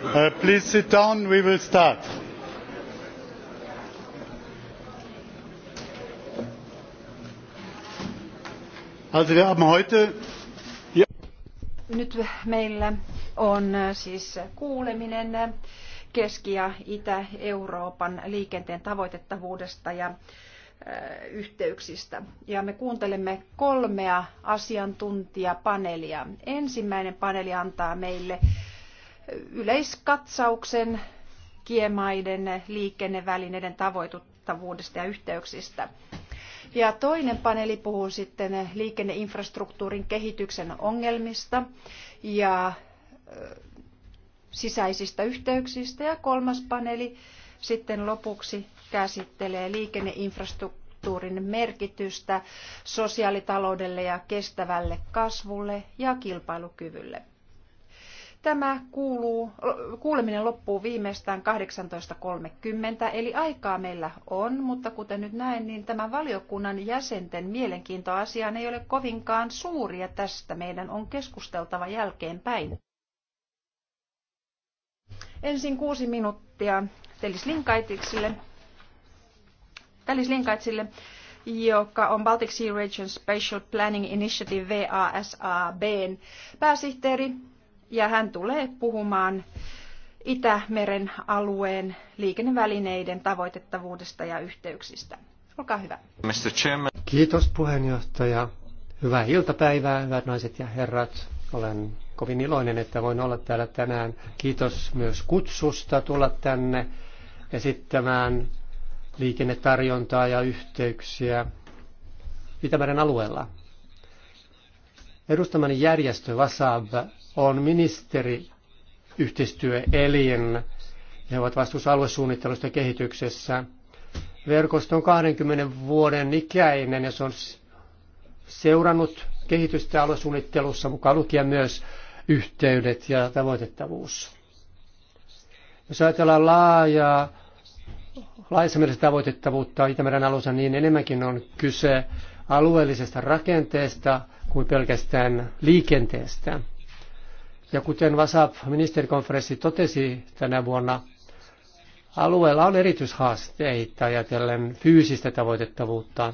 Uh, please sit down, we will start. Also wir haben heute nyt meillä on äh, siis kuuleminen Keski- ja Itä-Euroopan liikenteen tavoitettavuudesta ja äh, yhteyksistä. Ja me kuuntelemme kolmea asiantuntijapaneelia. Ensimmäinen paneeli antaa meille yleiskatsauksen kiemaiden liikennevälineiden tavoitettavuudesta ja yhteyksistä. Ja toinen paneeli puhuu sitten liikenneinfrastruktuurin kehityksen ongelmista ja sisäisistä yhteyksistä. Ja kolmas paneeli sitten lopuksi käsittelee liikenneinfrastruktuurin merkitystä sosiaalitaloudelle ja kestävälle kasvulle ja kilpailukyvylle. Tämä kuuluu, kuuleminen loppuu viimeistään 18.30, eli aikaa meillä on, mutta kuten nyt näen, niin tämä valiokunnan jäsenten mielenkiinto asiaan ei ole kovinkaan suuri ja tästä meidän on keskusteltava jälkeenpäin. Ensin kuusi minuuttia Telis Linkaitsille, Telis Linkaitsille joka on Baltic Sea Region Spatial Planning Initiative VASABn pääsihteeri ja hän tulee puhumaan Itämeren alueen liikennevälineiden tavoitettavuudesta ja yhteyksistä. Olkaa hyvä. Mr. Chairman. Kiitos puheenjohtaja. Hyvää iltapäivää, hyvät naiset ja herrat. Olen kovin iloinen, että voin olla täällä tänään. Kiitos myös kutsusta tulla tänne esittämään liikennetarjontaa ja yhteyksiä Itämeren alueella. Edustamani järjestö Vasab on ministeriyhteistyöelin. He ovat vastuussa aluesuunnittelusta kehityksessä. Verkosto on 20 vuoden ikäinen ja se on seurannut kehitystä aluesuunnittelussa, mukaan lukien myös yhteydet ja tavoitettavuus. Jos ajatellaan laajaa laajassa tavoitettavuutta Itämeren alussa, niin enemmänkin on kyse alueellisesta rakenteesta kuin pelkästään liikenteestä. Ja kuten vasap ministerikonferenssi totesi tänä vuonna, alueella on erityishaasteita ajatellen fyysistä tavoitettavuutta.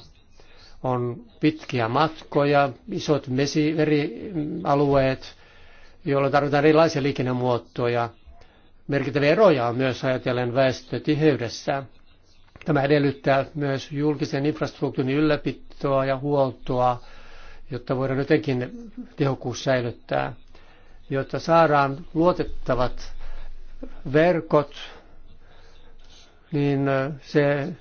On pitkiä matkoja, isot mesialueet, joilla tarvitaan erilaisia liikennemuotoja. Merkittäviä eroja on myös ajatellen väestötiheydessä. Tämä edellyttää myös julkisen infrastruktuurin ylläpitoa ja huoltoa, jotta voidaan jotenkin tehokkuus säilyttää jotta saadaan luotettavat verkot, niin äh, se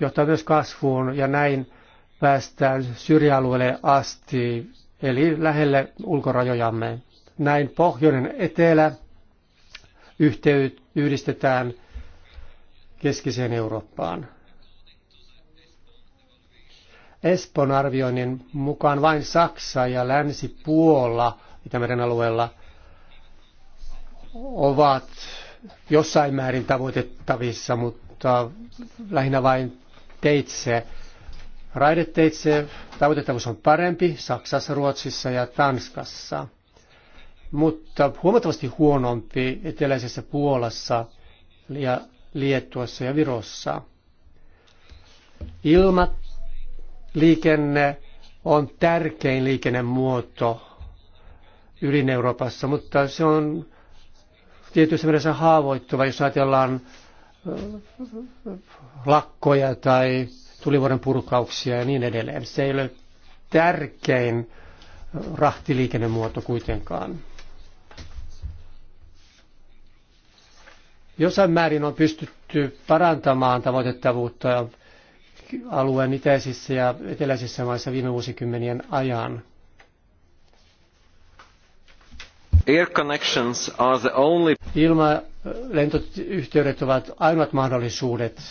johtaa myös kasvuun ja näin päästään syrjäalueelle asti, eli lähelle ulkorajojamme. Näin pohjoinen etelä yhteyt yhdistetään keskiseen Eurooppaan. Espon arvioinnin mukaan vain Saksa ja Länsi-Puola Itämeren alueella ovat jossain määrin tavoitettavissa, mutta lähinnä vain teitse. Raideteitse tavoitettavuus on parempi Saksassa, Ruotsissa ja Tanskassa, mutta huomattavasti huonompi eteläisessä Puolassa ja Liettuassa ja Virossa. Ilmaliikenne on tärkein liikennemuoto ydin Euroopassa, mutta se on tietyissä mielessä haavoittuva, jos ajatellaan äh, lakkoja tai tulivuoden purkauksia ja niin edelleen. Se ei ole tärkein äh, rahtiliikennemuoto kuitenkaan. Jossain määrin on pystytty parantamaan tavoitettavuutta alueen itäisissä ja eteläisissä maissa viime vuosikymmenien ajan. Air connections are the only... Ilmalentoyhteydet äh, ovat ainoat mahdollisuudet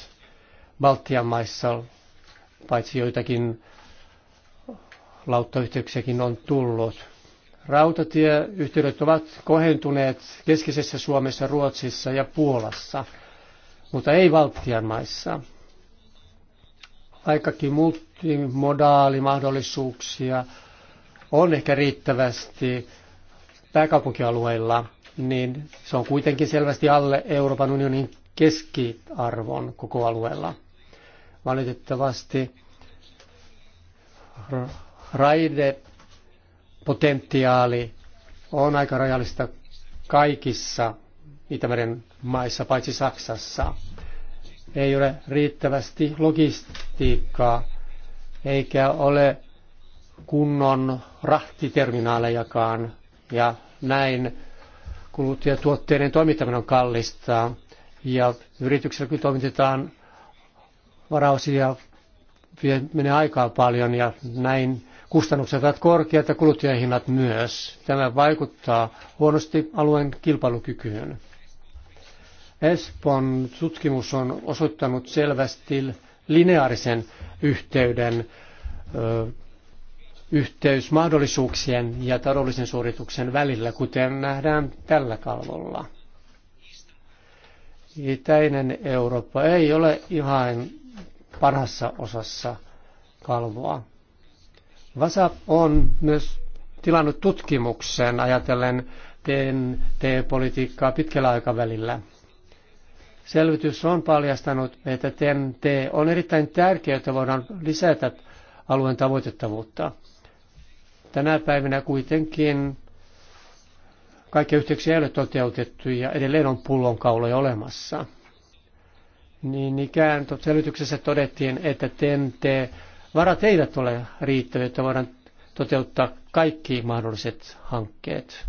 Baltian maissa, paitsi joitakin lauttayhteyksiäkin on tullut. Rautatieyhteydet ovat kohentuneet keskisessä Suomessa, Ruotsissa ja Puolassa, mutta ei Baltian maissa. Vaikkakin multimodaalimahdollisuuksia on ehkä riittävästi pääkaupunkialueilla, niin se on kuitenkin selvästi alle Euroopan unionin keskiarvon koko alueella. Valitettavasti raidepotentiaali on aika rajallista kaikissa Itämeren maissa, paitsi Saksassa. Ei ole riittävästi logistiikkaa, eikä ole kunnon rahtiterminaalejakaan ja näin kuluttajatuotteiden toimittaminen on kallista. Ja yrityksellä kun toimitetaan varausia, vie, menee aikaa paljon ja näin kustannukset ovat korkeat ja kuluttajahinnat myös. Tämä vaikuttaa huonosti alueen kilpailukykyyn. Espon tutkimus on osoittanut selvästi lineaarisen yhteyden yhteys mahdollisuuksien ja taloudellisen suorituksen välillä, kuten nähdään tällä kalvolla. Itäinen Eurooppa ei ole ihan parhassa osassa kalvoa. Vasa on myös tilannut tutkimuksen ajatellen TNT-politiikkaa pitkällä aikavälillä. Selvitys on paljastanut, että TNT on erittäin tärkeää, että voidaan lisätä alueen tavoitettavuutta. Tänä päivänä kuitenkin kaikkia yhteyksiä ei ole toteutettu ja edelleen on pullonkauloja olemassa. Niin ikään selvityksessä todettiin, että TNT varat eivät ole riittäviä, että voidaan toteuttaa kaikki mahdolliset hankkeet.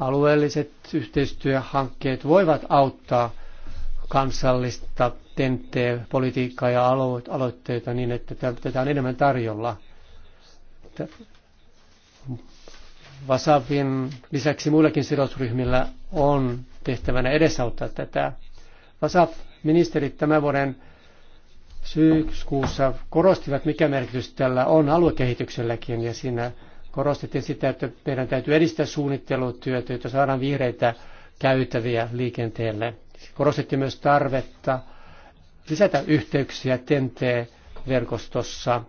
Alueelliset yhteistyöhankkeet voivat auttaa kansallista TNT-politiikkaa ja aloitteita niin, että tätä on enemmän tarjolla – että Vasavin lisäksi muillakin sidosryhmillä on tehtävänä edesauttaa tätä. Vasav-ministerit tämän vuoden syyskuussa korostivat, mikä merkitys tällä on aluekehitykselläkin, ja siinä korostettiin sitä, että meidän täytyy edistää suunnittelutyötä, jotta saadaan vihreitä käytäviä liikenteelle. Korostettiin myös tarvetta lisätä yhteyksiä TNT-verkostossa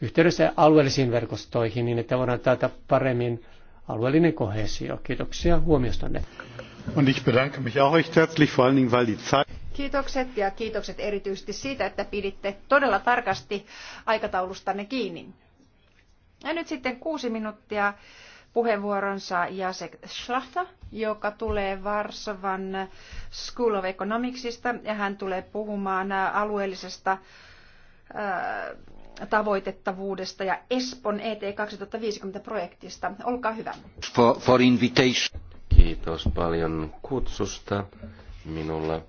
yhteydessä alueellisiin verkostoihin niin, että voidaan taata paremmin alueellinen kohesio. Kiitoksia huomiostanne. Und ich bedanke mich auch recht herzlich, vor allen Dingen, weil die Zeit... Kiitokset ja kiitokset erityisesti siitä, että piditte todella tarkasti aikataulustanne kiinni. Ja nyt sitten kuusi minuuttia puheenvuoronsa Jacek Schlachta, joka tulee Varsovan School of Economicsista ja hän tulee puhumaan alueellisesta äh, tavoitettavuudesta ja Espon ET 2050-projektista. Olkaa hyvä. For, for invitation. Kiitos paljon kutsusta. Minulla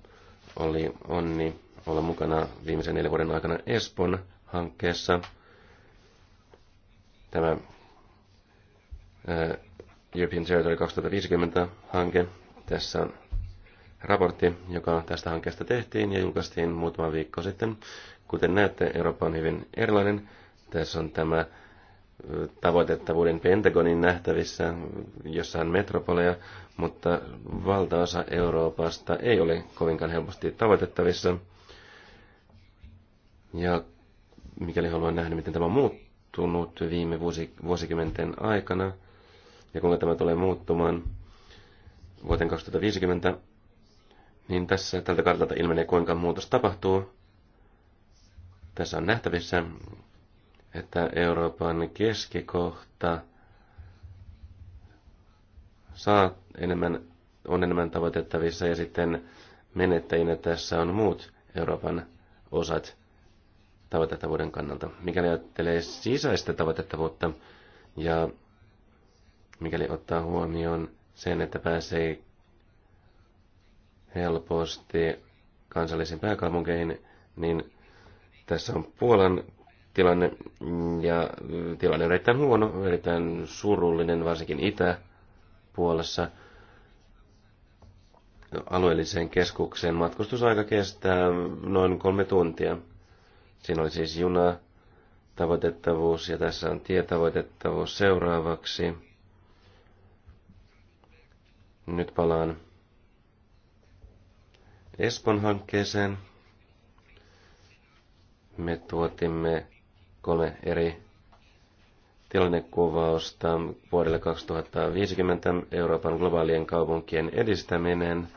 oli onni olla mukana viimeisen neljän vuoden aikana Espon hankkeessa. Tämä äh, European Territory 2050-hanke. Tässä on raportti, joka tästä hankkeesta tehtiin ja julkaistiin muutama viikko sitten. Kuten näette, Eurooppa on hyvin erilainen. Tässä on tämä tavoitettavuuden Pentagonin nähtävissä jossain metropoleja, mutta valtaosa Euroopasta ei ole kovinkaan helposti tavoitettavissa. Ja mikäli haluan nähdä, miten tämä on muuttunut viime vuosi, vuosikymmenten aikana ja kuinka tämä tulee muuttumaan vuoteen 2050, niin tässä tältä kartalta ilmenee, kuinka muutos tapahtuu. Tässä on nähtävissä, että Euroopan keskikohta saa enemmän, on enemmän tavoitettavissa ja sitten menettäjinä tässä on muut Euroopan osat tavoitettavuuden kannalta. Mikäli ajattelee sisäistä tavoitettavuutta ja mikäli ottaa huomioon sen, että pääsee helposti kansallisiin pääkaupunkeihin, niin tässä on Puolan tilanne, ja mm, tilanne on erittäin huono, erittäin surullinen, varsinkin Itä-Puolassa. Alueelliseen keskukseen matkustusaika kestää noin kolme tuntia. Siinä oli siis juna, tavoitettavuus ja tässä on tietavoitettavuus seuraavaksi. Nyt palaan Espon hankkeeseen me tuotimme kolme eri tilannekuvausta vuodelle 2050 Euroopan globaalien kaupunkien edistäminen.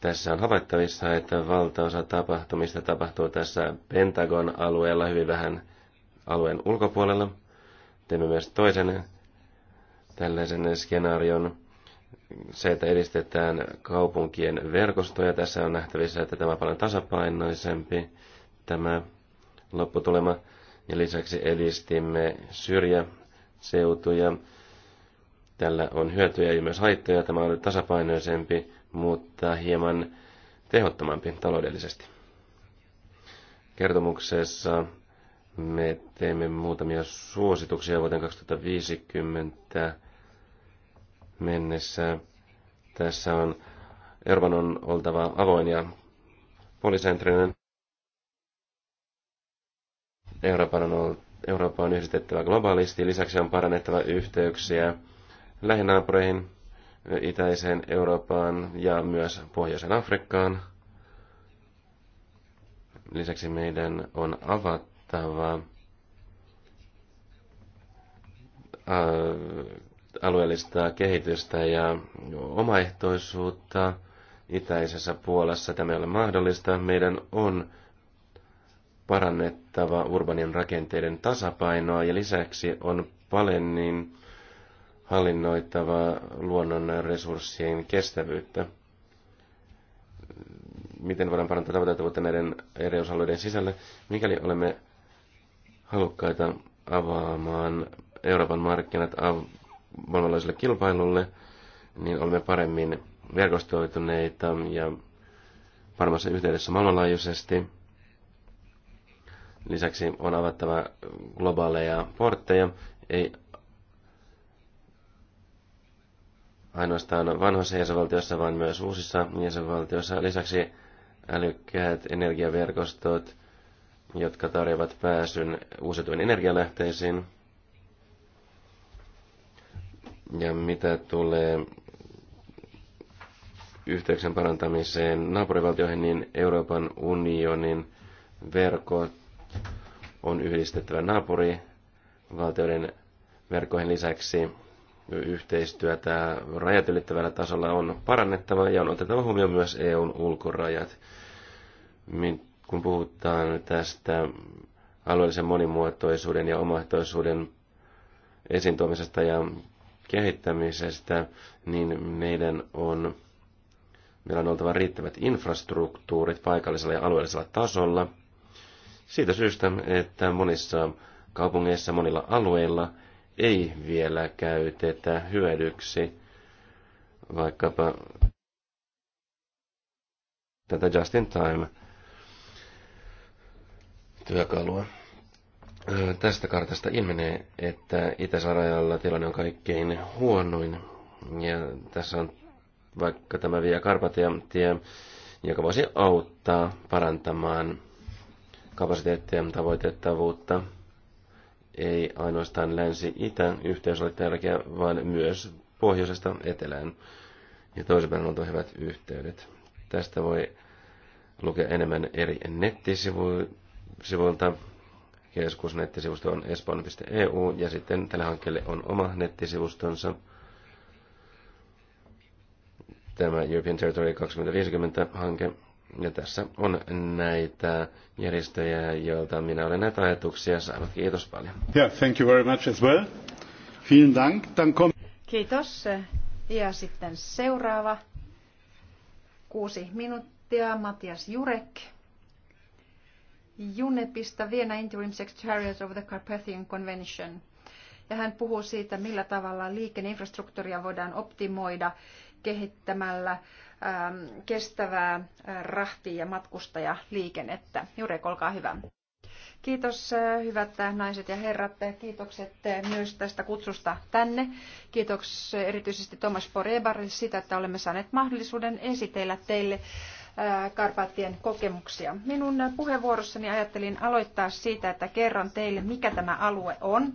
Tässä on havaittavissa, että valtaosa tapahtumista tapahtuu tässä Pentagon-alueella hyvin vähän alueen ulkopuolella. Teemme myös toisen tällaisen skenaarion se, että edistetään kaupunkien verkostoja. Tässä on nähtävissä, että tämä on paljon tasapainoisempi tämä lopputulema. Ja lisäksi edistimme syrjäseutuja. Tällä on hyötyjä ja myös haittoja. Tämä oli tasapainoisempi, mutta hieman tehottomampi taloudellisesti. Kertomuksessa me teemme muutamia suosituksia vuoteen 2050 mennessä. Tässä on Ervan on oltava avoin ja polisentrinen. Euroopan on ollut Eurooppa on yhdistettävä globaalisti, lisäksi on parannettava yhteyksiä lähinaapureihin, itäiseen Eurooppaan ja myös pohjoiseen Afrikkaan. Lisäksi meidän on avattava alueellista kehitystä ja omaehtoisuutta itäisessä puolessa. Tämä ei ole mahdollista. Meidän on parannettava vaalittava urbanin rakenteiden tasapainoa ja lisäksi on paljon niin hallinnoitava luonnon resurssien kestävyyttä. Miten voidaan parantaa tavoitettavuutta näiden eri osa-alueiden sisällä, mikäli olemme halukkaita avaamaan Euroopan markkinat av- maailmanlaiselle kilpailulle, niin olemme paremmin verkostoituneita ja varmassa yhteydessä maailmanlaajuisesti – Lisäksi on avattava globaaleja portteja, ei ainoastaan vanhoissa jäsenvaltioissa, vaan myös uusissa jäsenvaltioissa. Lisäksi älykkäät energiaverkostot, jotka tarjoavat pääsyn uusiutuviin energialähteisiin. Ja mitä tulee yhteyksien parantamiseen naapurivaltioihin, niin Euroopan unionin verkot on yhdistettävä naapurivaltioiden verkkoihin lisäksi yhteistyötä rajat ylittävällä tasolla on parannettava ja on otettava huomioon myös EUn ulkorajat. Kun puhutaan tästä alueellisen monimuotoisuuden ja omaehtoisuuden esiintuomisesta ja kehittämisestä, niin meidän on, meillä on oltava riittävät infrastruktuurit paikallisella ja alueellisella tasolla – siitä syystä, että monissa kaupungeissa, monilla alueilla ei vielä käytetä hyödyksi vaikkapa tätä just in time työkalua. Tästä kartasta ilmenee, että Itä-Sarajalla tilanne on kaikkein huonoin. Ja tässä on vaikka tämä vie Karpatia tie, joka voisi auttaa parantamaan kapasiteettia, tavoitettavuutta. Ei ainoastaan länsi-itä yhteys oli tärkeä, vaan myös pohjoisesta etelään. Ja toisinpäin on hyvät yhteydet. Tästä voi lukea enemmän eri nettisivuilta. Keskusnettisivusto on espoon.eu ja sitten tällä hankkeelle on oma nettisivustonsa. Tämä European Territory 2050-hanke ja tässä on näitä järjestöjä, joilta minä olen näitä ajatuksia saanut. Kiitos paljon. Yeah, thank you very much as well. Vielen Dank. Dann kom- Kiitos. Ja sitten seuraava. Kuusi minuuttia. Matias Jurek. Junepista Vienna Interim Secretariat of the Carpathian Convention. Ja hän puhuu siitä, millä tavalla liikenneinfrastruktuuria voidaan optimoida kehittämällä Ähm, kestävää äh, rahti- ja matkustajaliikennettä. Jurek, olkaa hyvä. Kiitos äh, hyvät naiset ja herrat. Kiitokset äh, myös tästä kutsusta tänne. Kiitos erityisesti Thomas Porebarille sitä, että olemme saaneet mahdollisuuden esitellä teille Karpaattien kokemuksia. Minun puheenvuorossani ajattelin aloittaa siitä, että kerron teille, mikä tämä alue on,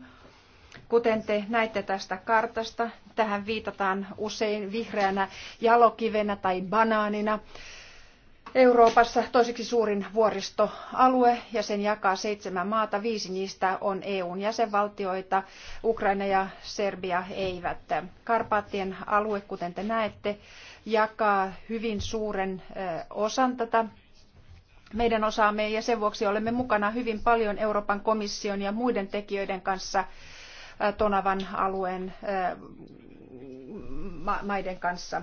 Kuten te näitte tästä kartasta, tähän viitataan usein vihreänä jalokivenä tai banaanina. Euroopassa toiseksi suurin vuoristoalue ja sen jakaa seitsemän maata. Viisi niistä on EUn jäsenvaltioita. Ukraina ja Serbia eivät. Karpaattien alue, kuten te näette, jakaa hyvin suuren osan tätä meidän osaamme ja sen vuoksi olemme mukana hyvin paljon Euroopan komission ja muiden tekijöiden kanssa – Tonavan alueen maiden kanssa.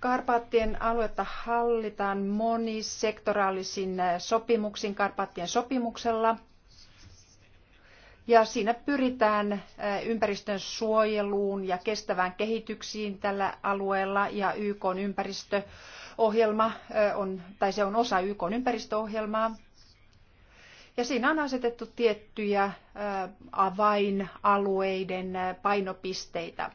Karpaattien aluetta hallitaan monisektoraalisin sopimuksin Karpaattien sopimuksella. Ja siinä pyritään ympäristön suojeluun ja kestävään kehityksiin tällä alueella ja YK ympäristöohjelma on, tai se on osa YK ympäristöohjelmaa ja siinä on asetettu tiettyjä avainalueiden painopisteitä.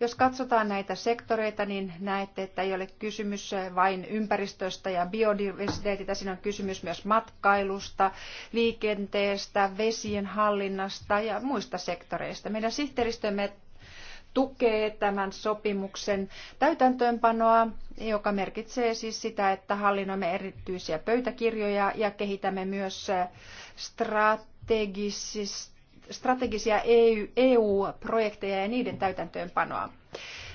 Jos katsotaan näitä sektoreita, niin näette, että ei ole kysymys vain ympäristöstä ja biodiversiteetistä, siinä on kysymys myös matkailusta, liikenteestä, vesien hallinnasta ja muista sektoreista. Meidän sihteeristömme tukee tämän sopimuksen täytäntöönpanoa, joka merkitsee siis sitä, että hallinnoimme erityisiä pöytäkirjoja ja kehitämme myös äh, strategisia EU-projekteja e ja niiden täytäntöönpanoa.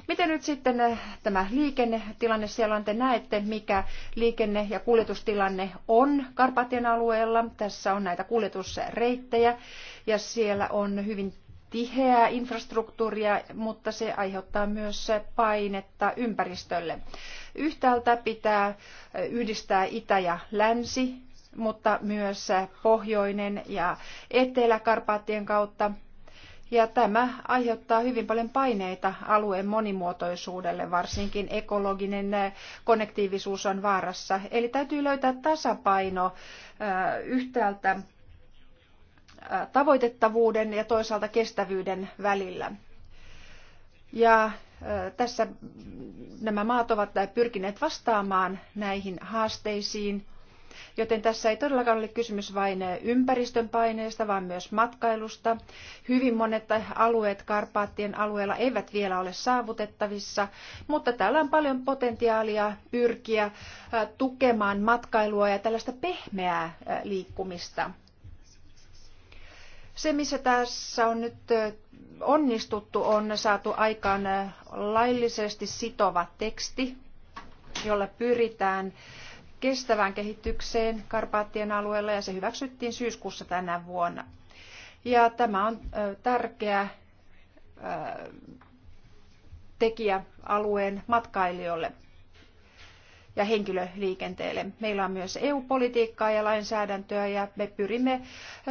Miten nyt sitten äh, tämä liikennetilanne siellä on, te näette mikä liikenne- ja kuljetustilanne on Karpatien alueella. Tässä on näitä kuljetusreittejä ja siellä on hyvin tiheää infrastruktuuria, mutta se aiheuttaa myös painetta ympäristölle. Yhtäältä pitää yhdistää itä ja länsi, mutta myös pohjoinen ja etelä Karpaattien kautta. Ja tämä aiheuttaa hyvin paljon paineita alueen monimuotoisuudelle, varsinkin ekologinen konnektiivisuus on vaarassa. Eli täytyy löytää tasapaino yhtäältä tavoitettavuuden ja toisaalta kestävyyden välillä. Ja tässä nämä maat ovat pyrkineet vastaamaan näihin haasteisiin, joten tässä ei todellakaan ole kysymys vain ympäristön paineesta, vaan myös matkailusta. Hyvin monet alueet Karpaattien alueella eivät vielä ole saavutettavissa, mutta täällä on paljon potentiaalia pyrkiä tukemaan matkailua ja tällaista pehmeää liikkumista. Se, missä tässä on nyt onnistuttu, on saatu aikaan laillisesti sitova teksti, jolla pyritään kestävään kehitykseen Karpaattien alueella ja se hyväksyttiin syyskuussa tänä vuonna. Ja tämä on tärkeä tekijä alueen matkailijoille ja henkilöliikenteelle. Meillä on myös EU-politiikkaa ja lainsäädäntöä ja me pyrimme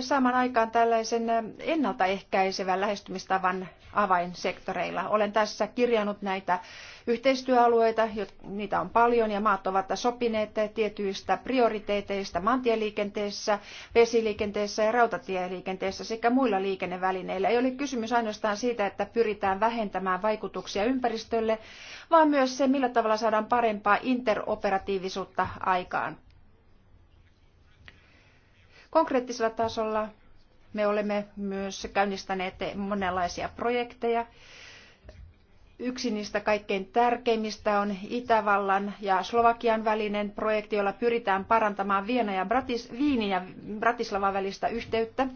saamaan aikaan tällaisen ennaltaehkäisevän lähestymistavan avainsektoreilla. Olen tässä kirjannut näitä yhteistyöalueita, niitä on paljon ja maat ovat sopineet tietyistä prioriteeteista maantieliikenteessä, vesiliikenteessä ja rautatieliikenteessä sekä muilla liikennevälineillä. Ei ole kysymys ainoastaan siitä, että pyritään vähentämään vaikutuksia ympäristölle, vaan myös se, millä tavalla saadaan parempaa interoperaatiota operatiivisuutta aikaan. Konkreettisella tasolla me olemme myös käynnistäneet monenlaisia projekteja. Yksi niistä kaikkein tärkeimmistä on Itävallan ja Slovakian välinen projekti, jolla pyritään parantamaan Viina ja Bratis, Viinin ja Bratislavan välistä yhteyttä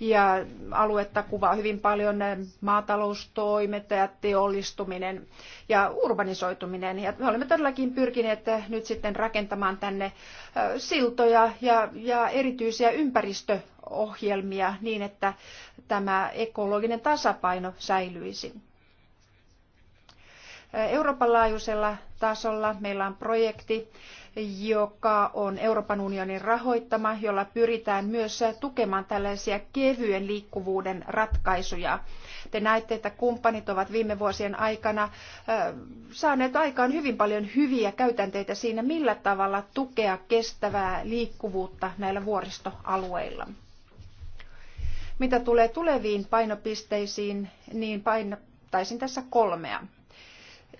ja aluetta kuvaa hyvin paljon maataloustoimet ja teollistuminen ja urbanisoituminen. Ja me olemme todellakin pyrkineet nyt sitten rakentamaan tänne siltoja ja, ja erityisiä ympäristöohjelmia niin, että tämä ekologinen tasapaino säilyisi. Euroopan laajuisella tasolla meillä on projekti, joka on Euroopan unionin rahoittama, jolla pyritään myös tukemaan tällaisia kevyen liikkuvuuden ratkaisuja. Te näette, että kumppanit ovat viime vuosien aikana saaneet aikaan hyvin paljon hyviä käytänteitä siinä, millä tavalla tukea kestävää liikkuvuutta näillä vuoristoalueilla. Mitä tulee tuleviin painopisteisiin, niin painottaisin tässä kolmea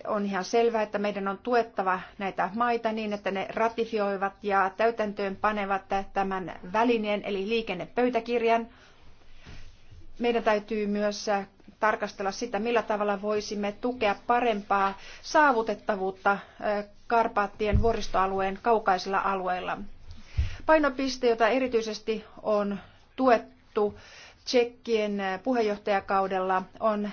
on ihan selvää, että meidän on tuettava näitä maita niin, että ne ratifioivat ja täytäntöön panevat tämän välineen eli liikennepöytäkirjan. Meidän täytyy myös tarkastella sitä, millä tavalla voisimme tukea parempaa saavutettavuutta Karpaattien vuoristoalueen kaukaisilla alueilla. Painopiste, jota erityisesti on tuettu Tsekkien eh, puheenjohtajakaudella on eh,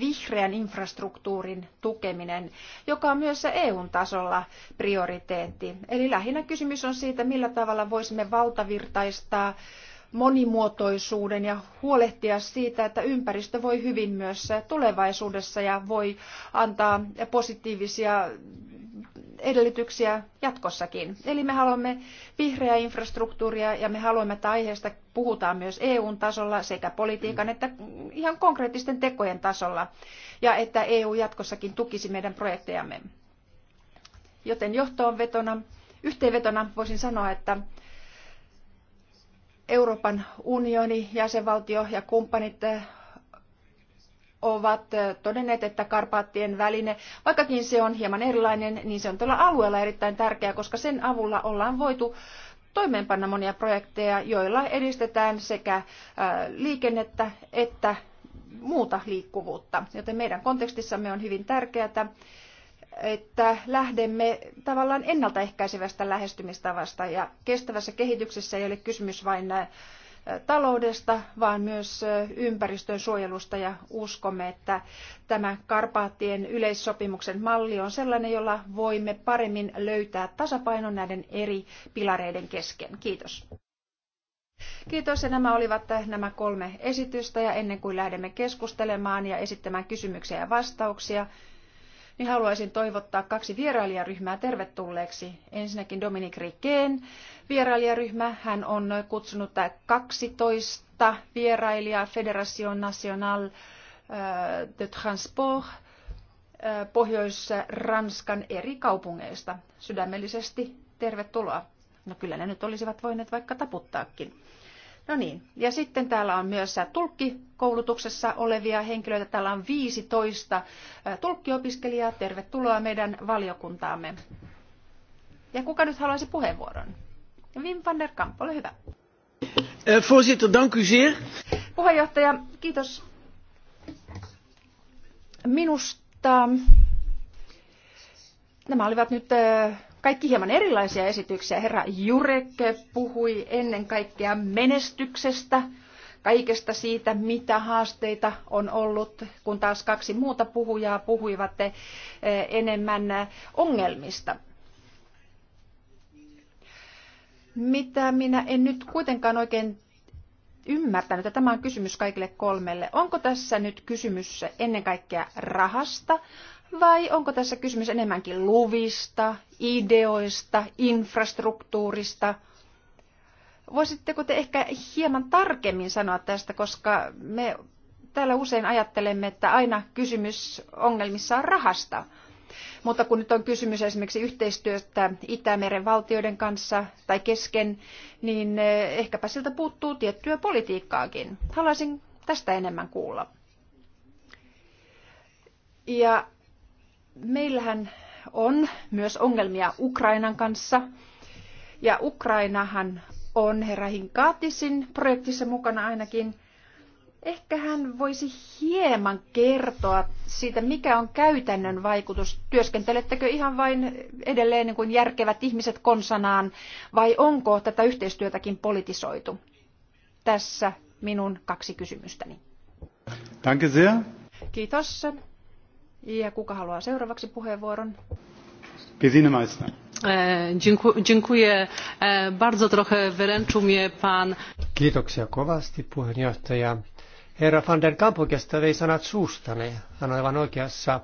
vihreän infrastruktuurin tukeminen, joka on myös eu tasolla prioriteetti. Eli lähinnä kysymys on siitä, millä tavalla voisimme valtavirtaistaa monimuotoisuuden ja huolehtia siitä, että ympäristö voi hyvin myös eh, tulevaisuudessa ja voi antaa positiivisia edellytyksiä jatkossakin. Eli me haluamme vihreää infrastruktuuria ja me haluamme, että aiheesta puhutaan myös EUn tasolla sekä politiikan että ihan konkreettisten tekojen tasolla ja että EU jatkossakin tukisi meidän projektejamme. Joten johtoonvetona, yhteenvetona voisin sanoa, että Euroopan unioni, jäsenvaltio ja kumppanit ovat todenneet, että Karpaattien väline, vaikkakin se on hieman erilainen, niin se on tällä alueella erittäin tärkeä, koska sen avulla ollaan voitu toimeenpanna monia projekteja, joilla edistetään sekä liikennettä että muuta liikkuvuutta. Joten meidän kontekstissamme on hyvin tärkeää, että lähdemme tavallaan ennaltaehkäisevästä lähestymistavasta ja kestävässä kehityksessä ei ole kysymys vain taloudesta, vaan myös ympäristön suojelusta ja uskomme, että tämä Karpaattien yleissopimuksen malli on sellainen, jolla voimme paremmin löytää tasapainon näiden eri pilareiden kesken. Kiitos. Kiitos ja nämä olivat äh, nämä kolme esitystä ja ennen kuin lähdemme keskustelemaan ja esittämään kysymyksiä ja vastauksia, niin haluaisin toivottaa kaksi vierailijaryhmää tervetulleeksi. Ensinnäkin Dominique Riqueen vierailijaryhmä. Hän on kutsunut 12 vierailijaa Federation Nationale äh, de Transport äh, Pohjois-Ranskan eri kaupungeista. Sydämellisesti tervetuloa. No kyllä ne nyt olisivat voineet vaikka taputtaakin. No niin, ja sitten täällä on myös tulkkikoulutuksessa olevia henkilöitä. Täällä on 15 tulkkiopiskelijaa. Tervetuloa meidän valiokuntaamme. Ja kuka nyt haluaisi puheenvuoron? Wim van der Kamp, ole hyvä. Eh, voorzitter, dank u zeer. Puheenjohtaja, kiitos. Minusta nämä olivat nyt kaikki hieman erilaisia esityksiä. Herra Jurek puhui ennen kaikkea menestyksestä, kaikesta siitä, mitä haasteita on ollut, kun taas kaksi muuta puhujaa puhuivat eh, enemmän ongelmista. Mitä minä en nyt kuitenkaan oikein ymmärtänyt, ja tämä on kysymys kaikille kolmelle. Onko tässä nyt kysymys ennen kaikkea rahasta vai onko tässä kysymys enemmänkin luvista, ideoista, infrastruktuurista? Voisitteko te ehkä hieman tarkemmin sanoa tästä, koska me täällä usein ajattelemme, että aina kysymys ongelmissa on rahasta. Mutta kun nyt on kysymys esimerkiksi yhteistyöstä Itämeren valtioiden kanssa tai kesken, niin eh, ehkäpä siltä puuttuu tiettyä politiikkaakin. Haluaisin tästä enemmän kuulla. Ja Meillähän on myös ongelmia Ukrainan kanssa. Ja Ukrainahan on herra Hinkaatisin projektissa mukana ainakin. Ehkä hän voisi hieman kertoa siitä, mikä on käytännön vaikutus. Työskentelettekö ihan vain edelleen niin kuin järkevät ihmiset konsanaan vai onko tätä yhteistyötäkin politisoitu? Tässä minun kaksi kysymystäni. Danke sehr. Kiitos. Ja kuka haluaa seuraavaksi puheenvuoron? Gesine e, Dziękuję e, bardzo, trochę wyręczył mnie pan. Kiitoksia kovasti puheenjohtaja. Herra van der Kamp oikeastaan vei sanat suustani. Hän on aivan oikeassa,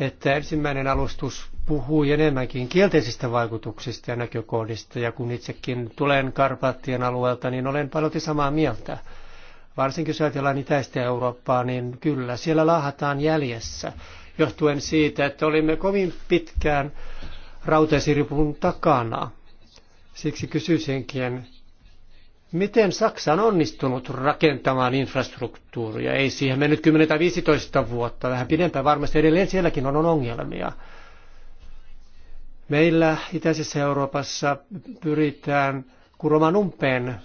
että ensimmäinen alustus puhuu enemmänkin kielteisistä vaikutuksista ja näkökohdista. Ja kun itsekin tulen Karpaattien alueelta, niin olen paljon samaa mieltä varsinkin jos ajatellaan itäistä Eurooppaa, niin kyllä siellä laahataan jäljessä, johtuen siitä, että olimme kovin pitkään rautaisiripun takana. Siksi kysyisinkin, miten Saksa on onnistunut rakentamaan infrastruktuuria? Ei siihen mennyt 10 tai 15 vuotta, vähän pidempään varmasti edelleen sielläkin on ongelmia. Meillä itäisessä Euroopassa pyritään kuromaan umpeen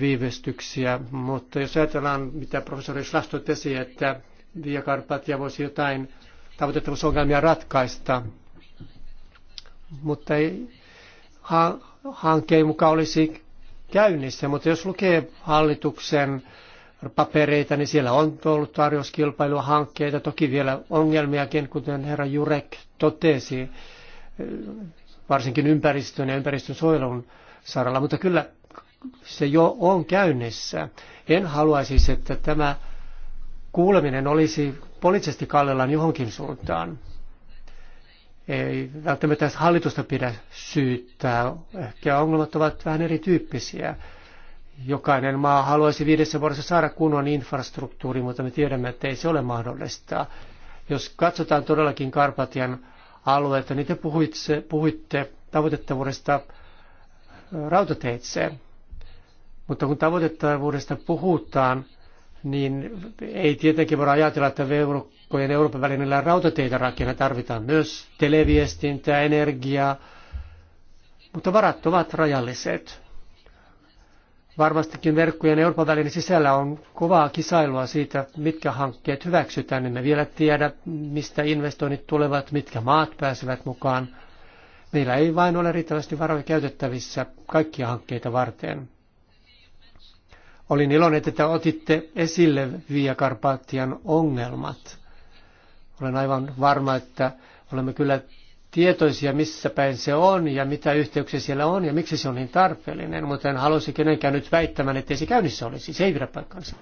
viivästyksiä, mutta jos ajatellaan, mitä professori Schlas totesi, että Via voisi jotain tavoitettavuusongelmia ratkaista, mutta ei, hankkeen mukaan olisi käynnissä, mutta jos lukee hallituksen papereita, niin siellä on ollut tarjouskilpailua hankkeita, toki vielä ongelmiakin, kuten herra Jurek totesi, varsinkin ympäristön ja ympäristön suojelun saralla, mutta kyllä se jo on käynnissä. En haluaisi, siis, että tämä kuuleminen olisi poliittisesti kallellaan johonkin suuntaan. Ei välttämättä hallitusta pidä syyttää. Ehkä ongelmat ovat vähän erityyppisiä. Jokainen maa haluaisi viidessä vuodessa saada kunnon infrastruktuuri, mutta me tiedämme, että ei se ole mahdollista. Jos katsotaan todellakin Karpatian alueita, niin te puhuitte, puhuitte tavoitettavuudesta rautateitse. Mutta kun tavoitettavuudesta puhutaan, niin ei tietenkin voida ajatella, että verkkojen Euroopan välinen rautateitä rakennetaan tarvitaan myös televiestintää, energiaa, mutta varat ovat rajalliset. Varmastikin verkkojen Euroopan välinen sisällä on kovaa kisailua siitä, mitkä hankkeet hyväksytään. Emme vielä tiedä, mistä investoinnit tulevat, mitkä maat pääsevät mukaan. Meillä ei vain ole riittävästi varoja käytettävissä kaikkia hankkeita varten. Olin iloinen, että otitte esille Via Karpaattian ongelmat. Olen aivan varma, että olemme kyllä tietoisia, missä päin se on ja mitä yhteyksiä siellä on ja miksi se on niin tarpeellinen, mutta en halusi kenenkään nyt väittämään, ettei se käynnissä olisi. Se ei pidä paikkansa.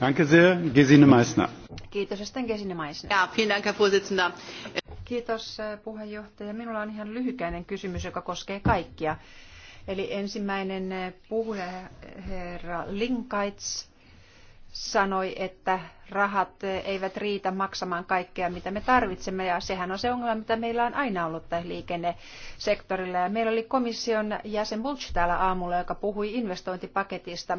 Danke sehr, Gesine Meissner. Kiitos, sitten Gesine Meissner. Ja, vielen Dank, Herr Vorsitzender. Kiitos eh, puheenjohtaja. Minulla on ihan lyhykäinen kysymys, joka koskee kaikkia. Eli ensimmäinen eh, puhuja, eh, herra Linkaits, sanoi, että rahat eh, eivät riitä maksamaan kaikkea, mitä me tarvitsemme, ja sehän on se ongelma, mitä meillä on aina ollut tässä liikennesektorilla. Ja meillä oli komission jäsen Bulch täällä aamulla, joka puhui investointipaketista.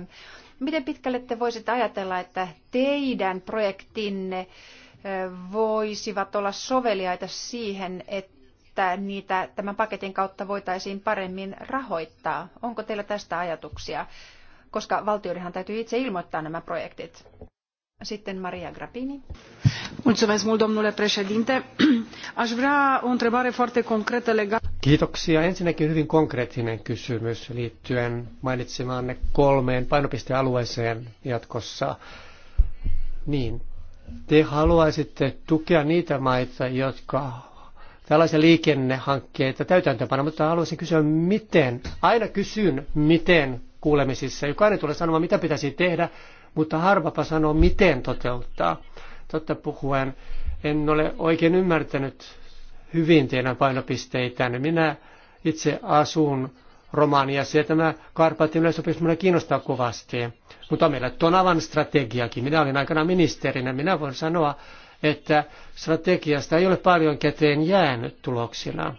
Miten pitkälle te voisitte ajatella, että teidän projektinne voisivat olla soveliaita siihen, että että niitä tämän paketin kautta voitaisiin paremmin rahoittaa? Onko teillä tästä ajatuksia? Koska valtioidenhan täytyy itse ilmoittaa nämä projektit. Sitten Maria Grapini. Mulțumesc mult, domnule președinte. Aș vrea o întrebare foarte concretă legată... Kiitoksia. Ensinnäkin hyvin konkreettinen kysymys liittyen mainitsemaanne kolmeen painopistealueeseen jatkossa. Niin, te haluaisitte tukea niitä maita, jotka tällaisia liikennehankkeita täytäntöönpana, mutta haluaisin kysyä miten. Aina kysyn miten kuulemisissa. Jokainen tulee sanomaan, mitä pitäisi tehdä, mutta harvapa sanoo, miten toteuttaa. Totta puhuen, en ole oikein ymmärtänyt hyvin teidän painopisteitänne. Minä itse asun Romaniassa ja tämä Karpatin yleisopimus minua kiinnostaa kovasti. Mutta meillä Tonavan strategiakin. Minä olin aikana ministerinä. Minä voin sanoa, että strategiasta ei ole paljon käteen jäänyt tuloksina,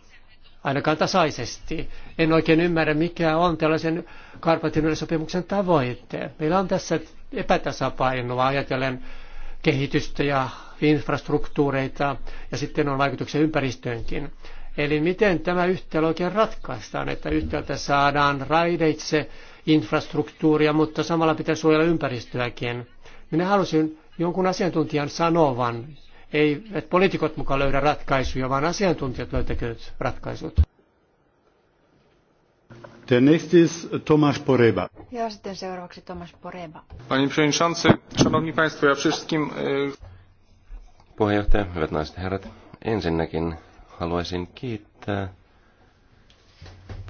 ainakaan tasaisesti. En oikein ymmärrä, mikä on tällaisen Karpatin sopimuksen tavoite. Meillä on tässä epätasapainoa ajatellen kehitystä ja infrastruktuureita ja sitten on vaikutuksia ympäristöönkin. Eli miten tämä yhtälö oikein ratkaistaan, että yhtäältä saadaan raideitse infrastruktuuria, mutta samalla pitää suojella ympäristöäkin. Minä halusin jonkun asiantuntijan sanovan. Ei, että poliitikot mukaan löydä ratkaisuja, vaan asiantuntijat löytäkööt ratkaisut. Der nächste ist Tomasz Poreba. Ja sitten seuraavaksi Tomasz Poreba. Panie przewodniczący, szanowni państwo, ja wszystkim... E, Puheenjohtaja, hyvät naiset herrat. Ensinnäkin haluaisin kiittää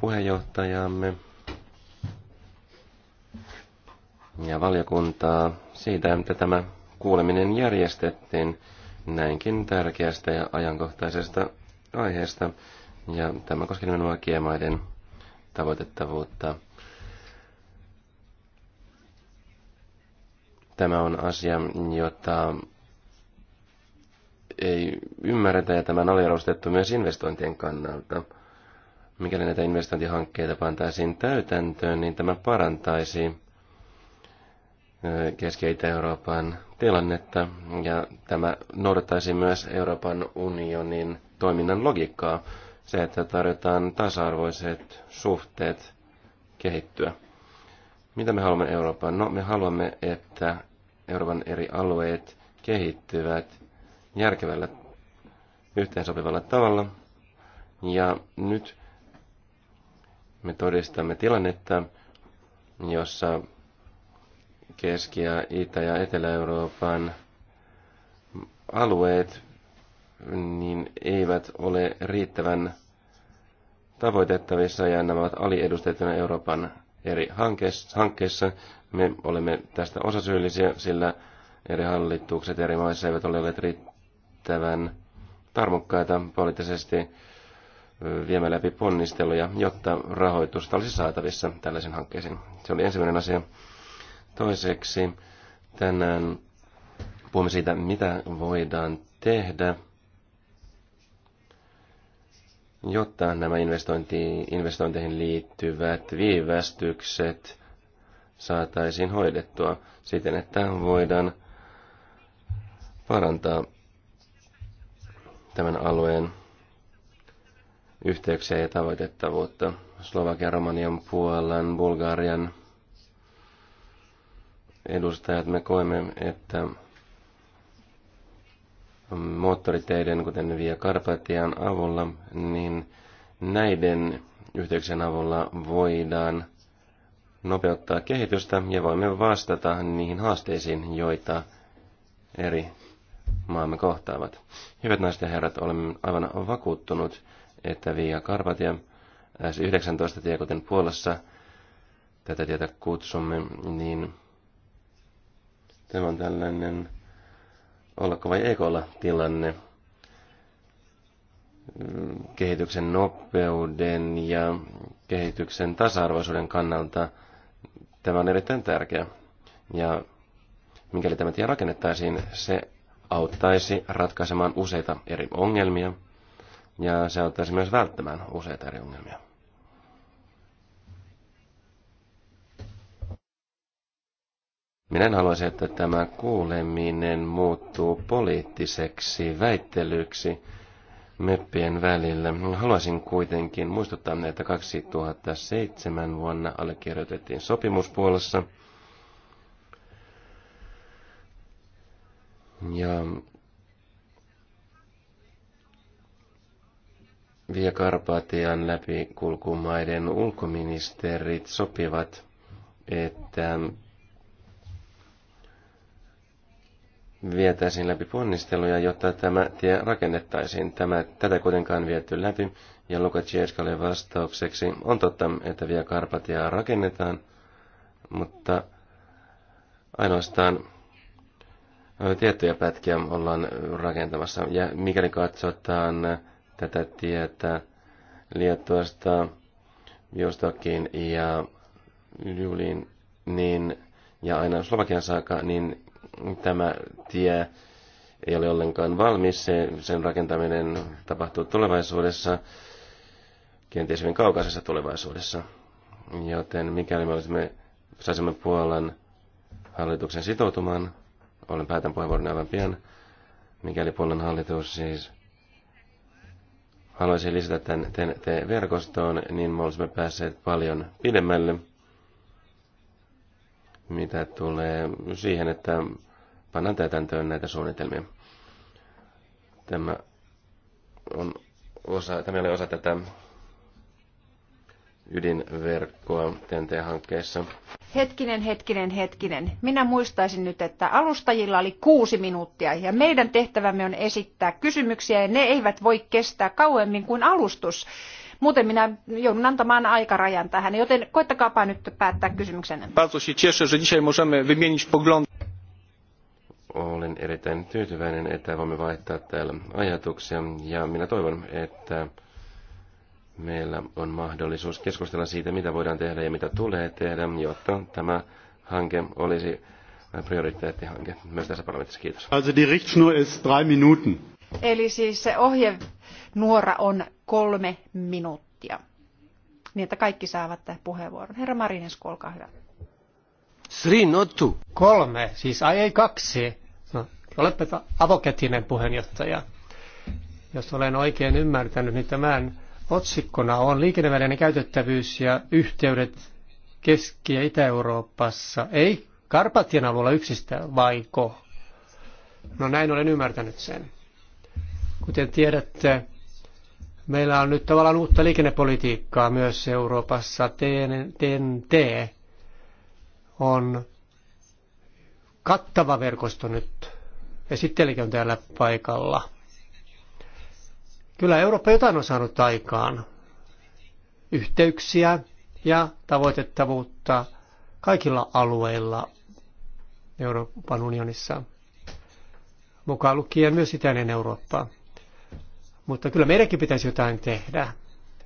puheenjohtajamme ja valiokuntaa siitä, että tämä kuuleminen järjestettiin näinkin tärkeästä ja ajankohtaisesta aiheesta, ja tämä koski nimenomaan kiemaiden tavoitettavuutta. Tämä on asia, jota ei ymmärretä, ja tämä on aliarvostettu myös investointien kannalta. Mikäli näitä investointihankkeita pantaisiin täytäntöön, niin tämä parantaisi Keski- Itä-Euroopan tilannetta ja tämä noudattaisi myös Euroopan unionin toiminnan logiikkaa. Se, että tarjotaan tasa-arvoiset suhteet kehittyä. Mitä me haluamme Euroopan? No, me haluamme, että Euroopan eri alueet kehittyvät järkevällä yhteensopivalla tavalla. Ja nyt me todistamme tilannetta, jossa Keski- ja Itä- ja Etelä-Euroopan alueet niin eivät ole riittävän tavoitettavissa ja nämä ovat aliedustettuna Euroopan eri hankkeissa. Me olemme tästä osasyyllisiä, sillä eri hallitukset eri maissa eivät ole olleet riittävän tarmokkaita poliittisesti viemään läpi ponnisteluja, jotta rahoitusta olisi saatavissa tällaisen hankkeisiin. Se oli ensimmäinen asia. Toiseksi tänään puhumme siitä, mitä voidaan tehdä, jotta nämä investointi, investointeihin liittyvät viivästykset saataisiin hoidettua siten, että voidaan parantaa tämän alueen yhteyksiä ja tavoitettavuutta. Slovakian, Romanian, Puolan, Bulgarian, edustajat, me koemme, että moottoriteiden, kuten Via Karpatian avulla, niin näiden yhteyksien avulla voidaan nopeuttaa kehitystä ja voimme vastata niihin haasteisiin, joita eri maamme kohtaavat. Hyvät naiset ja herrat, olemme aivan vakuuttunut, että Via Karpatia S19-tie, kuten Puolassa, tätä tietä kutsumme, niin Tämä on tällainen ollako vai ekolla tilanne kehityksen nopeuden ja kehityksen tasa-arvoisuuden kannalta tämä on erittäin tärkeä. Ja mikäli tämä tie rakennettaisiin, se auttaisi ratkaisemaan useita eri ongelmia ja se auttaisi myös välttämään useita eri ongelmia. Minä en haluaisi, että tämä kuuleminen muuttuu poliittiseksi väittelyksi meppien välillä. Haluaisin kuitenkin muistuttaa, että 2007 vuonna allekirjoitettiin sopimuspuolessa. Ja Via Karpatian läpikulkumaiden ulkoministerit sopivat, että vietäisiin läpi ponnisteluja, jotta tämä tie rakennettaisiin. Tämä, tätä kuitenkaan viety läpi, ja Luka Tsieskalle vastaukseksi on totta, että vielä Karpatia rakennetaan, mutta ainoastaan tiettyjä pätkiä ollaan rakentamassa. Ja mikäli katsotaan tätä tietä Liettuasta Jostakin ja Juliin, niin ja aina Slovakian saakka, niin tämä tie ei ole ollenkaan valmis. Se, sen rakentaminen tapahtuu tulevaisuudessa, kenties hyvin kaukaisessa tulevaisuudessa. Joten mikäli me olisimme, saisimme Puolan hallituksen sitoutumaan, olen päätän puheenvuoron aivan pian, mikäli Puolan hallitus siis haluaisi lisätä tämän TNT-verkostoon, niin me olisimme päässeet paljon pidemmälle – mitä tulee siihen, että pannaan täytäntöön näitä suunnitelmia. Tämä, on osa, tämä oli osa tätä ydinverkkoa TNT-hankkeessa. Hetkinen, hetkinen, hetkinen. Minä muistaisin nyt, että alustajilla oli kuusi minuuttia ja meidän tehtävämme on esittää kysymyksiä ja ne eivät voi kestää kauemmin kuin alustus. Muuten minä joudun antamaan aikarajan tähän, joten koittakaapa nyt päättää kysymyksenne. Olen erittäin tyytyväinen, että voimme vaihtaa täällä ajatuksia ja minä toivon, että meillä on mahdollisuus keskustella siitä, mitä voidaan tehdä ja mitä tulee tehdä, jotta tämä hanke olisi prioriteettihanke myös tässä parlamentissa. Kiitos. Also die Richtschnur ist drei Minuten. Eli siis se ohjenuora on kolme minuuttia, niin että kaikki saavat tämän puheenvuoron. Herra Marines, olkaa hyvä. Three, not two. Kolme, siis ai ei kaksi. No, olette avokätinen puheenjohtaja. Jos olen oikein ymmärtänyt, niin tämän otsikkona on liikennevälinen käytettävyys ja yhteydet Keski- ja Itä-Euroopassa. Ei Karpatian alueella yksistä, vaiko? No näin olen ymmärtänyt sen. Kuten tiedätte, meillä on nyt tavallaan uutta liikennepolitiikkaa myös Euroopassa. TNT on kattava verkosto nyt. Esittelikin on täällä paikalla. Kyllä Eurooppa jotain on saanut aikaan. Yhteyksiä ja tavoitettavuutta kaikilla alueilla Euroopan unionissa, mukaan lukien myös itäinen Eurooppa. Mutta kyllä meidänkin pitäisi jotain tehdä.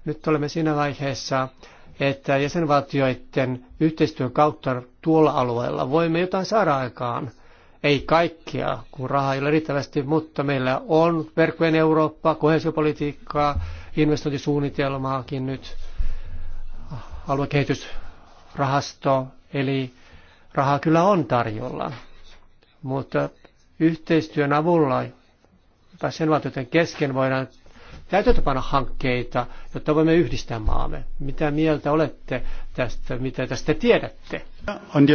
Nyt olemme siinä vaiheessa, että jäsenvaltioiden yhteistyön kautta tuolla alueella voimme jotain saada aikaan. Ei kaikkia, kun rahaa ei ole riittävästi, mutta meillä on verkkojen Eurooppa, kohesiopolitiikkaa, investointisuunnitelmaakin nyt, aluekehitysrahasto, eli rahaa kyllä on tarjolla. Mutta yhteistyön avulla jäsenvaltioiden kesken voidaan täytäntöpana hankkeita, jotta voimme yhdistää maamme. Mitä mieltä olette tästä, mitä tästä tiedätte? On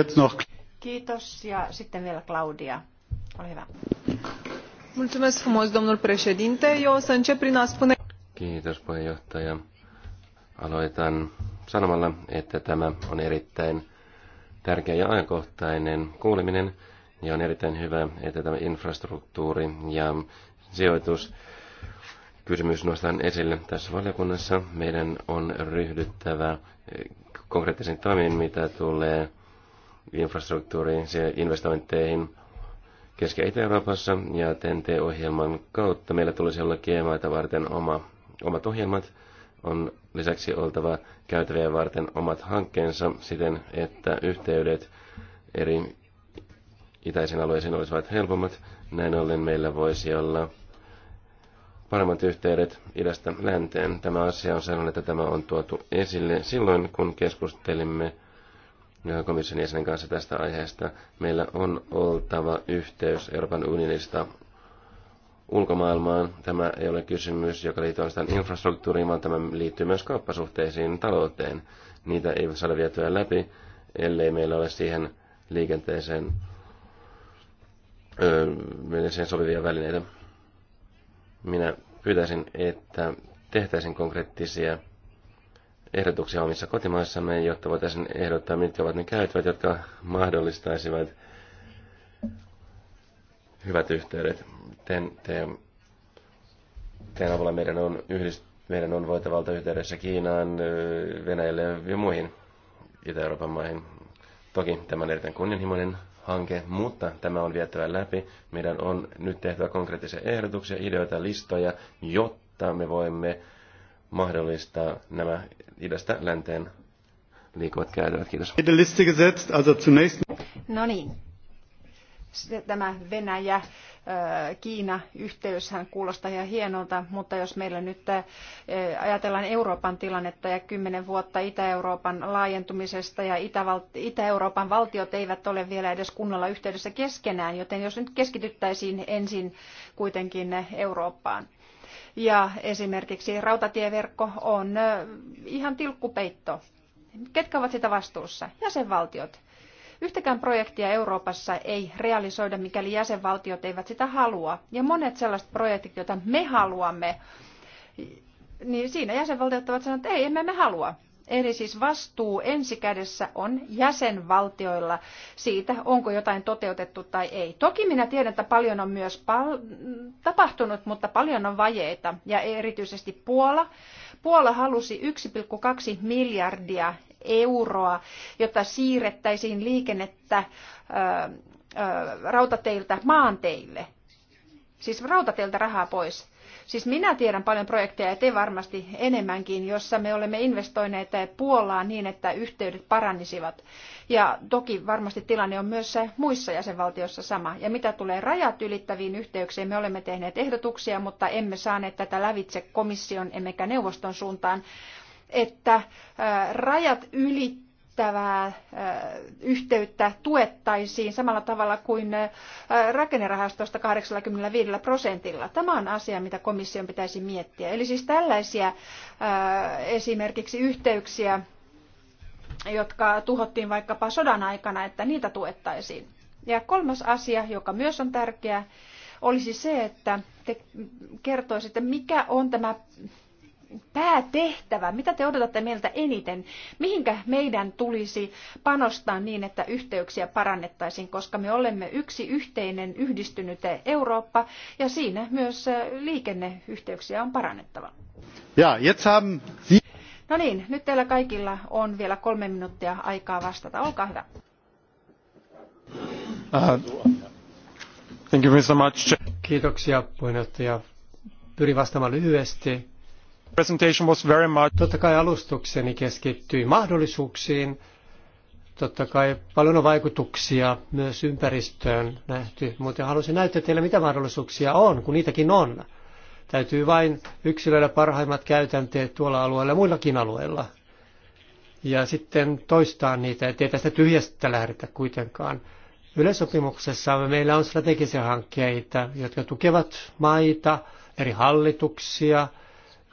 Kiitos ja sitten vielä Claudia. Ole hyvä. Mulțumesc frumos, domnul președinte. Eu o să încep prin a spune... Kiitos puheenjohtaja. Aloitan sanomalla, että tämä on erittäin tärkeä ja ajankohtainen kuuleminen. Ja on erittäin hyvä, että tämä infrastruktuuri ja sijoitus kysymys nostan esille tässä valiokunnassa. Meidän on ryhdyttävä eh, konkreettisiin toimiin, mitä tulee infrastruktuuriin ja investointeihin Keski- ja euroopassa ja TNT-ohjelman kautta. Meillä tulisi olla kiemaita varten oma, omat ohjelmat. On lisäksi oltava käytäviä varten omat hankkeensa siten, että yhteydet eri itäisen alueisiin olisivat helpommat. Näin ollen meillä voisi olla paremmat yhteydet idästä länteen. Tämä asia on sellainen, että tämä on tuotu esille silloin, kun keskustelimme komission jäsenen kanssa tästä aiheesta. Meillä on oltava yhteys Euroopan unionista ulkomaailmaan. Tämä ei ole kysymys, joka liittyy ainoastaan infrastruktuuriin, vaan tämä liittyy myös kauppasuhteisiin talouteen. Niitä ei saada vietyä läpi, ellei meillä ole siihen liikenteeseen öö, sopivia välineitä. Minä pyytäisin, että tehtäisiin konkreettisia ehdotuksia omissa kotimaissamme, jotta voitaisiin ehdottaa, mitkä ovat ne käytävät, jotka mahdollistaisivat hyvät yhteydet. Ten, te, teidän avulla meidän on, yhdist, meidän on voitavalta yhteydessä Kiinaan, Venäjälle ja muihin Itä-Euroopan maihin. Toki tämä on erittäin kunnianhimoinen hanke, mutta tämä on vietävä läpi. Meidän on nyt tehtävä konkreettisia ehdotuksia, ideoita, listoja, jotta me voimme mahdollistaa nämä idästä länteen liikuvat käytävät. Kiitos. No niin, tämä Venäjä, Kiina yhteyshän kuulostaa ihan hienolta, mutta jos meillä nyt ajatellaan Euroopan tilannetta ja kymmenen vuotta Itä-Euroopan laajentumisesta ja Itä-Euroopan valtiot eivät ole vielä edes kunnolla yhteydessä keskenään, joten jos nyt keskityttäisiin ensin kuitenkin Eurooppaan. Ja esimerkiksi rautatieverkko on ihan tilkkupeitto. Ketkä ovat sitä vastuussa? Jäsenvaltiot Yhtäkään projektia Euroopassa ei realisoida, mikäli jäsenvaltiot eivät sitä halua. Ja monet sellaiset projektit, joita me haluamme, niin siinä jäsenvaltiot ovat sanoneet, että ei, emme me halua. Eli siis vastuu ensikädessä on jäsenvaltioilla siitä, onko jotain toteutettu tai ei. Toki minä tiedän, että paljon on myös tapahtunut, mutta paljon on vajeita. Ja erityisesti Puola Puola halusi 1,2 miljardia euroa, jotta siirrettäisiin liikennettä rautateiltä maanteille. Siis rautateiltä rahaa pois. Siis minä tiedän paljon projekteja, ja te varmasti enemmänkin, jossa me olemme investoineet Puolaan niin, että yhteydet parannisivat. Ja toki varmasti tilanne on myös muissa jäsenvaltioissa sama. Ja mitä tulee rajat ylittäviin yhteyksiin, me olemme tehneet ehdotuksia, mutta emme saaneet tätä lävitse komission emmekä neuvoston suuntaan, että rajat ylittävät kestävää yhteyttä tuettaisiin samalla tavalla kuin rakennerahastosta 85 prosentilla. Tämä on asia, mitä komission pitäisi miettiä. Eli siis tällaisia esimerkiksi yhteyksiä, jotka tuhottiin vaikkapa sodan aikana, että niitä tuettaisiin. Ja kolmas asia, joka myös on tärkeä, olisi se, että te kertoisitte, mikä on tämä päätehtävä? Mitä te odotatte meiltä eniten? Mihinkä meidän tulisi panostaa niin, että yhteyksiä parannettaisiin, koska me olemme yksi yhteinen yhdistynyt Eurooppa ja siinä myös äh, liikenneyhteyksiä on parannettava. Ja, jetzt haben Sie... No niin, nyt teillä kaikilla on vielä kolme minuuttia aikaa vastata. Olkaa hyvä. Uh, thank you very much. Kiitoksia puheenjohtaja. Pyrin vastaamaan lyhyesti Presentation was very much... Totta kai alustukseni keskittyi mahdollisuuksiin. Totta kai paljon on vaikutuksia myös ympäristöön nähty, mutta halusin näyttää teille, mitä mahdollisuuksia on, kun niitäkin on. Täytyy vain yksilöidä parhaimmat käytänteet tuolla alueella ja muillakin alueilla. Ja sitten toistaa niitä, ettei tästä tyhjästä lähdetä kuitenkaan. Yleisopimuksessa meillä on strategisia hankkeita, jotka tukevat maita, eri hallituksia –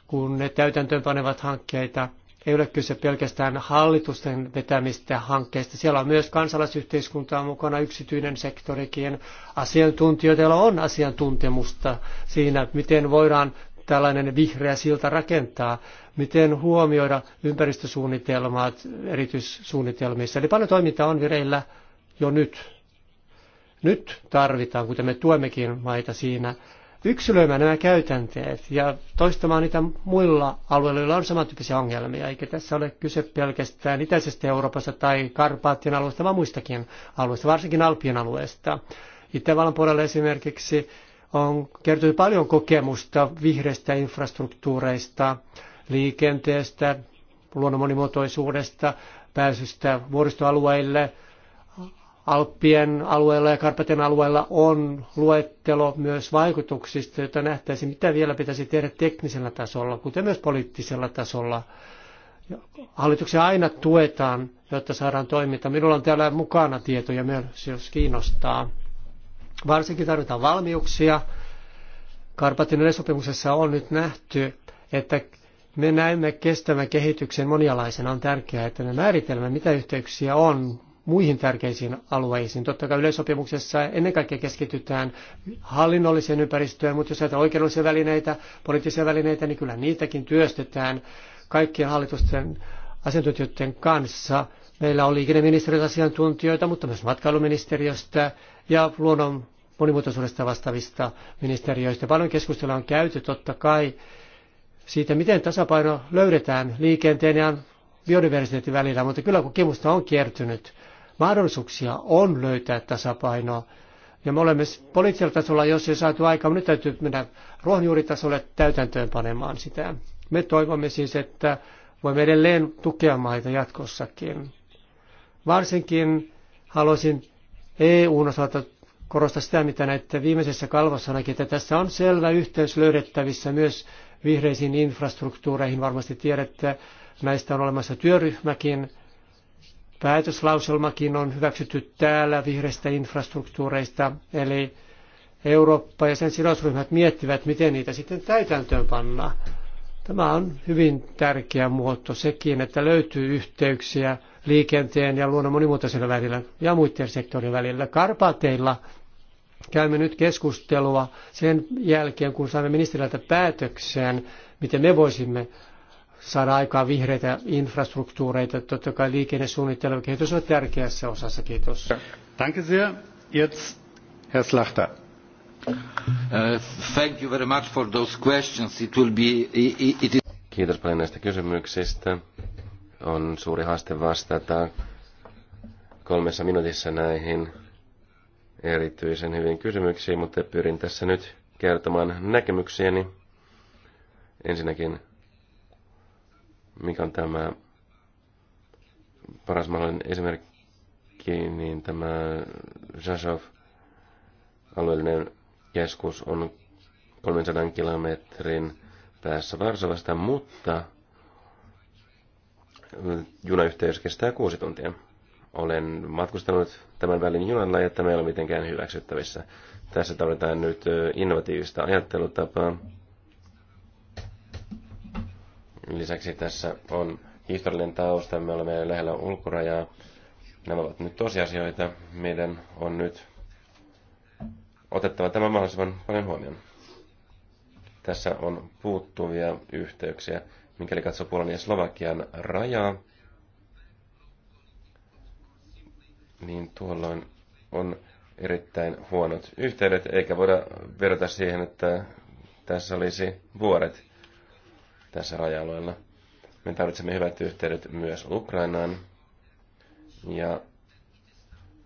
kun ne täytäntöönpanevat hankkeita. Ei ole kyse pelkästään hallitusten vetämistä hankkeista. Siellä on myös kansalaisyhteiskuntaa mukana, yksityinen sektorikin, asiantuntijoita, on asiantuntemusta siinä, miten voidaan tällainen vihreä silta rakentaa, miten huomioida ympäristösuunnitelmat erityissuunnitelmissa. Eli paljon toimintaa on vireillä jo nyt. Nyt tarvitaan, kuten me tuemmekin maita siinä, yksilöimään nämä käytänteet ja toistamaan niitä muilla alueilla, joilla on samantyyppisiä ongelmia. Eikä tässä ole kyse pelkästään itäisestä Euroopasta tai Karpaattien alueesta, vaan muistakin alueista, varsinkin Alpien alueesta. Itävallan puolella esimerkiksi on kertynyt paljon kokemusta vihreistä infrastruktuureista, liikenteestä, luonnon monimuotoisuudesta, pääsystä vuoristoalueille – Alppien alueella ja Karpaten alueella on luettelo myös vaikutuksista, jotta nähtäisiin, mitä vielä pitäisi tehdä teknisellä tasolla, kuten myös poliittisella tasolla. Hallituksia aina tuetaan, jotta saadaan toiminta. Minulla on täällä mukana tietoja myös, jos kiinnostaa. Varsinkin tarvitaan valmiuksia. Karpatin yleisopimuksessa on nyt nähty, että me näemme kestävän kehityksen monialaisena. On tärkeää, että me määritelmä, mitä yhteyksiä on muihin tärkeisiin alueisiin. Totta kai yleisopimuksessa ennen kaikkea keskitytään hallinnolliseen ympäristöön, mutta jos ajatellaan oikeudellisia välineitä, poliittisia välineitä, niin kyllä niitäkin työstetään kaikkien hallitusten asiantuntijoiden kanssa. Meillä on liikenneministeriön asiantuntijoita, mutta myös matkailuministeriöstä ja luonnon monimuotoisuudesta vastaavista ministeriöistä. Paljon keskustelua on käyty totta kai siitä, miten tasapaino löydetään liikenteen ja biodiversiteetin välillä, mutta kyllä kun kimusta on kiertynyt, Mahdollisuuksia on löytää tasapainoa. Ja me olemme poliittisella tasolla, jos ei saatu aikaa, nyt täytyy mennä ruohonjuuritasolle täytäntöön panemaan sitä. Me toivomme siis, että voimme edelleen tukea maita jatkossakin. Varsinkin haluaisin EUn osalta korostaa sitä, mitä näitte viimeisessä kalvossa näki, että tässä on selvä yhteys löydettävissä myös vihreisiin infrastruktuureihin. Varmasti tiedätte, näistä on olemassa työryhmäkin, päätöslauselmakin on hyväksytty täällä vihreistä infrastruktuureista, eli Eurooppa ja sen sidosryhmät miettivät, miten niitä sitten täytäntöön pannaan. Tämä on hyvin tärkeä muoto sekin, että löytyy yhteyksiä liikenteen ja luonnon monimuotoisuuden välillä ja muiden sektorin välillä. Karpaateilla käymme nyt keskustelua sen jälkeen, kun saamme ministeriltä päätöksen, miten me voisimme saada aikaa vihreitä infrastruktuureita. Totta kai liikennesuunnittelu kehitys on tärkeässä osassa. Kiitos. Danke sehr. Jetzt Herr Slachter. Uh, thank you very much for those questions. It will be, it is... Kiitos paljon näistä kysymyksistä. On suuri haaste vastata kolmessa minuutissa näihin erityisen hyvin kysymyksiin, mutta pyrin tässä nyt kertomaan näkemyksiäni. Ensinnäkin mikä on tämä paras mahdollinen esimerkki, niin tämä Zhashov alueellinen keskus on 300 kilometrin päässä Varsovasta, mutta junayhteys kestää kuusi tuntia. Olen matkustanut tämän välin junalla ja tämä ei ole mitenkään hyväksyttävissä. Tässä tarvitaan nyt innovatiivista ajattelutapaa Lisäksi tässä on historiallinen tausta, me olemme lähellä ulkorajaa. Nämä ovat nyt tosiasioita. Meidän on nyt otettava tämä mahdollisimman paljon huomioon. Tässä on puuttuvia yhteyksiä. Mikäli katsoo Puolan ja Slovakian rajaa, niin tuolloin on erittäin huonot yhteydet, eikä voida verrata siihen, että tässä olisi vuoret tässä raja-alueella. Me tarvitsemme hyvät yhteydet myös Ukrainaan, ja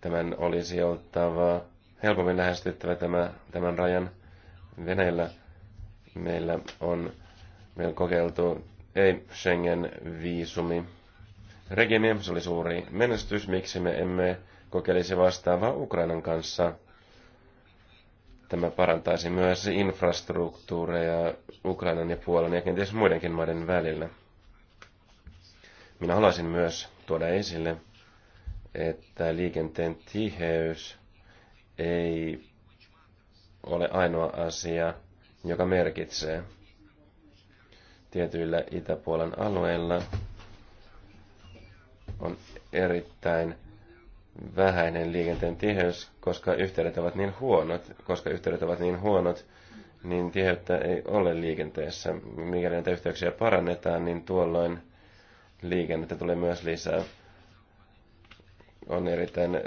tämän olisi oltava helpommin lähestyttävä tämä, tämän rajan veneillä. Meillä on meillä kokeiltu ei Schengen viisumi regimi, se oli suuri menestys, miksi me emme kokeilisi vastaavaa Ukrainan kanssa – Tämä parantaisi myös infrastruktuureja Ukrainan ja Puolan ja kenties muidenkin maiden välillä. Minä haluaisin myös tuoda esille, että liikenteen tiheys ei ole ainoa asia, joka merkitsee. Tietyillä Itäpuolen alueilla on erittäin vähäinen liikenteen tiheys, koska yhteydet ovat niin huonot, koska yhteydet ovat niin huonot, niin tiheyttä ei ole liikenteessä. Mikäli näitä yhteyksiä parannetaan, niin tuolloin liikennettä tulee myös lisää. On erittäin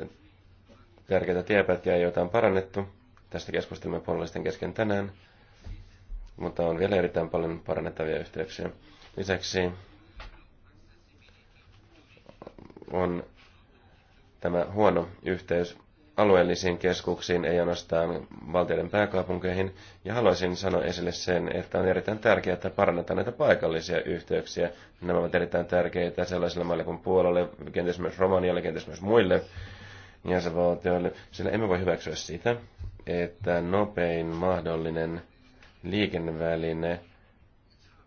tärkeitä tiepätkiä, joita on parannettu. Tästä keskustelemme puolueisten kesken tänään, mutta on vielä erittäin paljon parannettavia yhteyksiä. Lisäksi on tämä huono yhteys alueellisiin keskuksiin, ei ainoastaan valtioiden pääkaupunkeihin, ja haluaisin sanoa esille sen, että on erittäin tärkeää, että parannetaan näitä paikallisia yhteyksiä. Nämä ovat erittäin tärkeitä sellaisille maille kuin Puolalle, kenties myös Romanialle, kenties myös muille jäsenvaltioille, sillä emme voi hyväksyä sitä, että nopein mahdollinen liikenneväline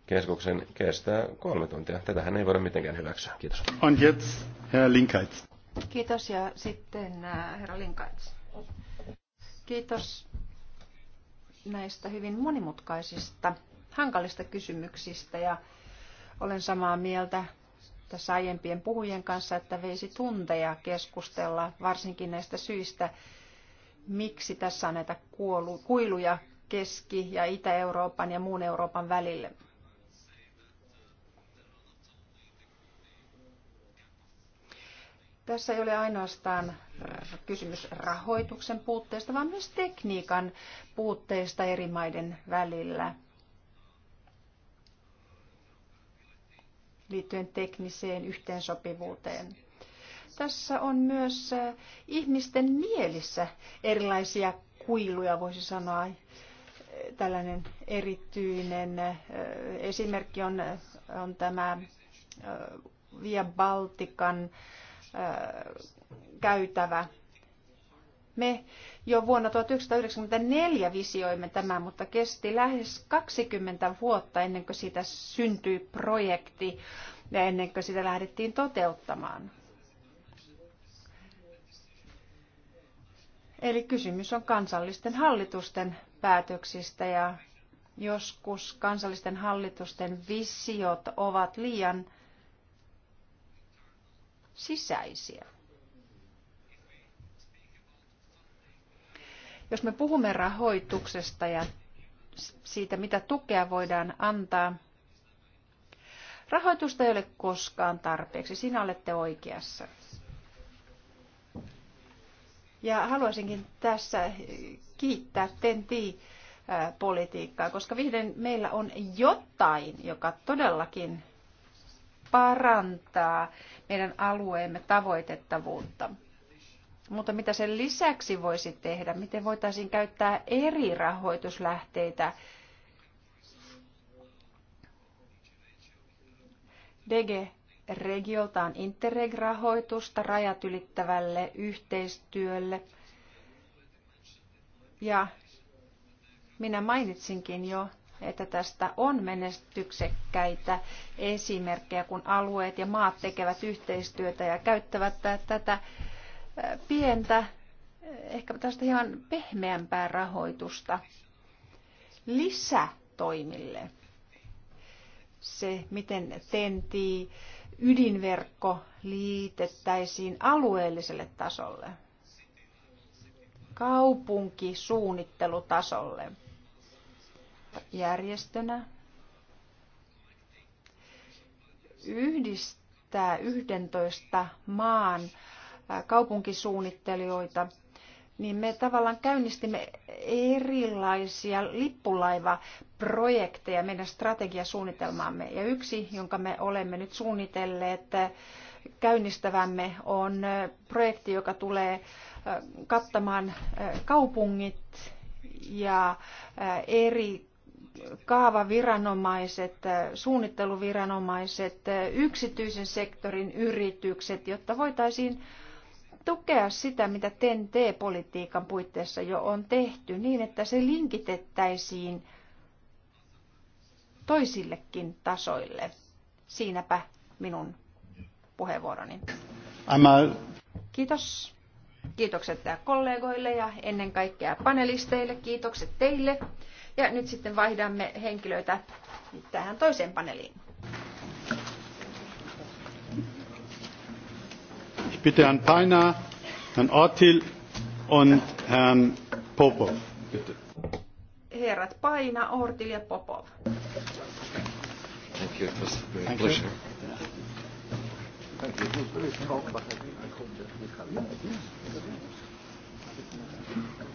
keskuksen kestää kolme tuntia. Tätähän ei voida mitenkään hyväksyä. Kiitos. On jetzt Herr Linkheit. Kiitos ja sitten äh, herra Linkaits. Kiitos näistä hyvin monimutkaisista, hankalista kysymyksistä ja olen samaa mieltä tässä aiempien puhujien kanssa, että veisi tunteja keskustella varsinkin näistä syistä, miksi tässä on näitä kuiluja Keski- ja Itä-Euroopan ja muun Euroopan välille. Tässä ei ole ainoastaan kysymys rahoituksen puutteesta, vaan myös tekniikan puutteesta eri maiden välillä. liittyen tekniseen yhteensopivuuteen. Tässä on myös äh, ihmisten mielissä erilaisia kuiluja, voisi sanoa. Äh, tällainen erityinen äh, esimerkki on, on tämä Via Baltikan käytävä. Me jo vuonna 1994 visioimme tämän, mutta kesti lähes 20 vuotta ennen kuin siitä syntyi projekti ja ennen kuin sitä lähdettiin toteuttamaan. Eli kysymys on kansallisten hallitusten päätöksistä ja joskus kansallisten hallitusten visiot ovat liian sisäisiä. Jos me puhumme rahoituksesta ja siitä, mitä tukea voidaan antaa, rahoitusta ei ole koskaan tarpeeksi. Sinä olette oikeassa. Ja haluaisinkin tässä kiittää Tenti politiikkaa, koska vihden meillä on jotain, joka todellakin parantaa meidän alueemme tavoitettavuutta. Mutta mitä sen lisäksi voisi tehdä? Miten voitaisiin käyttää eri rahoituslähteitä? DG Regioltaan Interreg-rahoitusta rajat ylittävälle yhteistyölle. Ja minä mainitsinkin jo että tästä on menestyksekkäitä esimerkkejä, kun alueet ja maat tekevät yhteistyötä ja käyttävät tätä pientä, ehkä tästä hieman pehmeämpää rahoitusta lisätoimille. Se, miten tenti ydinverkko liitettäisiin alueelliselle tasolle, kaupunkisuunnittelutasolle järjestönä yhdistää 11 maan kaupunkisuunnittelijoita, niin me tavallaan käynnistimme erilaisia lippulaivaprojekteja meidän strategiasuunnitelmaamme. Ja yksi, jonka me olemme nyt suunnitelleet käynnistävämme, on projekti, joka tulee kattamaan kaupungit ja eri kaavaviranomaiset, suunnitteluviranomaiset, yksityisen sektorin yritykset, jotta voitaisiin tukea sitä, mitä TEN-T-politiikan puitteissa jo on tehty, niin että se linkitettäisiin toisillekin tasoille. Siinäpä minun puheenvuoroni. Kiitos. Kiitokset kollegoille ja ennen kaikkea panelisteille. Kiitokset teille. Ja nyt sitten vaihdamme henkilöitä tähän toiseen paneeliin. Ich bitte Herrn Peiner, Herrn Ortil und Herrn Popov. Bitte. Herrat Paina, Ortil ja Popov. Thank you. It was a Thank pleasure. You. Thank you.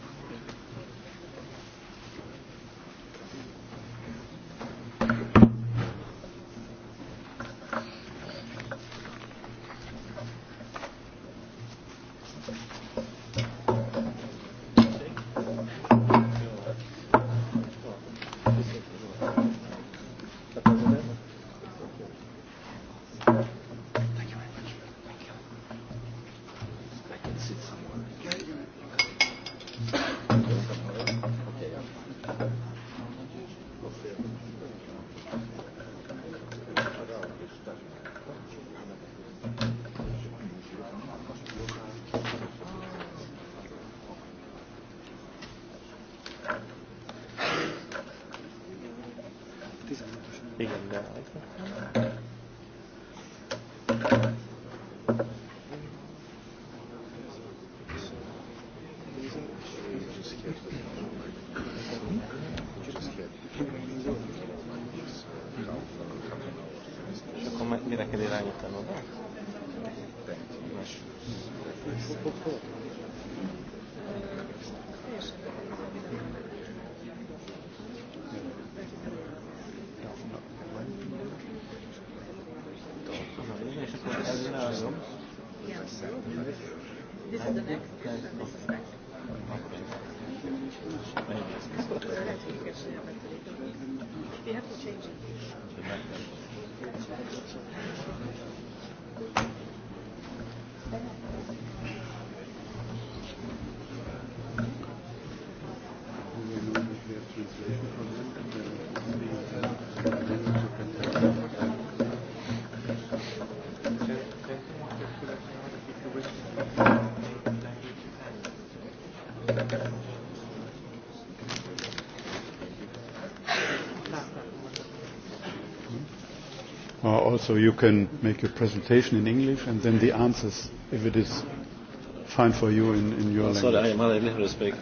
also you can make your presentation in English and then the answers, if it is fine for you in, in your Sorry, language. Sorry, I have a little respect.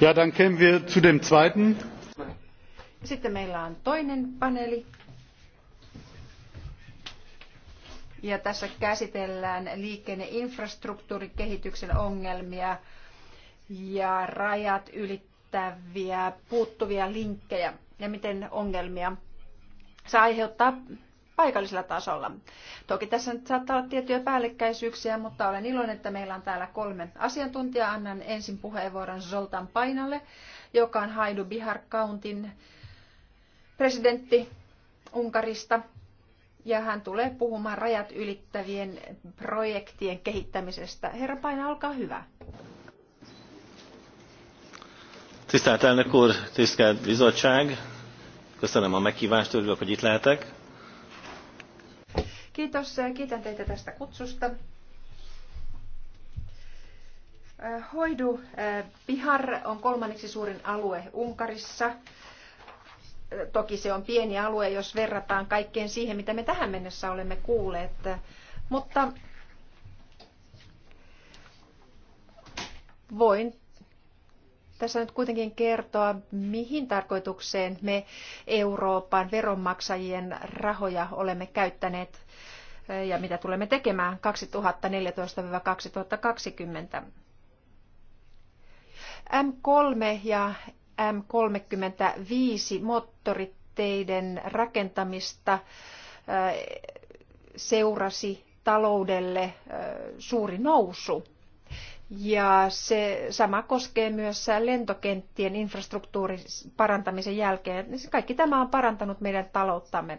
Ja, dann kämen wir zu dem zweiten. Sitten meillä on toinen paneeli. ja tässä käsitellään liikenneinfrastruktuurikehityksen ongelmia ja rajat ylittäviä puuttuvia linkkejä ja miten ongelmia se aiheuttaa paikallisella tasolla. Toki tässä nyt saattaa olla tiettyjä päällekkäisyyksiä, mutta olen iloinen, että meillä on täällä kolme asiantuntijaa. Annan ensin puheenvuoron Zoltan Painalle, joka on Haidu Bihar Countin presidentti Unkarista ja hän tulee puhumaan rajat ylittävien projektien kehittämisestä. Herra Paina, olkaa hyvä. Tisztelt elnök úr, tisztelt bizottság, köszönöm a meghívást, örülök, hogy itt lehetek. Kiitos, kiitän teitä tästä kutsusta. Hoidu Pihar eh, on kolmanneksi suurin alue Unkarissa. Toki se on pieni alue, jos verrataan kaikkeen siihen, mitä me tähän mennessä olemme kuulleet. Mutta voin tässä nyt kuitenkin kertoa, mihin tarkoitukseen me Euroopan veronmaksajien rahoja olemme käyttäneet ja mitä tulemme tekemään 2014-2020. M3 ja M35 moottoriteiden rakentamista äh, seurasi taloudelle äh, suuri nousu. Ja se sama koskee myös lentokenttien infrastruktuurin parantamisen jälkeen. Kaikki tämä on parantanut meidän talouttamme.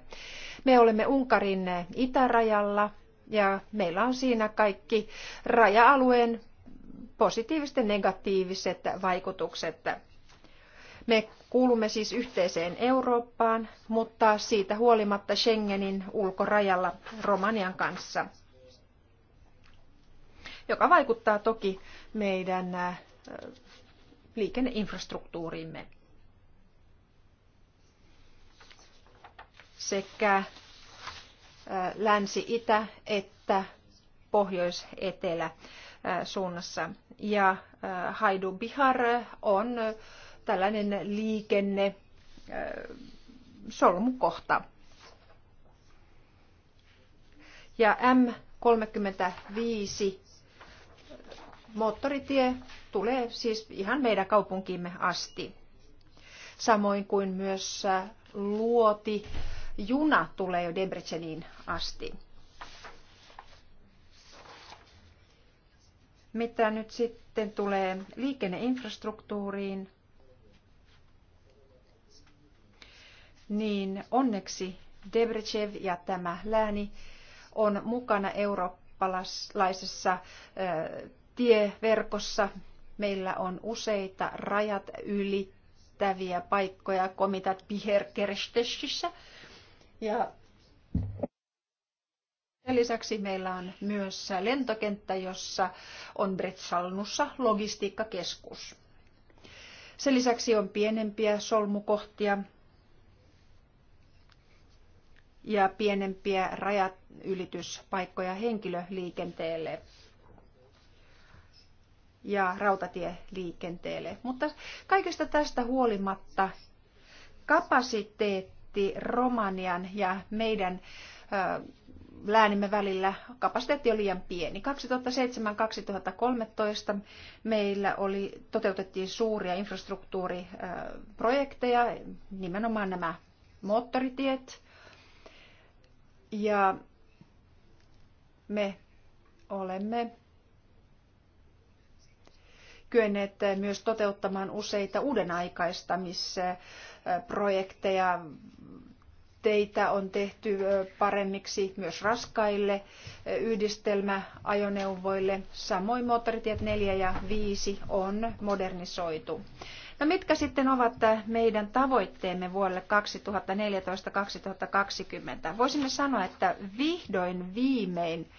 Me olemme Unkarin itärajalla ja meillä on siinä kaikki raja-alueen positiiviset ja negatiiviset vaikutukset. Me kuulumme siis yhteiseen Eurooppaan, mutta siitä huolimatta Schengenin ulkorajalla Romanian kanssa, joka vaikuttaa toki meidän äh, liikenneinfrastruktuuriimme sekä äh, länsi-itä että pohjois-etelä äh, suunnassa. Ja Haidu Bihar on tällainen liikenne solmukohta. Ja M35 moottoritie tulee siis ihan meidän kaupunkiimme asti. Samoin kuin myös luoti juna tulee jo Debreceniin asti. Mitä nyt sitten tulee liikenneinfrastruktuuriin, niin onneksi Debrecev ja tämä lääni on mukana eurooppalaisessa tieverkossa. Meillä on useita rajat ylittäviä paikkoja, komitat Piherkerstessissä. Ja lisäksi meillä on myös lentokenttä, jossa on Bretsalnussa logistiikkakeskus. Sen lisäksi on pienempiä solmukohtia, ja pienempiä rajatylityspaikkoja henkilöliikenteelle ja rautatieliikenteelle. Mutta kaikesta tästä huolimatta kapasiteetti Romanian ja meidän ö, läänimme välillä, kapasiteetti oli liian pieni. 2007-2013 meillä oli, toteutettiin suuria infrastruktuuriprojekteja, nimenomaan nämä moottoritiet, ja me olemme kyenneet myös toteuttamaan useita uudenaikaistamisprojekteja. Teitä on tehty paremmiksi myös raskaille yhdistelmäajoneuvoille. Samoin moottoritiet 4 ja 5 on modernisoitu. No mitkä sitten ovat äh, meidän tavoitteemme vuodelle 2014-2020? Voisimme sanoa, että vihdoin viimein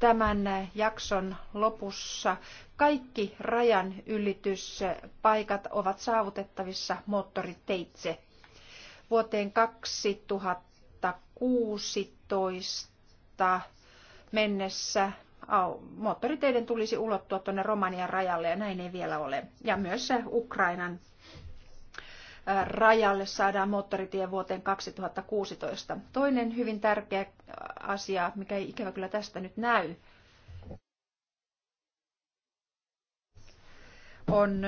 tämän äh, jakson lopussa kaikki rajan ylityspaikat ovat saavutettavissa moottoriteitse. Vuoteen 2016 mennessä moottoriteiden tulisi ulottua tuonne Romanian rajalle ja näin ei vielä ole. Ja myös Ukrainan rajalle saadaan moottoritie vuoteen 2016. Toinen hyvin tärkeä asia, mikä ei ikävä kyllä tästä nyt näy, on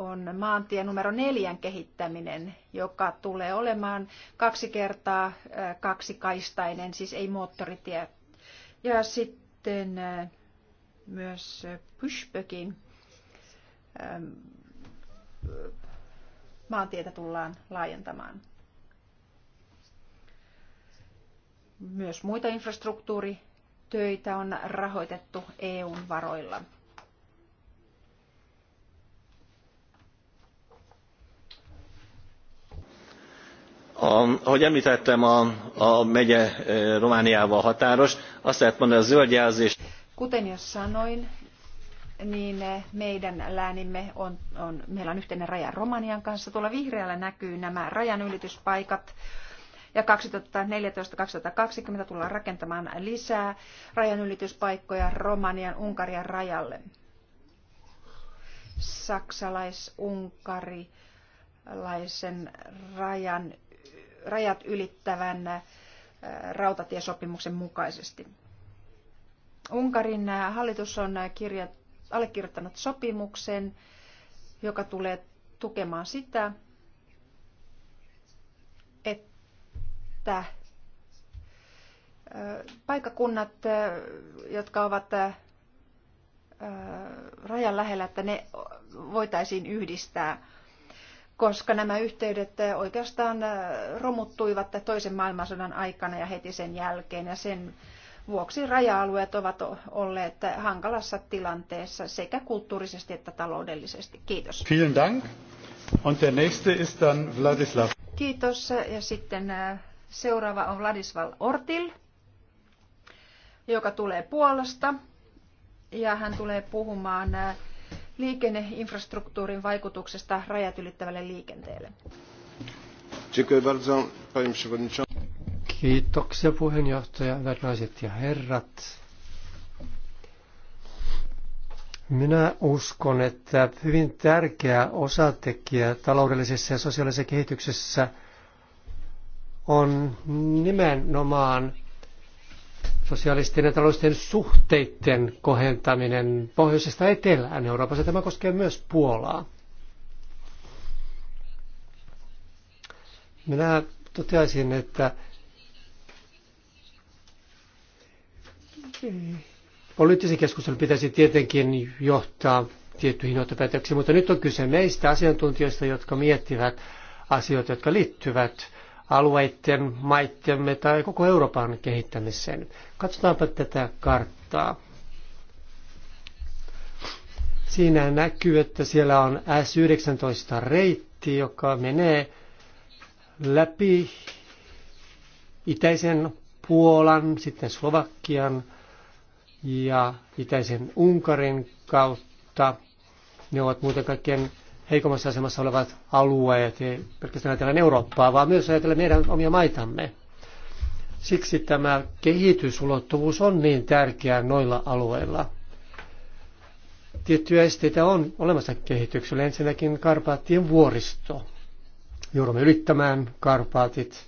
on maantie numero neljän kehittäminen, joka tulee olemaan kaksi kertaa kaksikaistainen, siis ei moottoritie. Ja sitten myös Pushbökin maantietä tullaan laajentamaan. Myös muita infrastruktuuritöitä on rahoitettu EUn varoilla. ahogy emltettem a, megye e, romániával határos azt lehet mondani a zöld jelzés. kuten jo sanoin niin e, meidän läänimme on, on, meillä on yhteinen raja Romanian kanssa. Tuolla vihreällä näkyy nämä rajanylityspaikat ja 2014-2020 tullaan rakentamaan lisää rajanylityspaikkoja Romanian Unkarian rajalle. Saksalais-Unkarilaisen rajan rajat ylittävän äh, rautatiesopimuksen mukaisesti. Unkarin äh, hallitus on äh, kirja, allekirjoittanut sopimuksen, joka tulee tukemaan sitä, että paikakunnat, jotka ovat rajan lähellä, että ne voitaisiin yhdistää koska nämä yhteydet eh, oikeastaan eh, romuttuivat toisen maailmansodan aikana ja heti sen jälkeen ja sen vuoksi raja-alueet ovat olleet hankalassa tilanteessa sekä kulttuurisesti että taloudellisesti. Kiitos. Vielen Dank. Und der nächste ist dann Vladislav. Kiitos. Ja sitten eh, seuraava on Vladislav Ortil, joka tulee Puolasta. Ja hän tulee puhumaan liikenneinfrastruktuurin vaikutuksesta rajat ylittävälle liikenteelle. Kiitoksia puheenjohtaja, hyvät naiset ja herrat. Minä uskon, että hyvin tärkeä osatekijä taloudellisessa ja sosiaalisessa kehityksessä on nimenomaan sosiaalisten ja taloudellisten suhteiden kohentaminen pohjoisesta etelään Euroopassa. Tämä koskee myös Puolaa. Minä toteaisin, että poliittisen keskustelun pitäisi tietenkin johtaa tiettyihin johtopäätöksiin, mutta nyt on kyse meistä asiantuntijoista, jotka miettivät asioita, jotka liittyvät alueiden, maittemme tai koko Euroopan kehittämiseen. Katsotaanpa tätä karttaa. Siinä näkyy, että siellä on S19 reitti, joka menee läpi itäisen Puolan, sitten Slovakian ja itäisen Unkarin kautta. Ne ovat muuten kaikkein heikommassa asemassa olevat alueet, ei pelkästään ajatellen Eurooppaa, vaan myös ajatellen meidän omia maitamme. Siksi tämä kehitysulottuvuus on niin tärkeää noilla alueilla. Tiettyjä esteitä on olemassa kehitykselle. Ensinnäkin Karpaattien vuoristo. Joudumme ylittämään Karpaatit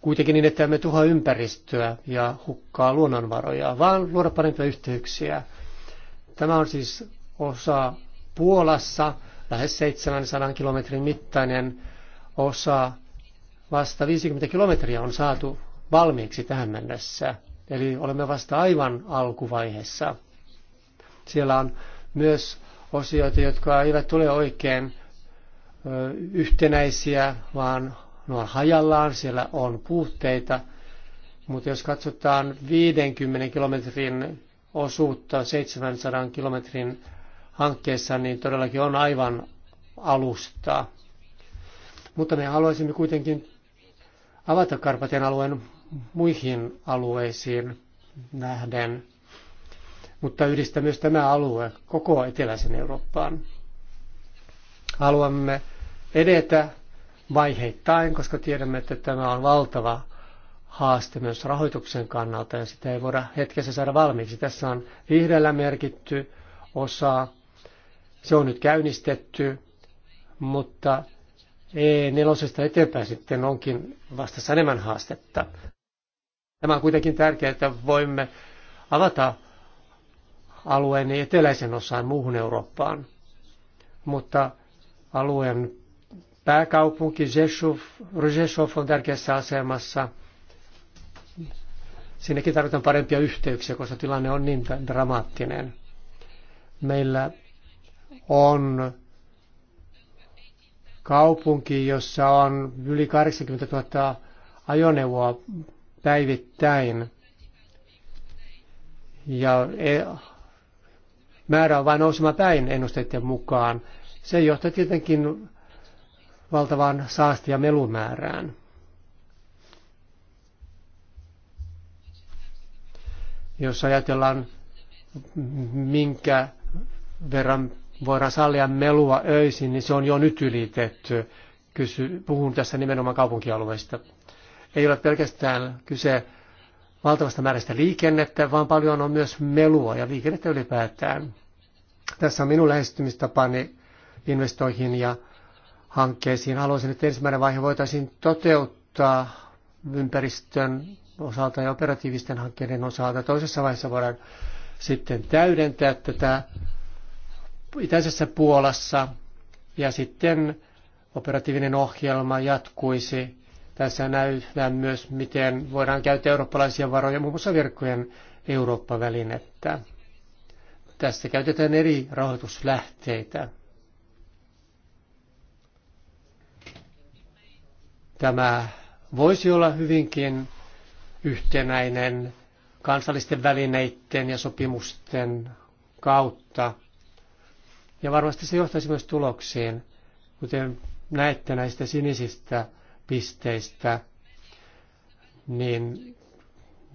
kuitenkin niin, että emme tuhoa ympäristöä ja hukkaa luonnonvaroja, vaan luoda parempia yhteyksiä. Tämä on siis osa Puolassa lähes 700 kilometrin mittainen osa vasta 50 kilometriä on saatu valmiiksi tähän mennessä. Eli olemme vasta aivan alkuvaiheessa. Siellä on myös osioita, jotka eivät tule oikein yhtenäisiä, vaan ne on hajallaan, siellä on puutteita. Mutta jos katsotaan 50 kilometrin osuutta 700 kilometrin hankkeessa, niin todellakin on aivan alusta. Mutta me haluaisimme kuitenkin avata Karpatian alueen muihin alueisiin nähden, mutta yhdistä myös tämä alue koko eteläisen Eurooppaan. Haluamme edetä vaiheittain, koska tiedämme, että tämä on valtava haaste myös rahoituksen kannalta ja sitä ei voida hetkessä saada valmiiksi. Tässä on vihreällä merkitty osa se on nyt käynnistetty, mutta E4 eteenpäin sitten onkin vasta enemmän haastetta. Tämä on kuitenkin tärkeää, että voimme avata alueen eteläisen osan muuhun Eurooppaan. Mutta alueen pääkaupunki Rzeszów on tärkeässä asemassa. Sinnekin tarvitaan parempia yhteyksiä, koska tilanne on niin dramaattinen. Meillä on kaupunki, jossa on yli 80 000 ajoneuvoa päivittäin. Ja e, määrä on vain nousema päin ennusteiden mukaan. Se johtaa tietenkin valtavaan saasti- ja melumäärään. Jos ajatellaan, minkä verran voidaan sallia melua öisin, niin se on jo nyt ylitetty. Kysy, puhun tässä nimenomaan kaupunkialueista. Ei ole pelkästään kyse valtavasta määrästä liikennettä, vaan paljon on myös melua ja liikennettä ylipäätään. Tässä on minun lähestymistapani investoihin ja hankkeisiin. Haluaisin, että ensimmäinen vaihe voitaisiin toteuttaa ympäristön osalta ja operatiivisten hankkeiden osalta. Toisessa vaiheessa voidaan sitten täydentää tätä itäisessä Puolassa ja sitten operatiivinen ohjelma jatkuisi. Tässä näytetään myös, miten voidaan käyttää eurooppalaisia varoja, muun muassa verkkojen Eurooppa-välinettä. Tässä käytetään eri rahoituslähteitä. Tämä voisi olla hyvinkin yhtenäinen kansallisten välineiden ja sopimusten kautta ja varmasti se johtaisi myös tuloksiin, kuten näette näistä sinisistä pisteistä, niin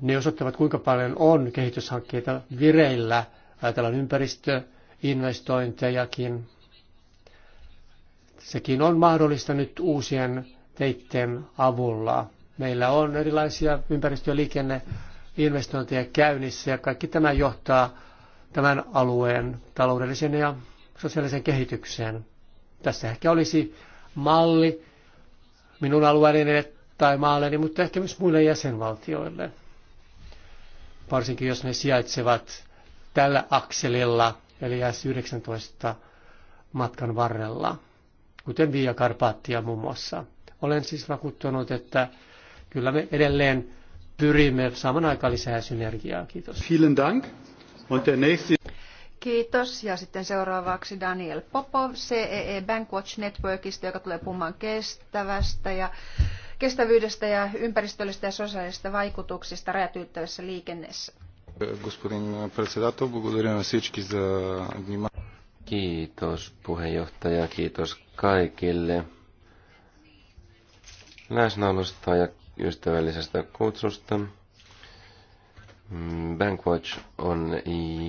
ne osoittavat, kuinka paljon on kehityshankkeita vireillä. Ajatellaan ympäristöinvestointejakin. Sekin on mahdollista nyt uusien teitten avulla. Meillä on erilaisia ympäristö- ja liikenneinvestointeja käynnissä ja kaikki tämä johtaa tämän alueen taloudelliseen ja sosiaaliseen kehitykseen. Tässä ehkä olisi malli minun alueelleni tai maalleni, mutta ehkä myös muille jäsenvaltioille. Varsinkin jos ne sijaitsevat tällä akselilla, eli S19 matkan varrella, kuten Via Carpatia muun muassa. Olen siis vakuuttunut, että kyllä me edelleen pyrimme saamaan aikaan lisää synergiaa. Kiitos. Vielen Dank. Und der nächste... Kiitos. Ja sitten seuraavaksi Daniel Popov CEE Bankwatch Networkista, joka tulee puhumaan kestävästä ja kestävyydestä ja ympäristöllistä ja sosiaalisista vaikutuksista rajat ylittävässä liikenteessä. Господин председател, благодаря Kiitos puheenjohtaja, kiitos kaikille läsnäolosta ja ystävällisestä kutsusta. Bankwatch on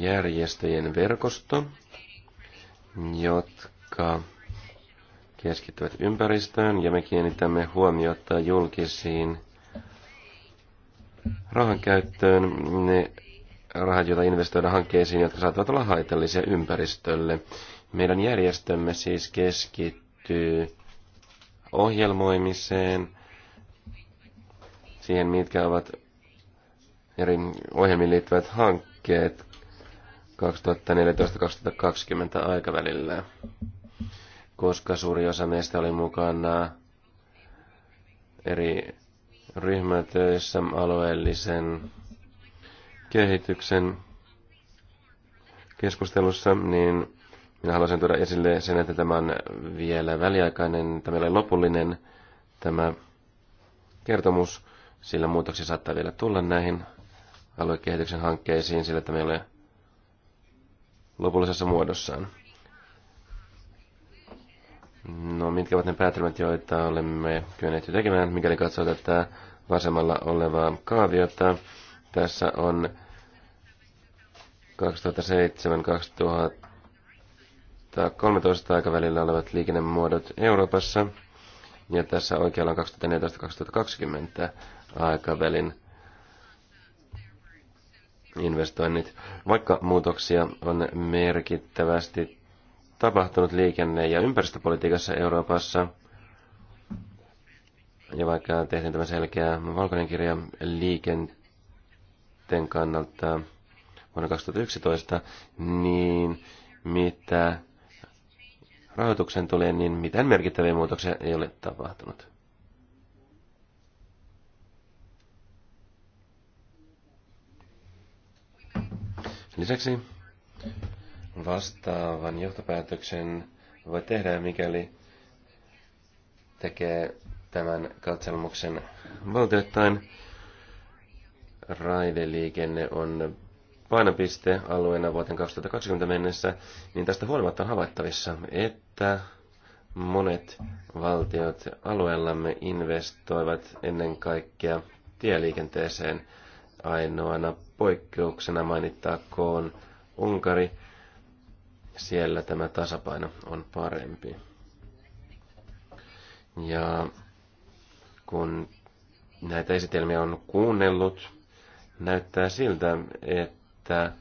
järjestäjien verkosto, jotka keskittyvät ympäristöön ja me kiinnitämme huomiota julkisiin rahankäyttöön, ne rahat, joita investoidaan hankkeisiin, jotka saattavat olla haitallisia ympäristölle. Meidän järjestömme siis keskittyy ohjelmoimiseen, siihen mitkä ovat eri ohjelmiin liittyvät hankkeet 2014-2020 aikavälillä, koska suuri osa meistä oli mukana eri ryhmätöissä alueellisen kehityksen keskustelussa, niin minä haluaisin tuoda esille sen, että tämä on vielä väliaikainen, tämä ei lopullinen tämä kertomus, sillä muutoksia saattaa vielä tulla näihin aluekehityksen hankkeisiin sillä, että meillä lopullisessa muodossaan. No, mitkä ovat ne päätelmät, joita olemme kyenneet jo tekemään, mikäli katsoo tätä vasemmalla olevaa kaaviota. Tässä on 2007-2013 aikavälillä olevat liikennemuodot Euroopassa. Ja tässä oikealla on 2014-2020 aikavälin investoinnit. Vaikka muutoksia on merkittävästi tapahtunut liikenne- ja ympäristöpolitiikassa Euroopassa, ja vaikka tehtiin tämä selkeä valkoinen kirja liikenteen kannalta vuonna 2011, niin mitä rahoituksen tulee, niin mitään merkittäviä muutoksia ei ole tapahtunut. Lisäksi vastaavan johtopäätöksen voi tehdä, mikäli tekee tämän katselmuksen valtioittain. Raideliikenne on alueena vuoteen 2020 mennessä, niin tästä huolimatta on havaittavissa, että monet valtiot alueellamme investoivat ennen kaikkea tieliikenteeseen – Ainoana poikkeuksena mainittakoon Unkari. Siellä tämä tasapaino on parempi. Ja kun näitä esitelmiä on kuunnellut, näyttää siltä, että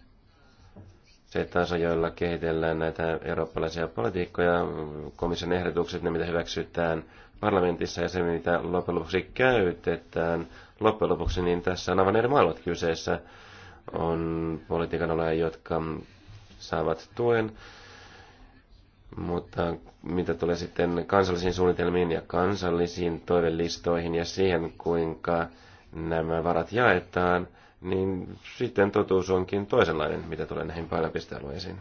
se taso, joilla kehitellään näitä eurooppalaisia politiikkoja, komission ehdotukset, ne mitä hyväksytään parlamentissa ja se, mitä loppujen lopuksi käytetään loppujen lopuksi niin tässä on aivan eri maailmat kyseessä. On politiikan oleja, jotka saavat tuen, mutta mitä tulee sitten kansallisiin suunnitelmiin ja kansallisiin toivelistoihin ja siihen, kuinka nämä varat jaetaan, niin sitten totuus onkin toisenlainen, mitä tulee näihin painopistealueisiin.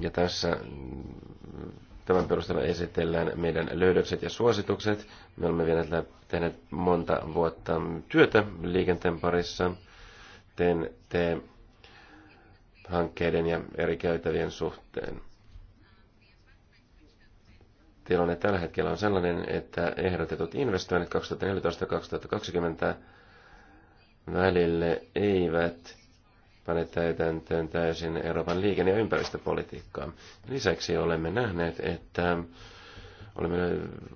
Ja tässä Tämän perusteella esitellään meidän löydökset ja suositukset. Me olemme vielä tehneet monta vuotta työtä liikenteen parissa. Teen te hankkeiden ja eri käytävien suhteen. Tilanne tällä hetkellä on sellainen, että ehdotetut investoinnit 2014-2020 välille eivät pane täytäntöön täysin Euroopan liikenne- ja ympäristöpolitiikkaa. Lisäksi olemme nähneet, että olemme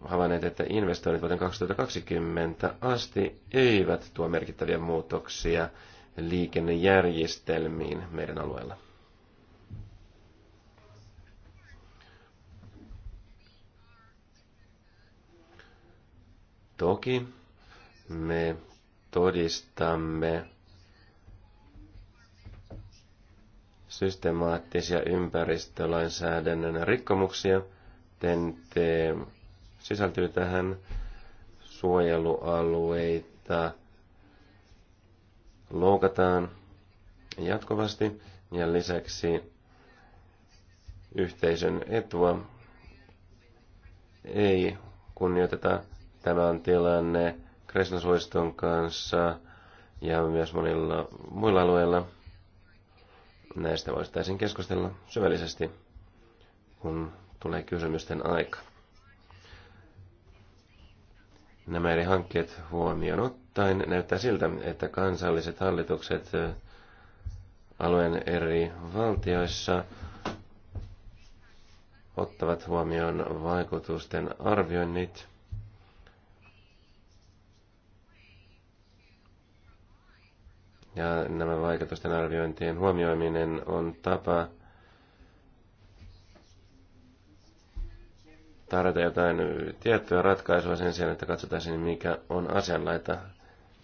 havainneet, että investoinnit vuoden 2020 asti eivät tuo merkittäviä muutoksia liikennejärjestelmiin meidän alueella. Toki me todistamme systemaattisia ympäristölainsäädännön rikkomuksia. Tente sisältyy tähän suojelualueita loukataan jatkuvasti ja lisäksi yhteisön etua ei kunnioiteta. Tämä on tilanne Kresnasuiston kanssa ja myös monilla muilla alueilla näistä voisi keskustella syvällisesti, kun tulee kysymysten aika. Nämä eri hankkeet huomioon ottaen näyttää siltä, että kansalliset hallitukset alueen eri valtioissa ottavat huomioon vaikutusten arvioinnit – ja nämä vaikutusten arviointien huomioiminen on tapa tarjota jotain tiettyä ratkaisua sen sijaan, että katsotaan mikä on asianlaita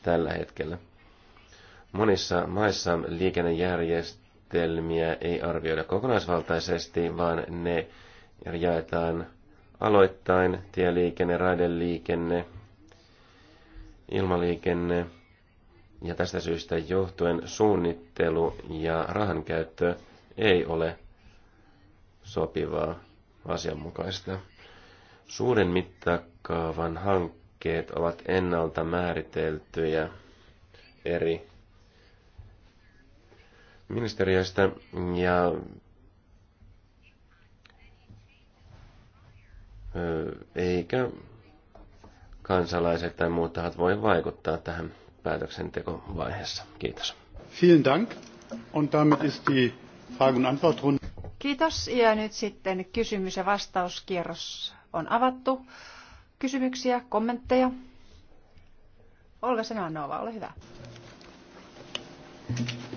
tällä hetkellä. Monissa maissa liikennejärjestelmiä ei arvioida kokonaisvaltaisesti, vaan ne jaetaan aloittain, tieliikenne, raideliikenne, ilmaliikenne – ja tästä syystä johtuen suunnittelu ja rahankäyttö ei ole sopivaa asianmukaista. Suuren mittakaavan hankkeet ovat ennalta määriteltyjä eri ministeriöistä ja eikä kansalaiset tai muut tahat voi vaikuttaa tähän päätöksentekovaiheessa. Kiitos. Vielen Dank. Und damit ist die Frage- und Antwortrunde. Kiitos. Ja nyt sitten kysymys- ja vastauskierros on avattu. Kysymyksiä, kommentteja? Olga Senanova, ole hyvä.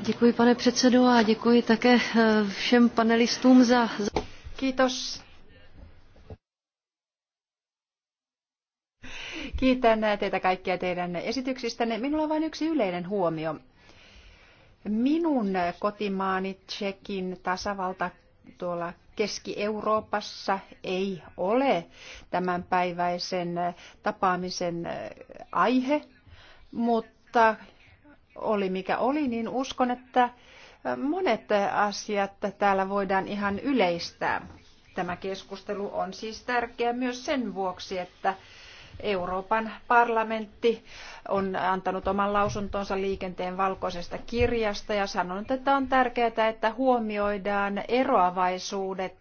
Děkuji, pane předsedo, a děkuji také eh, všem panelistům za... Kiitos Kiitän teitä kaikkia teidän esityksistänne. Minulla on vain yksi yleinen huomio. Minun kotimaani Tsekin tasavalta tuolla Keski-Euroopassa ei ole tämänpäiväisen tapaamisen äh, aihe, mutta oli mikä oli, niin uskon, että äh, monet asiat täällä voidaan ihan yleistää. Tämä keskustelu on siis tärkeä myös sen vuoksi, että Euroopan parlamentti on antanut oman lausuntonsa liikenteen valkoisesta kirjasta ja sanonut, että on tärkeää, että huomioidaan eroavaisuudet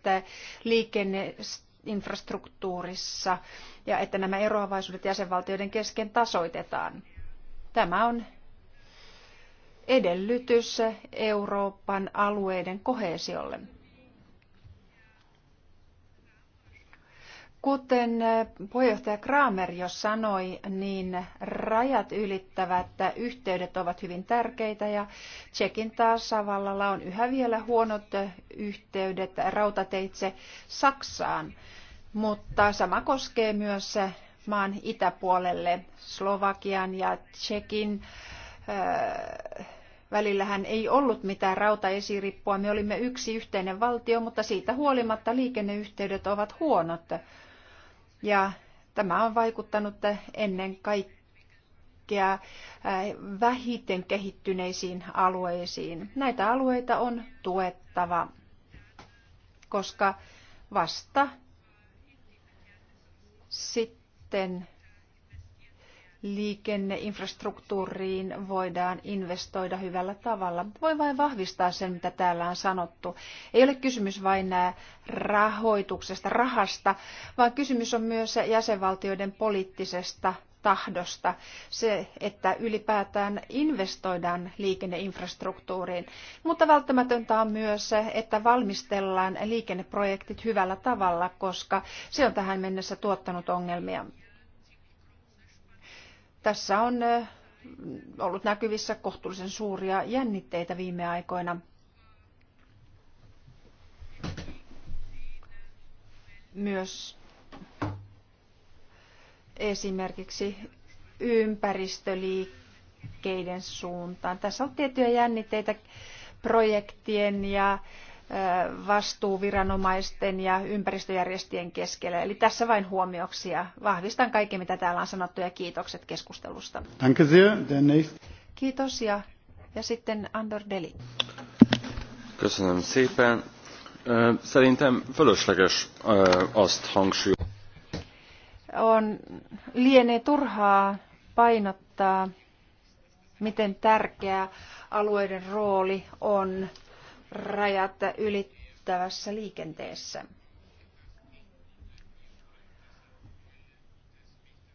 liikenneinfrastruktuurissa ja että nämä eroavaisuudet jäsenvaltioiden kesken tasoitetaan. Tämä on edellytys Euroopan alueiden kohesiolle. Kuten eh, puheenjohtaja Kramer jo sanoi, niin rajat ylittävät yhteydet ovat hyvin tärkeitä ja Tsekin tasavallalla on yhä vielä huonot eh, yhteydet rautateitse Saksaan, mutta sama koskee myös eh, maan itäpuolelle Slovakian ja Tsekin Välillähän ei ollut mitään rautaesirippua, me olimme yksi yhteinen valtio, mutta siitä huolimatta liikenneyhteydet ovat huonot. Ja tämä on vaikuttanut ennen kaikkea vähiten kehittyneisiin alueisiin. Näitä alueita on tuettava, koska vasta sitten liikenneinfrastruktuuriin voidaan investoida hyvällä tavalla. Voi vain vahvistaa sen, mitä täällä on sanottu. Ei ole kysymys vain äh, rahoituksesta, rahasta, vaan kysymys on myös jäsenvaltioiden poliittisesta tahdosta. Se, että ylipäätään investoidaan liikenneinfrastruktuuriin. Mutta välttämätöntä on myös se, että valmistellaan liikenneprojektit hyvällä tavalla, koska se on tähän mennessä tuottanut ongelmia. Tässä on ollut näkyvissä kohtuullisen suuria jännitteitä viime aikoina. Myös esimerkiksi ympäristöliikkeiden suuntaan. Tässä on tiettyjä jännitteitä projektien ja vastuuviranomaisten ja ympäristöjärjestöjen keskellä. Eli tässä vain huomioksi ja vahvistan kaiken, mitä täällä on sanottu ja kiitokset keskustelusta. Kiitos ja, ja sitten Andor Deli. Köszönöm szépen. Szerintem fölösleges azt hangsúlyozni. On lienee turhaa painottaa, miten tärkeä alueiden rooli on rajat ylittävässä liikenteessä.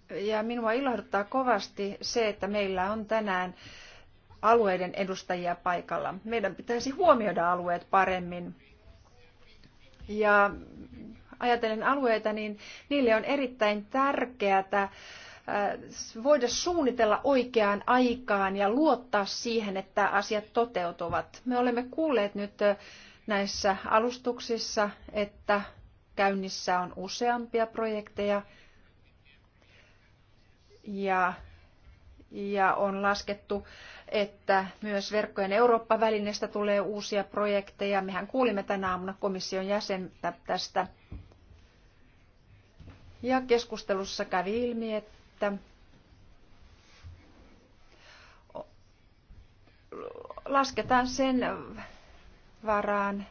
Ja minua ilahduttaa kovasti se, että meillä on tänään alueiden edustajia paikalla. Meidän pitäisi huomioida alueet paremmin. Ja ajatellen alueita, niin niille on erittäin tärkeää Äh, voida suunnitella oikeaan aikaan ja luottaa siihen, että asiat toteutuvat. Me olemme kuulleet nyt äh, näissä alustuksissa, että käynnissä on useampia projekteja ja, ja on laskettu, että myös verkkojen Eurooppa-välineestä tulee uusia projekteja. Mehän kuulimme tänä aamuna komission jäsentä tästä. Ja keskustelussa kävi ilmi, että että lasketaan sen varaan,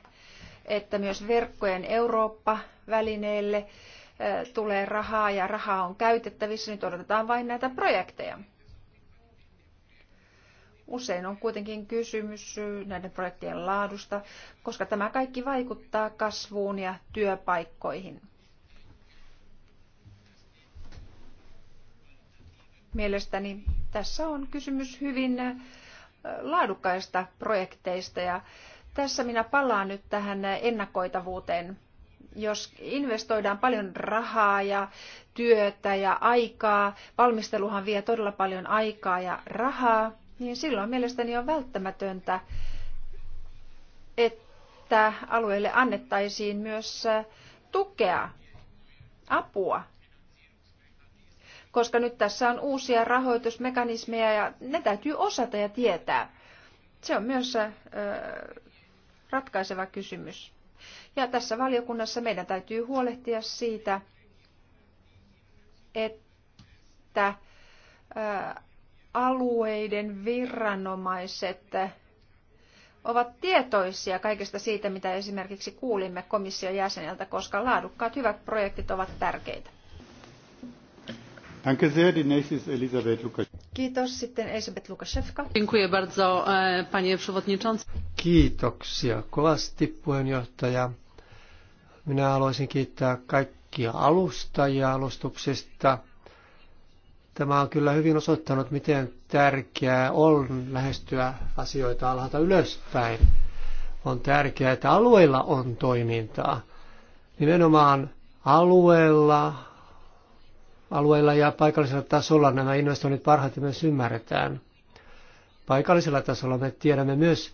että myös verkkojen Eurooppa-välineelle tulee rahaa ja rahaa on käytettävissä. Nyt odotetaan vain näitä projekteja. Usein on kuitenkin kysymys näiden projektien laadusta, koska tämä kaikki vaikuttaa kasvuun ja työpaikkoihin. Mielestäni tässä on kysymys hyvin äh, laadukkaista projekteista ja tässä minä palaan nyt tähän ennakoitavuuteen. Jos investoidaan paljon rahaa ja työtä ja aikaa, valmisteluhan vie todella paljon aikaa ja rahaa, niin silloin mielestäni on välttämätöntä, että alueelle annettaisiin myös äh, tukea, apua koska nyt tässä on uusia rahoitusmekanismeja ja ne täytyy osata ja tietää. Se on myös ratkaiseva kysymys. Ja tässä valiokunnassa meidän täytyy huolehtia siitä, että alueiden viranomaiset ovat tietoisia kaikesta siitä, mitä esimerkiksi kuulimme komission jäseneltä, koska laadukkaat hyvät projektit ovat tärkeitä. Danke sehr. Die nächste ist Elisabeth Lukas. Kiitos. Sitten Elisabeth Lukaszewska. Dziękuję bardzo, e, panie przewodniczący. Kiitoksia kovasti, puheenjohtaja. Minä haluaisin kiittää kaikkia alustajia alustuksesta. Tämä on kyllä hyvin osoittanut, miten tärkeää on lähestyä asioita alhaalta ylöspäin. On tärkeää, että alueilla on toimintaa. Nimenomaan alueella alueilla ja paikallisella tasolla nämä investoinnit parhaiten myös ymmärretään. Paikallisella tasolla me tiedämme myös,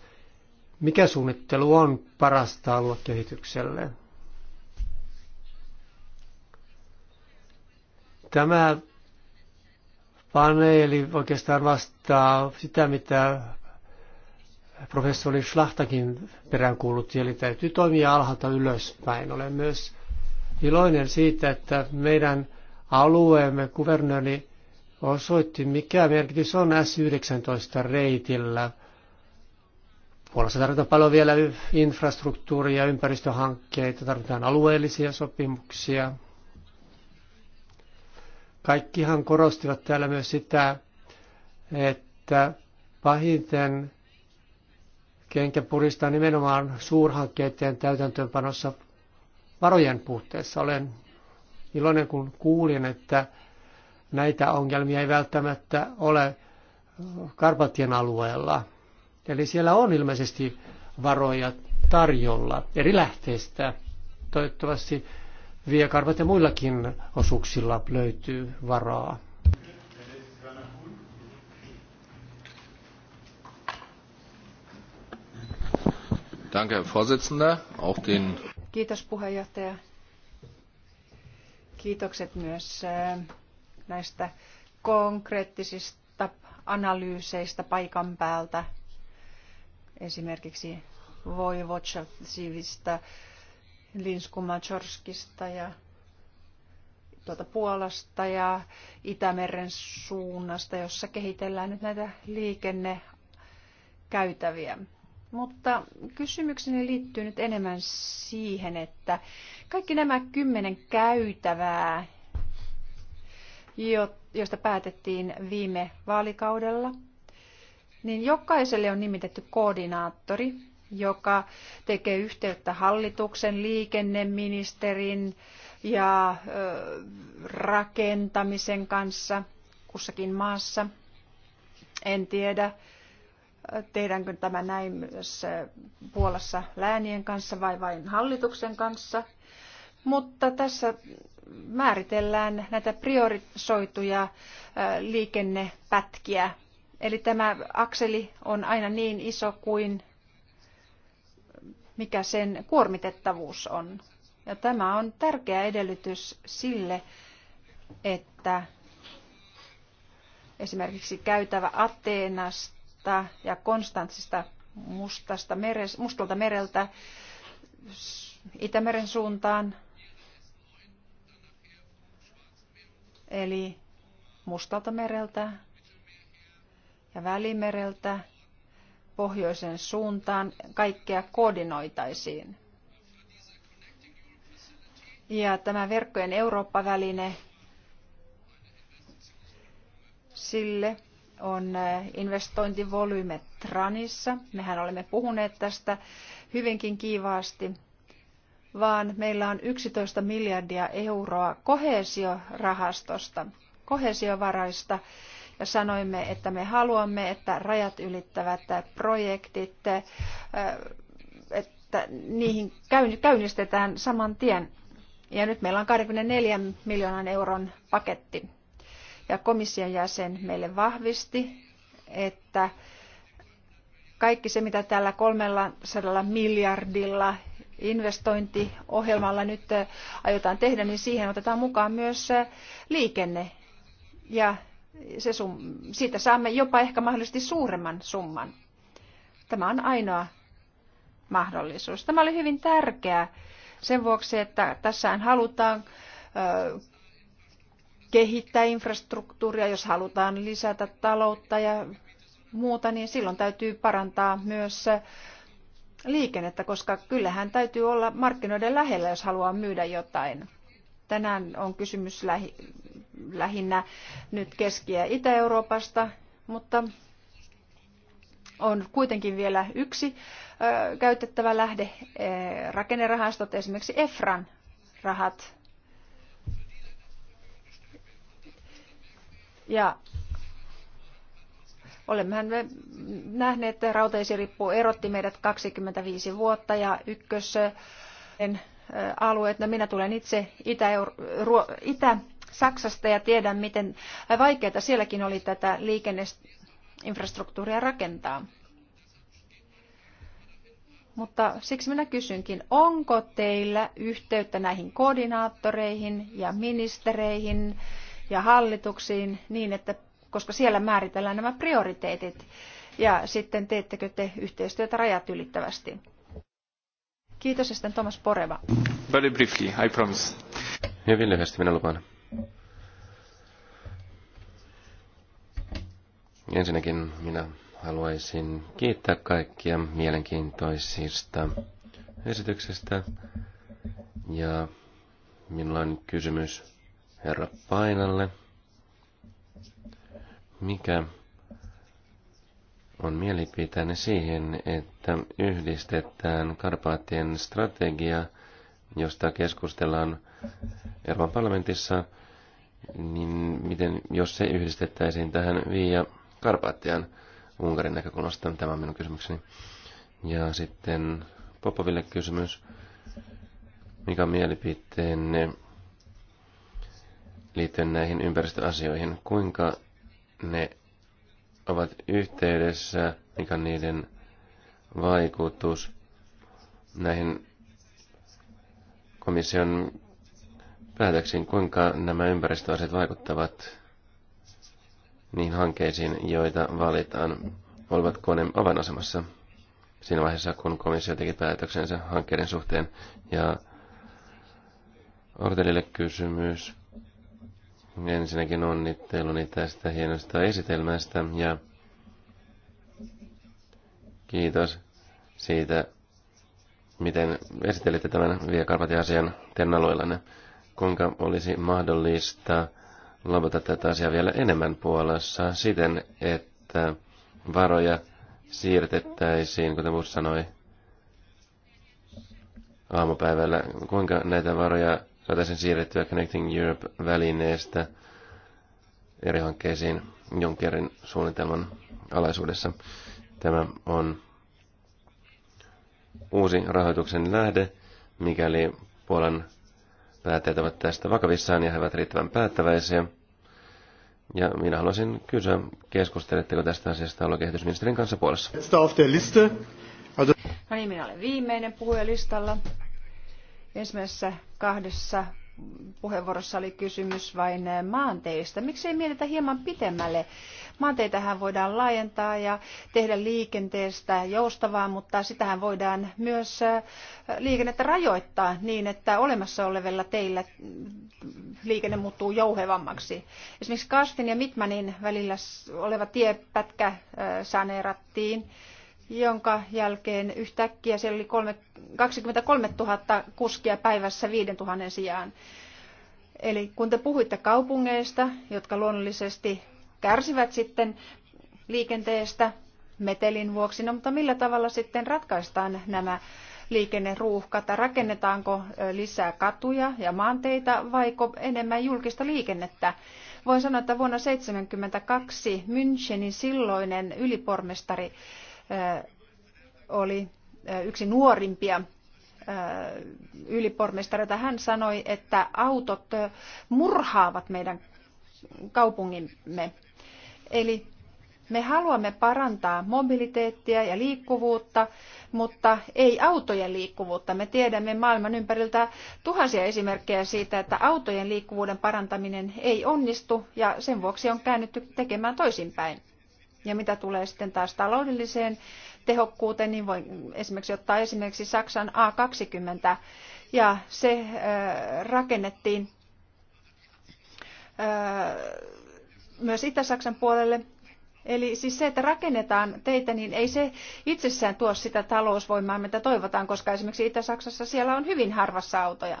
mikä suunnittelu on parasta aluekehitykselle. Tämä paneeli oikeastaan vastaa sitä, mitä professori Schlachtakin peräänkuulutti, eli täytyy toimia alhaalta ylöspäin. Olen myös iloinen siitä, että meidän alueemme kuvernööri osoitti, mikä merkitys on S19-reitillä. Puolassa tarvitaan paljon vielä infrastruktuuria, ympäristöhankkeita, tarvitaan alueellisia sopimuksia. Kaikkihan korostivat täällä myös sitä, että pahiten kenkä puristaa nimenomaan suurhankkeiden täytäntöönpanossa varojen puutteessa. Olen iloinen, kun kuulin, että näitä ongelmia ei välttämättä ole Karpatien alueella. Eli siellä on ilmeisesti varoja tarjolla eri lähteistä. Toivottavasti viekarvat ja muillakin osuuksilla löytyy varaa. Danke, Vorsitzender. Auch den Kiitos puheenjohtaja. Kiitokset myös äh, näistä konkreettisista analyyseistä paikan päältä, esimerkiksi Voivodsivista, Linskumachorskista ja tuota Puolasta ja Itämeren suunnasta, jossa kehitellään nyt näitä liikennekäytäviä. Mutta kysymykseni liittyy nyt enemmän siihen, että kaikki nämä kymmenen käytävää, joista päätettiin viime vaalikaudella, niin jokaiselle on nimitetty koordinaattori, joka tekee yhteyttä hallituksen, liikenneministerin ja rakentamisen kanssa kussakin maassa. En tiedä, Tehdäänkö tämä näin myös Puolassa läänien kanssa vai vain hallituksen kanssa? Mutta tässä määritellään näitä priorisoituja liikennepätkiä. Eli tämä akseli on aina niin iso kuin mikä sen kuormitettavuus on. Ja tämä on tärkeä edellytys sille, että esimerkiksi käytävä Ateenasta Kreikasta ja Konstantsista mustasta meres, mustalta mereltä Itämeren suuntaan, eli mustalta mereltä ja välimereltä pohjoisen suuntaan kaikkea koordinoitaisiin. Ja tämä verkkojen Eurooppa-väline, sille on äh, investointivolyyme Tranissa. Mehän olemme puhuneet tästä hyvinkin kiivaasti, vaan meillä on 11 miljardia euroa kohesiorahastosta, kohesiovaraista, ja sanoimme, että me haluamme, että rajat ylittävät äh, projektit, äh, että niihin käynnistetään saman tien. Ja nyt meillä on 24 miljoonan euron paketti ja komission jäsen meille vahvisti, että kaikki se, mitä tällä 300 miljardilla investointiohjelmalla nyt eh, aiotaan tehdä, niin siihen otetaan mukaan myös eh, liikenne. Ja se sum, siitä saamme jopa ehkä mahdollisesti suuremman summan. Tämä on ainoa mahdollisuus. Tämä oli hyvin tärkeää sen vuoksi, että tässä halutaan eh, kehittää infrastruktuuria, jos halutaan lisätä taloutta ja muuta, niin silloin täytyy parantaa myös liikennettä, koska kyllähän täytyy olla markkinoiden lähellä, jos haluaa myydä jotain. Tänään on kysymys lähi, lähinnä nyt Keski- ja Itä-Euroopasta, mutta on kuitenkin vielä yksi ö, käytettävä lähde, ö, rakennerahastot, esimerkiksi EFRAN rahat Ja olemmehan me nähneet, että rautaisirippu erotti meidät 25 vuotta ja ykkösen äh, alueet. No minä tulen itse Itä-Saksasta ja tiedän, miten vaikeaa sielläkin oli tätä liikenneinfrastruktuuria rakentaa. Mutta siksi minä kysynkin, onko teillä yhteyttä näihin koordinaattoreihin ja ministereihin, ja hallituksiin niin, että koska siellä määritellään nämä prioriteetit ja sitten teettekö te yhteistyötä rajat ylittävästi? Kiitos ja sitten Thomas Poreva. Very briefly, I promise. Hyvin lyhyesti, minä lupaan. Ensinnäkin minä haluaisin kiittää kaikkia mielenkiintoisista esityksestä. Ja minulla on kysymys herra Painalle. Mikä on mielipiteeni siihen, että yhdistetään Karpaattien strategia, josta keskustellaan Euroopan parlamentissa, niin miten, jos se yhdistettäisiin tähän Viia Karpaattian Unkarin näkökulmasta, tämä on minun kysymykseni. Ja sitten Popoville kysymys, mikä on mielipiteenne liittyen näihin ympäristöasioihin, kuinka ne ovat yhteydessä, mikä on niiden vaikutus näihin komission päätöksiin, kuinka nämä ympäristöasiat vaikuttavat niihin hankkeisiin, joita valitaan, olivatko ne avainasemassa siinä vaiheessa, kun komissio teki päätöksensä hankkeiden suhteen. Ja Ortelille kysymys ensinnäkin onnitteluni tästä hienosta esitelmästä ja kiitos siitä, miten esittelitte tämän Viekarpati-asian Kuinka olisi mahdollista lopettaa tätä asiaa vielä enemmän Puolassa siten, että varoja siirtettäisiin, kuten Bus sanoi aamupäivällä, kuinka näitä varoja saataisiin siirrettyä Connecting Europe-välineestä eri hankkeisiin Junckerin suunnitelman alaisuudessa. Tämä on uusi rahoituksen lähde, mikäli Puolan päättäjät ovat tästä vakavissaan ja he ovat riittävän päättäväisiä. Ja minä haluaisin kysyä, keskusteletteko tästä asiasta olla kehitysministerin kanssa puolessa? No niin, minä olen viimeinen puhujalistalla. listalla. Ensimmäisessä kahdessa puheenvuorossa oli kysymys vain eh, maanteista. Miksi ei mietitä hieman pitemmälle? Maanteitähän voidaan laajentaa ja tehdä liikenteestä joustavaa, mutta sitähän voidaan myös eh, liikennettä rajoittaa niin, että olemassa olevilla teillä liikenne muuttuu jouhevammaksi. Esimerkiksi Kastin ja Mitmanin välillä oleva tiepätkä eh, saneerattiin jonka jälkeen yhtäkkiä siellä oli 23 000 kuskia päivässä 5 000 sijaan. Eli kun te puhuitte kaupungeista, jotka luonnollisesti kärsivät sitten liikenteestä metelin vuoksi, no mutta millä tavalla sitten ratkaistaan nämä liikenneruuhkat? Rakennetaanko lisää katuja ja maanteita vaiko enemmän julkista liikennettä? Voin sanoa, että vuonna 1972 Münchenin silloinen ylipormestari oli yksi nuorimpia ylipormestareita. Hän sanoi, että autot murhaavat meidän kaupungimme. Eli me haluamme parantaa mobiliteettia ja liikkuvuutta, mutta ei autojen liikkuvuutta. Me tiedämme maailman ympäriltä tuhansia esimerkkejä siitä, että autojen liikkuvuuden parantaminen ei onnistu ja sen vuoksi on käännytty tekemään toisinpäin. Ja mitä tulee sitten taas taloudelliseen tehokkuuteen, niin voi esimerkiksi ottaa esimerkiksi Saksan A20 ja se rakennettiin myös Itä-Saksan puolelle. Eli siis se, että rakennetaan teitä, niin ei se itsessään tuo sitä talousvoimaa, mitä toivotaan, koska esimerkiksi Itä-Saksassa siellä on hyvin harvassa autoja.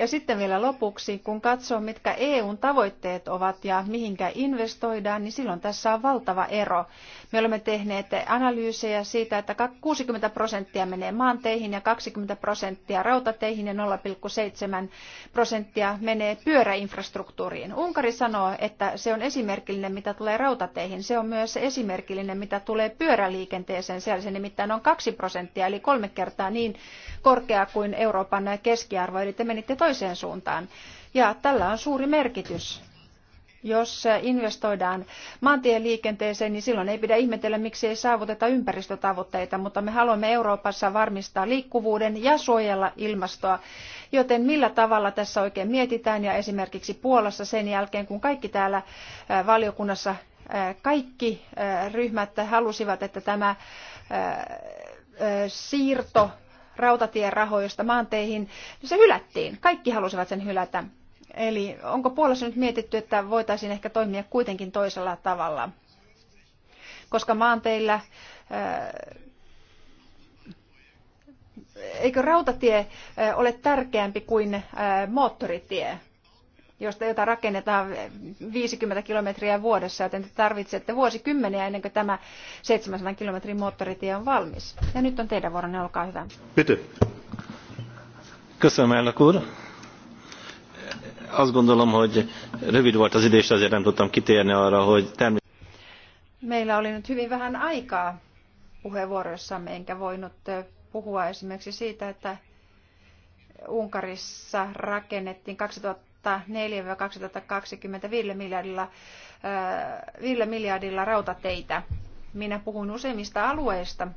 Ja sitten vielä lopuksi, kun katsoo, mitkä EUn tavoitteet ovat ja mihinkä investoidaan, niin silloin tässä on valtava ero. Me olemme tehneet analyysejä siitä, että 60 prosenttia menee maanteihin ja 20 prosenttia rautateihin ja 0,7 prosenttia menee pyöräinfrastruktuuriin. Unkari sanoo, että se on esimerkillinen, mitä tulee rautateihin. Se on myös esimerkillinen, mitä tulee pyöräliikenteeseen. Siellä se nimittäin on 2 prosenttia, eli kolme kertaa niin korkea kuin Euroopan keskiarvo. Eli te menitte toiseen suuntaan. Ja tällä on suuri merkitys. Jos investoidaan maantieliikenteeseen, niin silloin ei pidä ihmetellä, miksi ei saavuteta ympäristötavoitteita, mutta me haluamme Euroopassa varmistaa liikkuvuuden ja suojella ilmastoa. Joten millä tavalla tässä oikein mietitään ja esimerkiksi Puolassa sen jälkeen, kun kaikki täällä valiokunnassa kaikki ryhmät halusivat, että tämä siirto rautatierahoista maanteihin, niin se hylättiin. Kaikki halusivat sen hylätä. Eli onko puolessa nyt mietitty, että voitaisiin ehkä toimia kuitenkin toisella tavalla? Koska maanteillä, eikö rautatie ole tärkeämpi kuin moottoritie? josta jota rakennetaan 50 kilometriä vuodessa, joten te tarvitsette vuosikymmeniä ennen kuin tämä 700 kilometrin moottoritie on valmis. Ja nyt on teidän vuoronne, olkaa hyvä. Pyty. Köszönöm, elnök úr. Azt gondolom, hogy rövid volt az idő, és azért nem tudtam kitérni arra, hogy természetesen Meillä oli nyt hyvin vähän aikaa puheenvuorossamme, enkä voinut puhua esimerkiksi siitä, että Unkarissa rakennettiin 2000 2004-2025 miljardilla, miljardilla rautateitä. Minä puhun useimmista alueista.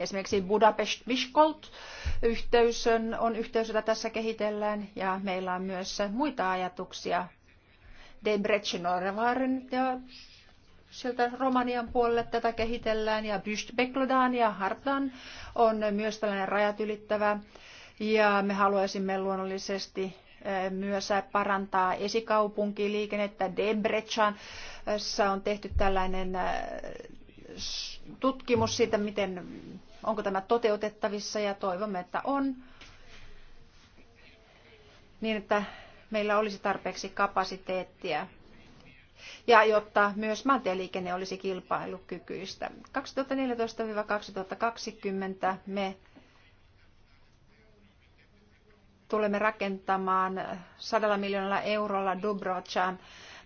Esimerkiksi Budapest-Viskolt-yhteys on yhteys, jota tässä kehitellään, ja meillä on myös muita ajatuksia. Debrecen-Orvaren ja sieltä Romanian puolelle tätä kehitellään ja Bystbeklodan ja Hartan on myös tällainen rajat ylittävä ja me haluaisimme luonnollisesti eh, myös parantaa esikaupunkiliikennettä Debrecen. on tehty tällainen eh, tutkimus siitä, miten, onko tämä toteutettavissa ja toivomme, että on niin, että meillä olisi tarpeeksi kapasiteettia ja jotta myös maantieliikenne olisi kilpailukykyistä. 2014-2020 me tulemme rakentamaan sadalla miljoonalla eurolla Dubrocaan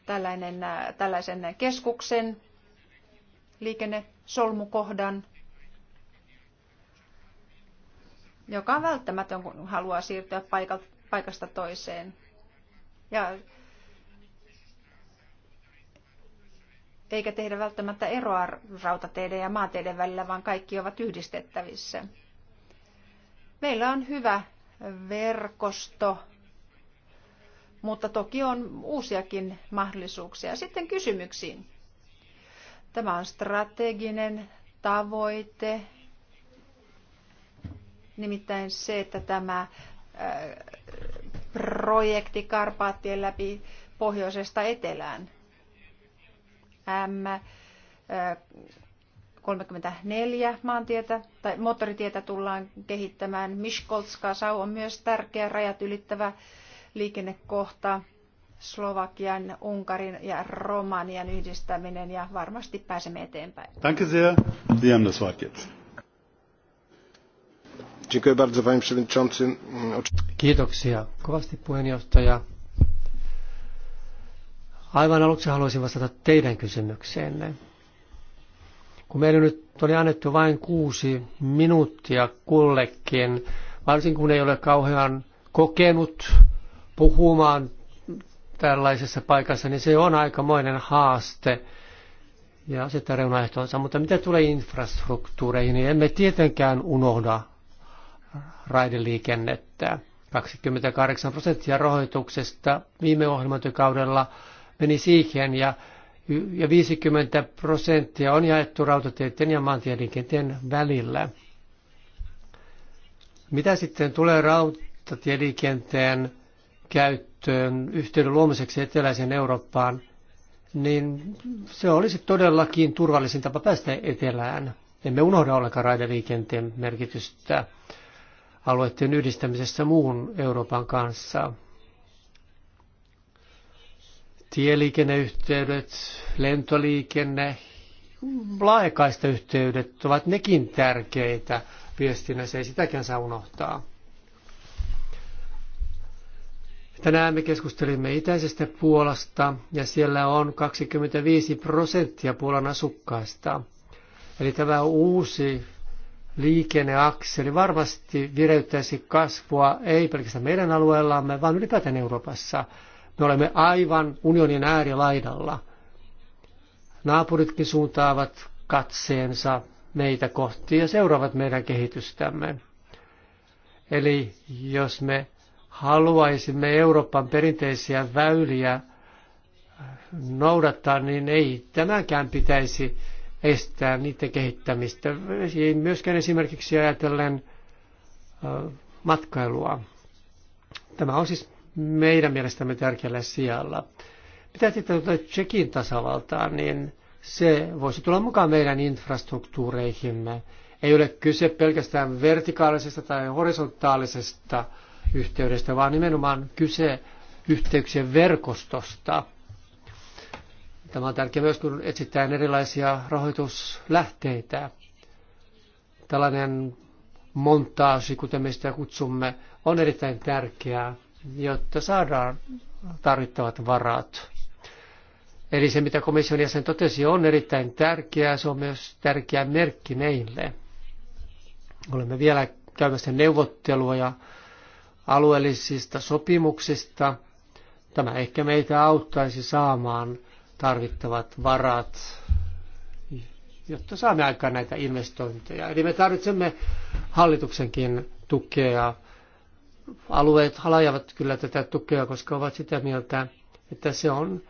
tällainen, äh, tällaisen keskuksen liikennesolmukohdan, joka on välttämätön, kun haluaa siirtyä paikasta toiseen. Ja eikä tehdä välttämättä eroa rautateiden ja maateiden välillä, vaan kaikki ovat yhdistettävissä. Meillä on hyvä verkosto, mutta toki on uusiakin mahdollisuuksia. Sitten kysymyksiin. Tämä on strateginen tavoite, nimittäin se, että tämä äh, projekti Karpaattien läpi pohjoisesta etelään. M äh, 34 maantietä tai moottoritietä tullaan kehittämään. Miskoltska-Sau on myös tärkeä rajat ylittävä liikennekohta. Slovakian, Unkarin ja Romanian yhdistäminen ja varmasti pääsemme eteenpäin. Danke sehr. Sie haben das Wort jetzt. Kiitoksia kovasti puheenjohtaja. Aivan aluksi haluaisin vastata teidän kysymykseenne. Kun meillä nyt oli annettu vain kuusi minuuttia kullekin, varsinkin kun ei ole kauhean kokenut puhumaan tällaisessa paikassa, niin se on aikamoinen haaste ja sitä reunaehtoonsa. Mutta mitä tulee infrastruktuureihin, niin emme tietenkään unohda raideliikennettä. 28 prosenttia rahoituksesta viime ohjelmatyökaudella meni siihen ja ja 50 prosenttia on jaettu rautateiden ja maantieliikenteen välillä. Mitä sitten tulee rautatieliikenteen käyttöön yhteyden luomiseksi eteläiseen Eurooppaan, niin se olisi todellakin turvallisin tapa päästä etelään. Emme unohda ollenkaan raideliikenteen merkitystä alueiden yhdistämisessä muun Euroopan kanssa tieliikenneyhteydet, lentoliikenne, laajakaistayhteydet ovat nekin tärkeitä viestinnässä, ei sitäkään saa unohtaa. Tänään me keskustelimme itäisestä Puolasta ja siellä on 25 prosenttia Puolan asukkaista. Eli tämä uusi liikenneakseli varmasti vireyttäisi kasvua ei pelkästään meidän alueellamme, vaan ylipäätään Euroopassa. Me olemme aivan unionin äärilaidalla. Naapuritkin suuntaavat katseensa meitä kohti ja seuraavat meidän kehitystämme. Eli jos me haluaisimme Euroopan perinteisiä väyliä noudattaa, niin ei tämäkään pitäisi estää niiden kehittämistä. Ei myöskään esimerkiksi ajatellen matkailua. Tämä on siis meidän mielestämme tärkeällä sijalla. Mitä sitten tuota Tsekin tasavaltaan, niin se voisi tulla mukaan meidän infrastruktuureihimme. Ei ole kyse pelkästään vertikaalisesta tai horisontaalisesta yhteydestä, vaan nimenomaan kyse yhteyksien verkostosta. Tämä on tärkeää myös, kun etsitään erilaisia rahoituslähteitä. Tällainen montaasi, kuten me sitä kutsumme, on erittäin tärkeää jotta saadaan tarvittavat varat. Eli se, mitä komission jäsen totesi, on erittäin tärkeää. Se on myös tärkeä merkki meille. Olemme vielä käymässä neuvottelua ja alueellisista sopimuksista. Tämä ehkä meitä auttaisi saamaan tarvittavat varat, jotta saamme aikaan näitä investointeja. Eli me tarvitsemme hallituksenkin tukea alueet halajavat kyllä tätä tukea, koska ovat sitä mieltä, että se on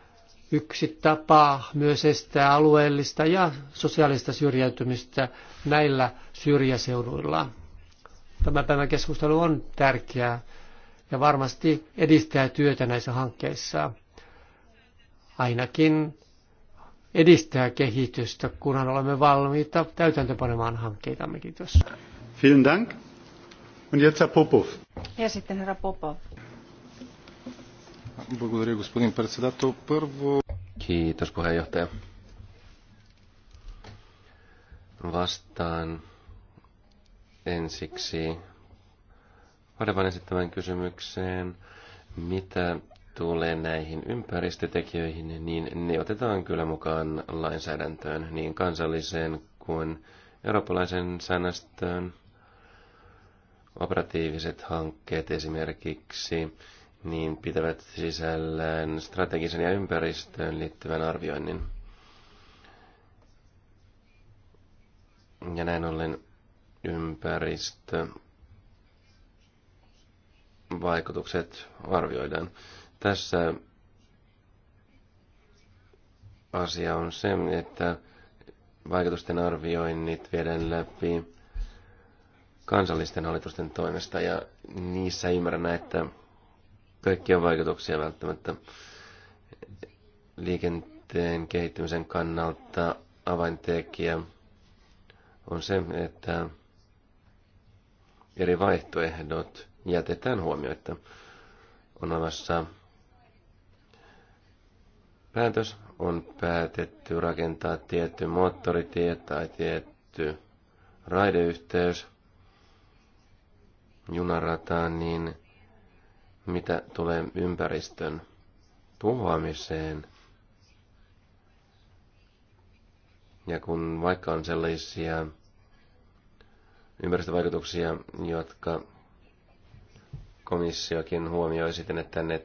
yksi tapa myös estää alueellista ja sosiaalista syrjäytymistä näillä syrjäseuduilla. Tämä päivän keskustelu on tärkeää ja varmasti edistää työtä näissä hankkeissa. Ainakin edistää kehitystä, kunhan olemme valmiita täytäntöpanemaan hankkeitamme. Kiitos. Vielen Dank. Und jetzt Herr Popov. Ja sitten herra Popov. Благодаря, господин Kiitos, puheenjohtaja. Vastaan ensiksi Vadevan esittämään kysymykseen, mitä tulee näihin ympäristötekijöihin, niin ne otetaan kyllä mukaan lainsäädäntöön, niin kansalliseen kuin eurooppalaisen säännöstöön – Operatiiviset hankkeet esimerkiksi niin pitävät sisällään strategisen ja ympäristöön liittyvän arvioinnin. Ja näin ollen ympäristö vaikutukset arvioidaan. Tässä asia on se, että vaikutusten arvioinnit viedään läpi kansallisten hallitusten toimesta, ja niissä ymmärrän, että kaikkia vaikutuksia välttämättä liikenteen kehittymisen kannalta avaintekijä on se, että eri vaihtoehdot jätetään huomioita. On olemassa päätös, on päätetty rakentaa tietty moottoritie tai tietty raideyhteys – junarataan, niin mitä tulee ympäristön tuhoamiseen, ja kun vaikka on sellaisia ympäristövaikutuksia, jotka komissiokin huomioi siten, että ne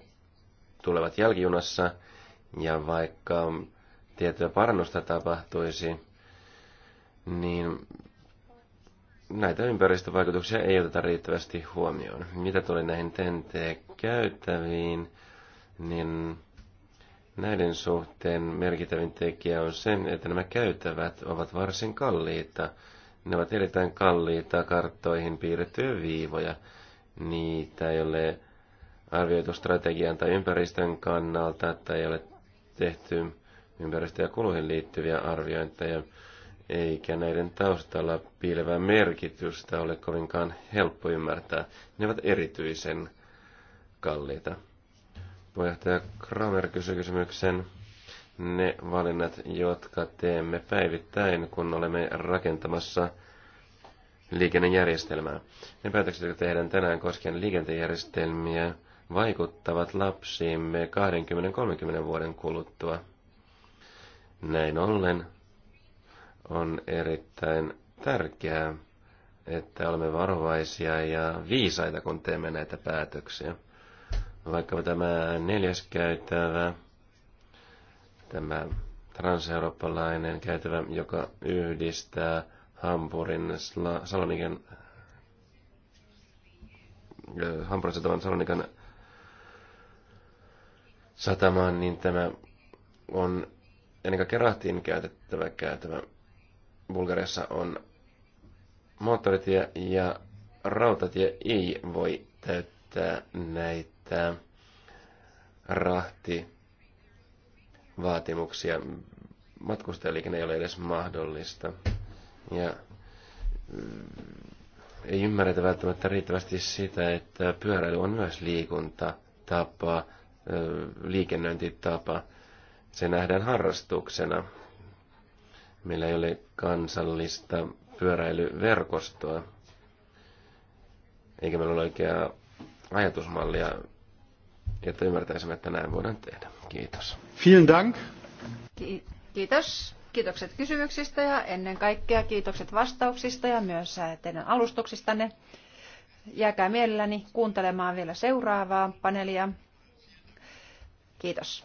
tulevat jälkijunassa, ja vaikka tiettyä parannusta tapahtuisi, niin näitä ympäristövaikutuksia ei oteta riittävästi huomioon. Mitä tuli näihin TNT-käyttäviin, niin näiden suhteen merkittävin tekijä on se, että nämä käytävät ovat varsin kalliita. Ne ovat erittäin kalliita karttoihin piirrettyjä viivoja. Niitä ei ole arvioitu strategian tai ympäristön kannalta, tai ei ole tehty ympäristö- ja kuluihin liittyviä arviointeja eikä näiden taustalla piilevää merkitystä ole kovinkaan helppo ymmärtää. Ne ovat erityisen kalliita. Puheenjohtaja Kramer kysyi kysymyksen. Ne valinnat, jotka teemme päivittäin, kun olemme rakentamassa liikennejärjestelmää. Ne päätökset, jotka tehdään tänään koskien liikentejärjestelmiä, vaikuttavat lapsiimme 20-30 vuoden kuluttua. Näin ollen on erittäin tärkeää, että olemme varovaisia ja viisaita, kun teemme näitä päätöksiä. Vaikka tämä neljäs käytävä, tämä transeurooppalainen käytävä, joka yhdistää Hampurin, Saloniken, Hampurin sataman Salonikan satamaan, niin tämä on ennen kaikkea rahtiin käytettävä käytävä. Bulgariassa on moottoritie ja rautatie ei voi täyttää näitä rahti vaatimuksia. Matkustajaliikenne ei ole edes mahdollista. Ja mm, ei ymmärretä välttämättä riittävästi sitä, että pyöräily on myös liikuntatapa, liikennöintitapa. Se nähdään harrastuksena. Meillä ei ole kansallista pyöräilyverkostoa, eikä meillä ole oikeaa ajatusmallia, jotta ymmärtäisimme, että näin voidaan tehdä. Kiitos. Vielen dank. Ki- kiitos. Kiitokset kysymyksistä ja ennen kaikkea kiitokset vastauksista ja myös teidän alustuksistanne. Jääkää mielelläni kuuntelemaan vielä seuraavaa panelia. Kiitos.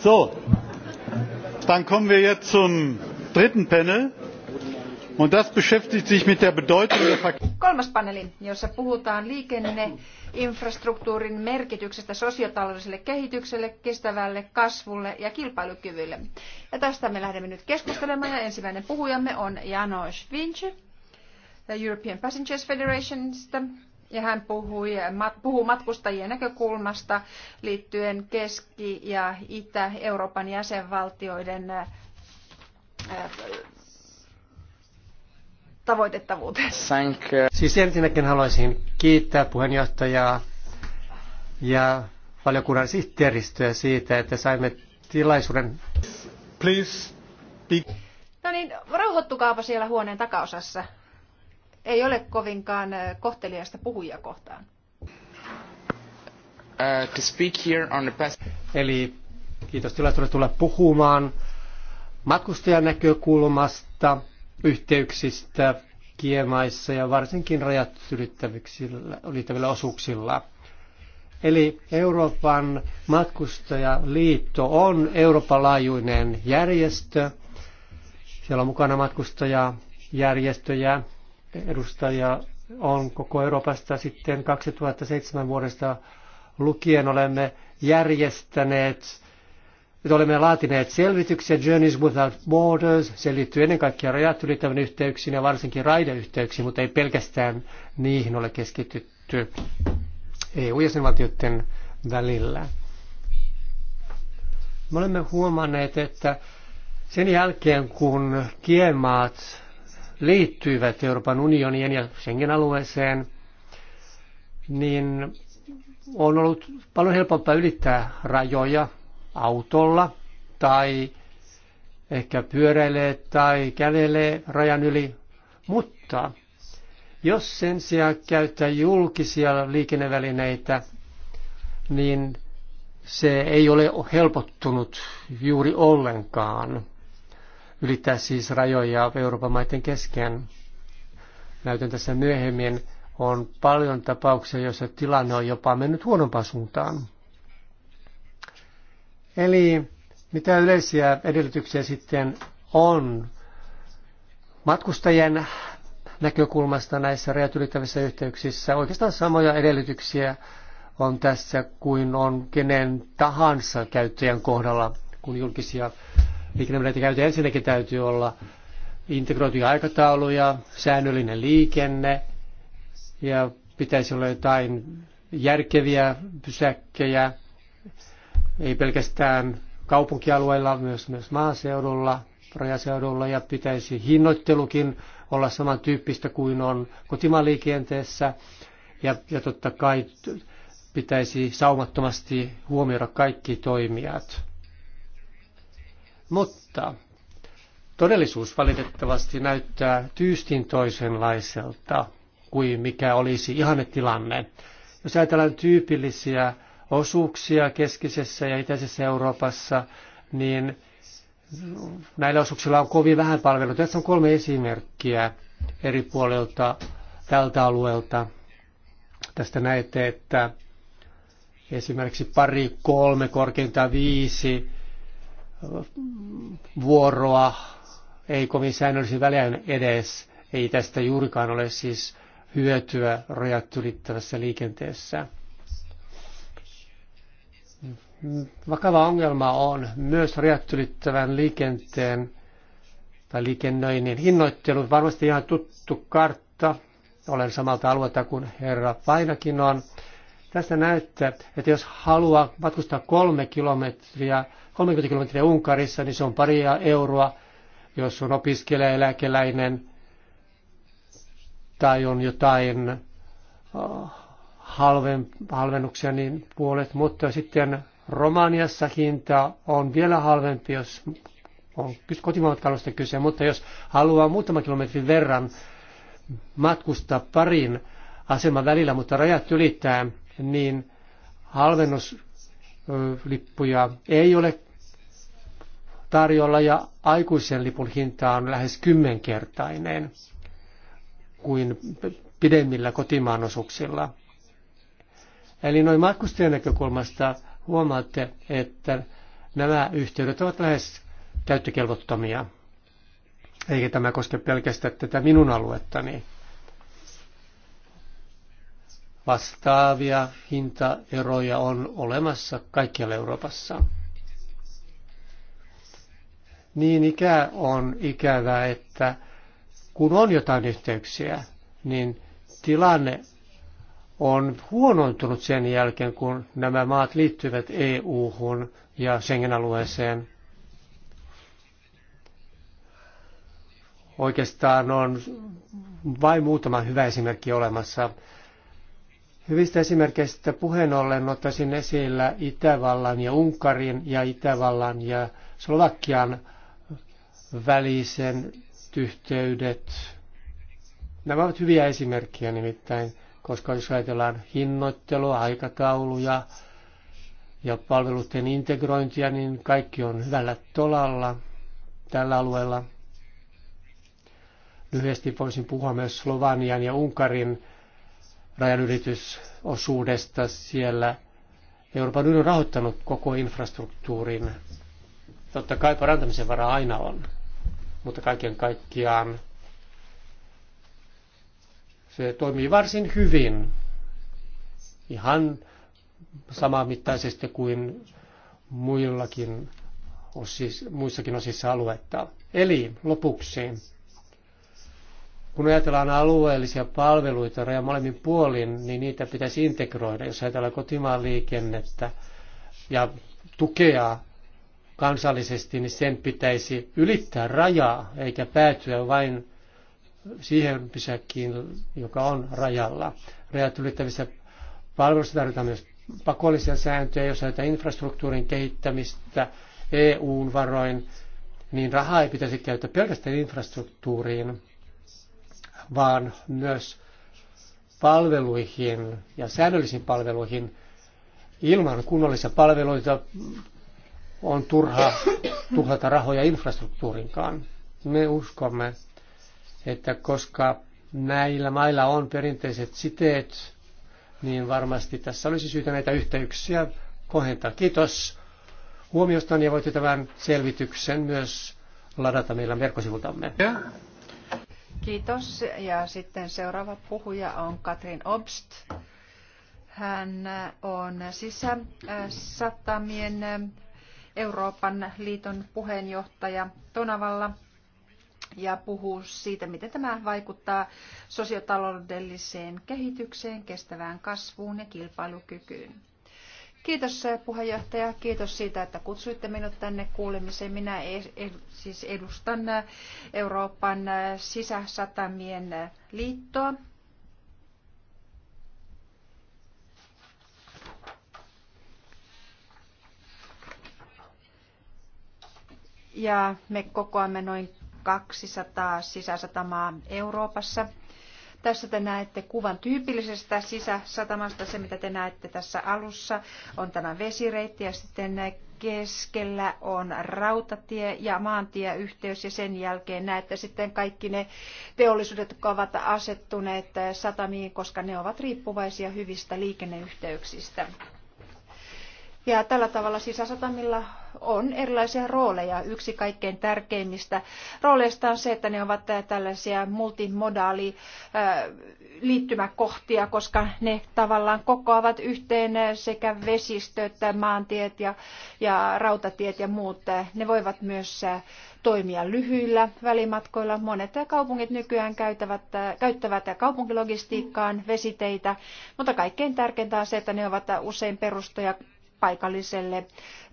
So, dann kommen wir jetzt zum dritten Panel. Und das beschäftigt sich mit der Bedeutung der Kolmas paneeli, jossa puhutaan liikenneinfrastruktuurin merkityksestä sosiotaloudelliselle kehitykselle, kestävälle kasvulle ja kilpailukyvylle. Ja tästä me lähdemme nyt keskustelemaan ja ensimmäinen puhujamme on Janos Vinci European Passengers Federationista ja hän puhui mat puhuu matkustajien näkökulmasta liittyen Keski- ja Itä-Euroopan jäsenvaltioiden tavoitettavuuteen. Thank you. Siis ensinnäkin haluaisin kiittää puheenjohtajaa ja valiokunnan sihteeristöä siitä, että saimme tilaisuuden. Please. Be- no niin, rauhoittukaapa siellä huoneen takaosassa. Ei ole kovinkaan kohteliasta puhujia kohtaan. Uh, Eli kiitos tilaisuudesta tulla puhumaan matkustajan näkökulmasta, yhteyksistä kiemaissa ja varsinkin rajat ylittävillä osuuksilla. Eli Euroopan matkustajaliitto on Euroopan laajuinen järjestö. Siellä on mukana matkustajajärjestöjä, edustajia on koko Euroopasta sitten 2007 vuodesta lukien olemme järjestäneet, että olemme laatineet selvityksiä Journeys Without Borders. Se liittyy ennen kaikkea rajat ylittävän yhteyksiin ja varsinkin raideyhteyksiin, mutta ei pelkästään niihin ole keskitytty EU-jäsenvaltioiden välillä. Me olemme huomanneet, että sen jälkeen kun kiemaat liittyivät Euroopan unionien ja Schengen-alueeseen, niin on ollut paljon helpompaa ylittää rajoja autolla tai ehkä pyöräilee tai kävelee rajan yli, mutta jos sen sijaan käyttää julkisia liikennevälineitä, niin se ei ole helpottunut juuri ollenkaan ylittää siis rajoja Euroopan maiden kesken. Näytän tässä myöhemmin on paljon tapauksia, joissa tilanne on jopa mennyt huonompaan suuntaan. Eli mitä yleisiä edellytyksiä sitten on matkustajien näkökulmasta näissä rajat ylittävissä yhteyksissä? Oikeastaan samoja edellytyksiä on tässä kuin on kenen tahansa käyttäjän kohdalla, kun julkisia liikennevälineitä käytetään. Ensinnäkin täytyy olla integroituja aikatauluja, säännöllinen liikenne – ja pitäisi olla jotain järkeviä pysäkkejä, ei pelkästään kaupunkialueilla, myös, myös maaseudulla, rajaseudulla ja pitäisi hinnoittelukin olla samantyyppistä kuin on kotimaaliikenteessä ja, ja totta kai pitäisi saumattomasti huomioida kaikki toimijat. Mutta todellisuus valitettavasti näyttää tyystin toisenlaiselta kuin mikä olisi ihannetilanne. Jos ajatellaan tyypillisiä osuuksia keskisessä ja itäisessä Euroopassa, niin näillä osuuksilla on kovin vähän palveluita. Tässä on kolme esimerkkiä eri puolilta tältä alueelta. Tästä näette, että esimerkiksi pari, kolme, korkeintaan viisi vuoroa ei kovin säännöllisin välein edes, ei tästä juurikaan ole siis hyötyä rajat ylittävässä liikenteessä. Vakava ongelma on myös rajat ylittävän liikenteen tai liikennöinnin hinnoittelu. Varmasti ihan tuttu kartta. Olen samalta alueelta kuin herra Painakin on. Tässä näyttää, että jos haluaa matkustaa kolme kilometriä, 30 kilometriä Unkarissa, niin se on paria euroa. Jos on opiskelija, eläkeläinen, tai on jotain äh, halven, halvennuksia, niin puolet, mutta sitten Romaniassa hinta on vielä halvempi, jos on kotimaatkailusta kyse, mutta jos haluaa muutaman kilometrin verran matkustaa parin aseman välillä, mutta rajat ylittää, niin halvennuslippuja ei ole tarjolla ja aikuisen lipun hinta on lähes kymmenkertainen kuin pidemmillä kotimaan osuuksilla. Eli noin matkustajan näkökulmasta huomaatte, että nämä yhteydet ovat lähes käyttökelvottomia. Eikä tämä koske pelkästään tätä minun aluettani. Vastaavia hintaeroja on olemassa kaikkialla Euroopassa. Niin ikä on ikävää, että kun on jotain yhteyksiä, niin tilanne on huonontunut sen jälkeen, kun nämä maat liittyvät EU-hun ja Schengen-alueeseen. Oikeastaan on vain muutama hyvä esimerkki olemassa. Hyvistä esimerkkeistä puheen ollen ottaisin esillä Itävallan ja Unkarin ja Itävallan ja Slovakian välisen yhteydet. Nämä ovat hyviä esimerkkejä nimittäin, koska jos ajatellaan hinnoittelua, aikatauluja ja palveluiden integrointia, niin kaikki on hyvällä tolalla tällä alueella. Lyhyesti voisin puhua myös Slovanian ja Unkarin rajanylitysosuudesta siellä. Euroopan unioni on rahoittanut koko infrastruktuurin. Totta kai parantamisen varaa aina on mutta kaiken kaikkiaan se toimii varsin hyvin, ihan samanmittaisesti kuin muillakin osis, muissakin osissa aluetta. Eli lopuksi, kun ajatellaan alueellisia palveluita rajan molemmin puolin, niin niitä pitäisi integroida. Jos ajatellaan kotimaan liikennettä ja tukea kansallisesti, niin sen pitäisi ylittää rajaa, eikä päätyä vain siihen pysäkkiin, joka on rajalla. Rajat ylittävissä palveluissa tarvitaan myös pakollisia sääntöjä, jos ajatellaan infrastruktuurin kehittämistä EUn varoin, niin rahaa ei pitäisi käyttää pelkästään infrastruktuuriin, vaan myös palveluihin ja säännöllisiin palveluihin. Ilman kunnollisia palveluita on turha tuhlata rahoja infrastruktuurinkaan. Me uskomme, että koska näillä mailla on perinteiset siteet, niin varmasti tässä olisi syytä näitä yhteyksiä kohentaa. Kiitos huomiostaan ja voitte tämän selvityksen myös ladata meillä verkkosivultamme. Kiitos. Ja sitten seuraava puhuja on Katrin Obst. Hän on sisäsatamien Euroopan liiton puheenjohtaja Tonavalla ja puhuu siitä, miten tämä vaikuttaa sosiotaloudelliseen kehitykseen, kestävään kasvuun ja kilpailukykyyn. Kiitos puheenjohtaja, kiitos siitä, että kutsuitte minut tänne kuulemiseen. Minä e- e- siis edustan Euroopan sisäsatamien liittoa, ja me kokoamme noin 200 sisäsatamaa Euroopassa. Tässä te näette kuvan tyypillisestä sisäsatamasta. Se, mitä te näette tässä alussa, on tämä vesireitti ja sitten keskellä on rautatie ja maantieyhteys ja sen jälkeen näette sitten kaikki ne teollisuudet, jotka ovat asettuneet satamiin, koska ne ovat riippuvaisia hyvistä liikenneyhteyksistä. Ja tällä tavalla sisäsatamilla on erilaisia rooleja. Yksi kaikkein tärkeimmistä rooleista on se, että ne ovat tällaisia multimodaali liittymäkohtia, koska ne tavallaan kokoavat yhteen sekä vesistöt, maantiet ja, ja rautatiet ja muut. Ne voivat myös toimia lyhyillä välimatkoilla. Monet kaupungit nykyään käyttävät käyttävät kaupunkilogistiikkaan vesiteitä, mutta kaikkein tärkeintä on se, että ne ovat usein perustoja paikalliselle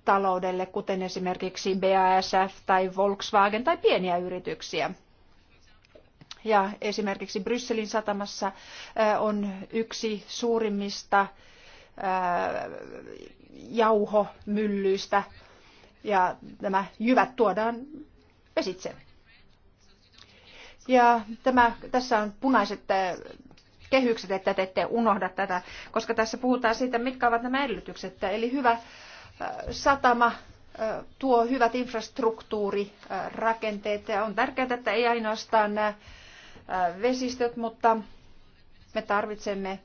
taloudelle, kuten esimerkiksi BASF tai Volkswagen tai pieniä yrityksiä. Ja esimerkiksi Brysselin satamassa on yksi suurimmista jauhomyllyistä ja nämä jyvät tuodaan vesitse. Ja tämä, tässä on punaiset kehykset, että te ette unohda tätä, koska tässä puhutaan siitä, mitkä ovat nämä edellytykset. Eli hyvä äh, satama, äh, tuo hyvät infrastruktuurirakenteet. On tärkeää, että ei ainoastaan nämä äh, vesistöt, mutta me tarvitsemme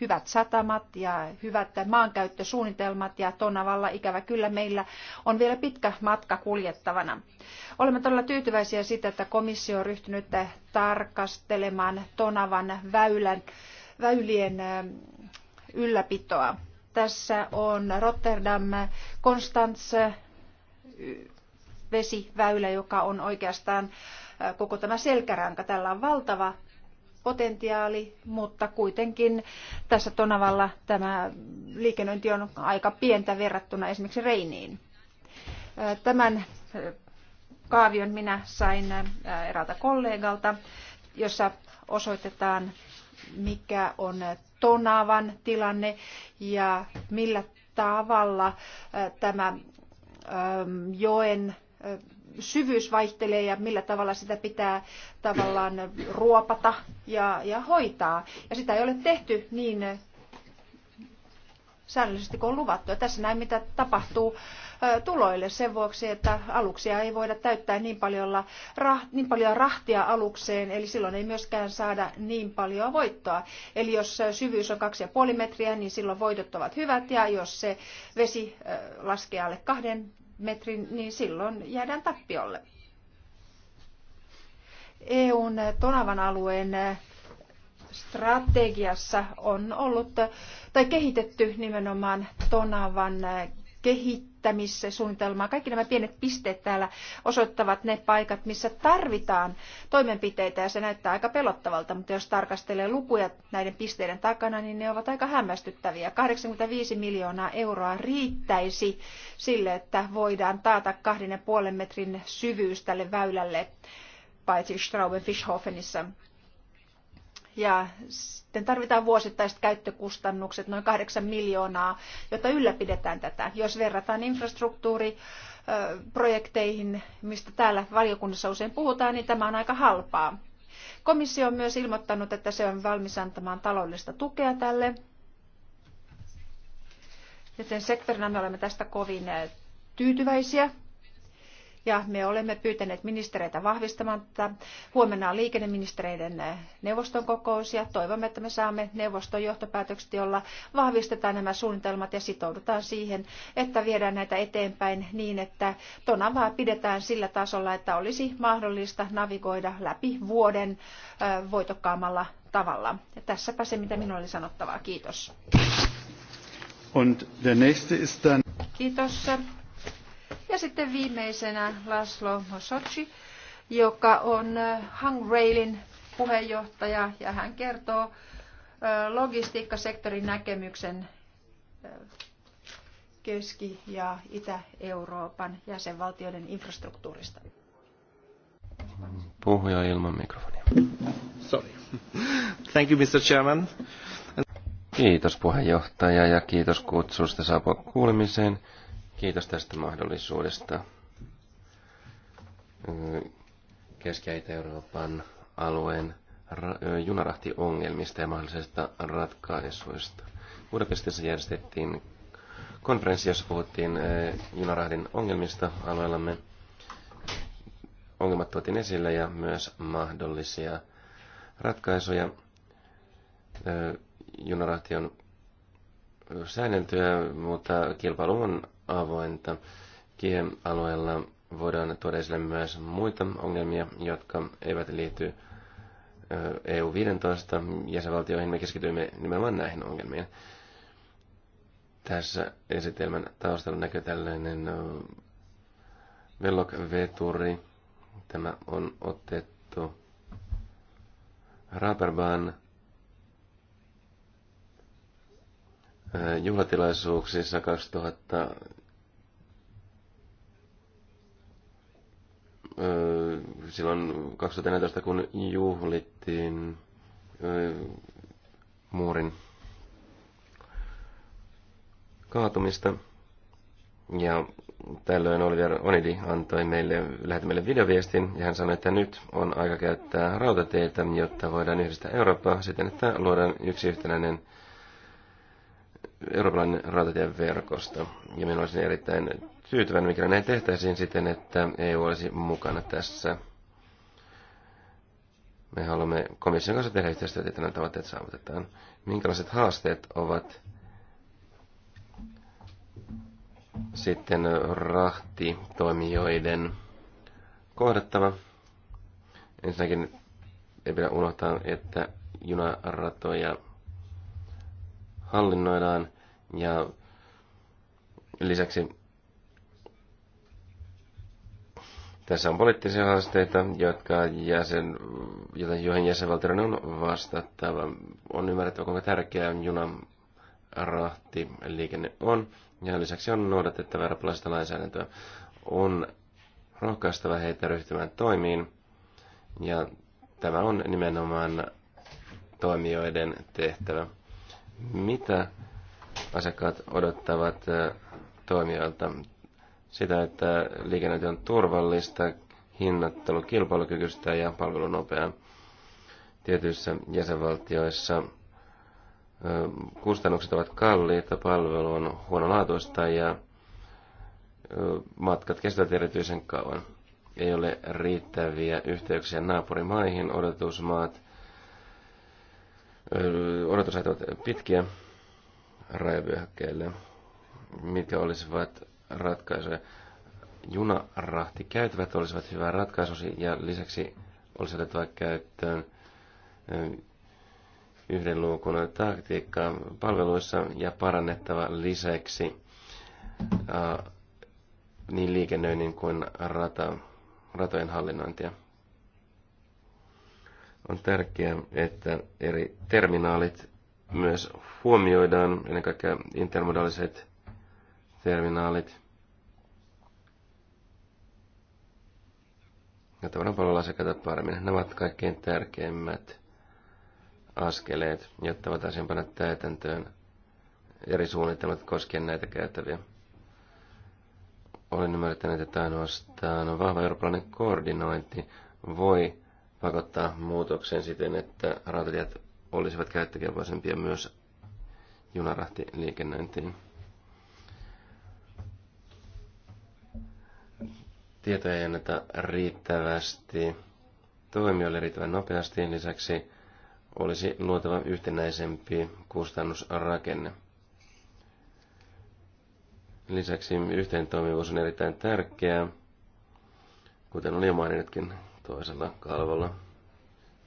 hyvät satamat ja hyvät maankäyttösuunnitelmat ja Tonavalla ikävä kyllä meillä on vielä pitkä matka kuljettavana. Olemme todella tyytyväisiä siitä, että komissio on ryhtynyt tarkastelemaan Tonavan väylän, väylien ylläpitoa. Tässä on Rotterdam Konstanz vesiväylä, joka on oikeastaan koko tämä selkäranka. Tällä on valtava potentiaali, mutta kuitenkin tässä Tonavalla tämä liikennöinti on aika pientä verrattuna esimerkiksi Reiniin. Tämän kaavion minä sain eräältä kollegalta, jossa osoitetaan, mikä on Tonavan tilanne ja millä tavalla tämä joen syvyys vaihtelee ja millä tavalla sitä pitää tavallaan ruopata ja, ja hoitaa. Ja sitä ei ole tehty niin säännöllisesti kuin on luvattu. Ja tässä näin, mitä tapahtuu tuloille sen vuoksi, että aluksia ei voida täyttää niin paljon, niin paljon rahtia alukseen, eli silloin ei myöskään saada niin paljon voittoa. Eli jos syvyys on 2,5 metriä, niin silloin voitot ovat hyvät, ja jos se vesi laskee alle kahden metrin, niin silloin jäädään tappiolle. EUn Tonavan alueen eh, strategiassa on ollut eh, tai kehitetty nimenomaan Tonavan eh, kehittämissuunnitelmaa. Kaikki nämä pienet pisteet täällä osoittavat ne paikat, missä tarvitaan toimenpiteitä ja se näyttää aika pelottavalta, mutta jos tarkastelee lukuja näiden pisteiden takana, niin ne ovat aika hämmästyttäviä. 85 miljoonaa euroa riittäisi sille, että voidaan taata kahden puolen metrin syvyys tälle väylälle paitsi Strauben Fischhofenissa ja sitten tarvitaan vuosittaiset käyttökustannukset, noin 8 miljoonaa, jotta ylläpidetään tätä. Jos verrataan infrastruktuuriprojekteihin, mistä täällä valiokunnassa usein puhutaan, niin tämä on aika halpaa. Komissio on myös ilmoittanut, että se on valmis antamaan taloudellista tukea tälle. Joten sektorina me olemme tästä kovin tyytyväisiä ja me olemme pyytäneet ministereitä vahvistamaan tätä. Huomenna on liikenneministereiden eh, neuvoston kokous ja toivomme, että me saamme neuvoston johtopäätökset, jolla vahvistetaan nämä suunnitelmat ja sitoudutaan siihen, että viedään näitä eteenpäin niin, että tonavaa pidetään sillä tasolla, että olisi mahdollista navigoida läpi vuoden eh, voitokkaammalla tavalla. Ja tässäpä se, mitä minulla oli sanottavaa. Kiitos. Und der nächste ist dann... Kiitos. Ja sitten viimeisenä Laszlo Mosochi, joka on äh, Railin puheenjohtaja ja hän kertoo äh, logistiikkasektorin näkemyksen äh, Keski- ja Itä-Euroopan jäsenvaltioiden infrastruktuurista. Puhuja ilman mikrofonia. Sorry. Thank you, Mr. Chairman. Kiitos puheenjohtaja ja kiitos kutsusta saapua kuulemiseen. Kiitos tästä mahdollisuudesta. Keski- Itä-Euroopan alueen junarahtiongelmista ja mahdollisista ratkaisuista. Budapestissa järjestettiin konferenssi, jossa puhuttiin junarahdin ongelmista alueellamme. Ongelmat tuotiin esille ja myös mahdollisia ratkaisuja. Junarahti on säänneltyä, mutta kilpailu on avointa. Kiem-alueella voidaan tuoda esille myös muita ongelmia, jotka eivät liity EU-15 jäsenvaltioihin. Me keskityimme nimenomaan näihin ongelmiin. Tässä esitelmän taustalla näkyy tällainen Veturi. Tämä on otettu Raperbaan Äh, juhlatilaisuuksissa 2000 äh, silloin 2014, kun juhlittiin äh, muurin kaatumista. Ja tällöin Oliver Onidi antoi meille, lähetti meille videoviestin ja hän sanoi, että nyt on aika käyttää rautateitä, jotta voidaan yhdistää Eurooppaa siten, että luodaan yksi yhtenäinen rautatien rautatieverkosto. Ja minä olisin erittäin tyytyväinen, mikä näin tehtäisiin siten, että EU olisi mukana tässä. Me haluamme komission kanssa tehdä yhteistyötä, että nämä tavoitteet saavutetaan. Minkälaiset haasteet ovat sitten rahtitoimijoiden kohdattava? Ensinnäkin ei pidä unohtaa, että junaratoja hallinnoidaan ja lisäksi tässä on poliittisia haasteita, jotka jäsen, joihin jäsenvaltioiden on vastattava. On ymmärrettävä, kuinka tärkeä junan rahti liikenne on. Ja lisäksi on noudatettava eurooppalaista lainsäädäntöä. On rohkaistava heitä ryhtymään toimiin. Ja tämä on nimenomaan toimijoiden tehtävä. Mitä Asiakkaat odottavat toimijoilta sitä, että liikennöinti on turvallista, hinnattelu kilpailukykyistä ja palvelu nopeaa. Tietyissä jäsenvaltioissa kustannukset ovat kalliita, palvelu on huonolaatuista ja matkat kestävät erityisen kauan. Ei ole riittäviä yhteyksiä naapurimaihin, odotusmaat, odotusajat ovat pitkiä rajavyöhykkeelle. Mitkä olisivat ratkaisuja? Junarahti käytävät olisivat hyvä ratkaisu ja lisäksi olisi otettava käyttöön eh, yhden luukun taktiikkaa palveluissa ja parannettava lisäksi eh, niin liikennöinnin kuin rata, ratojen hallinnointia. On tärkeää, että eri terminaalit myös huomioidaan ennen kaikkea intermodaaliset terminaalit ja tavaranpalvelua sekä paremmin. Nämä ovat kaikkein tärkeimmät askeleet, jotta voitaisiin panna täytäntöön eri suunnitelmat koskien näitä käytäviä. Olen ymmärtänyt, että ainoastaan vahva eurooppalainen koordinointi voi pakottaa muutokseen siten, että rautatiet olisivat käyttökelpoisempia myös junarahtiliikennöintiin. Tietoja ei anneta riittävästi, toimijoille riittävän nopeasti, lisäksi olisi luotava yhtenäisempi kustannusrakenne. Lisäksi yhteentoimivuus on erittäin tärkeää, kuten oli jo mainitkin toisella kalvolla.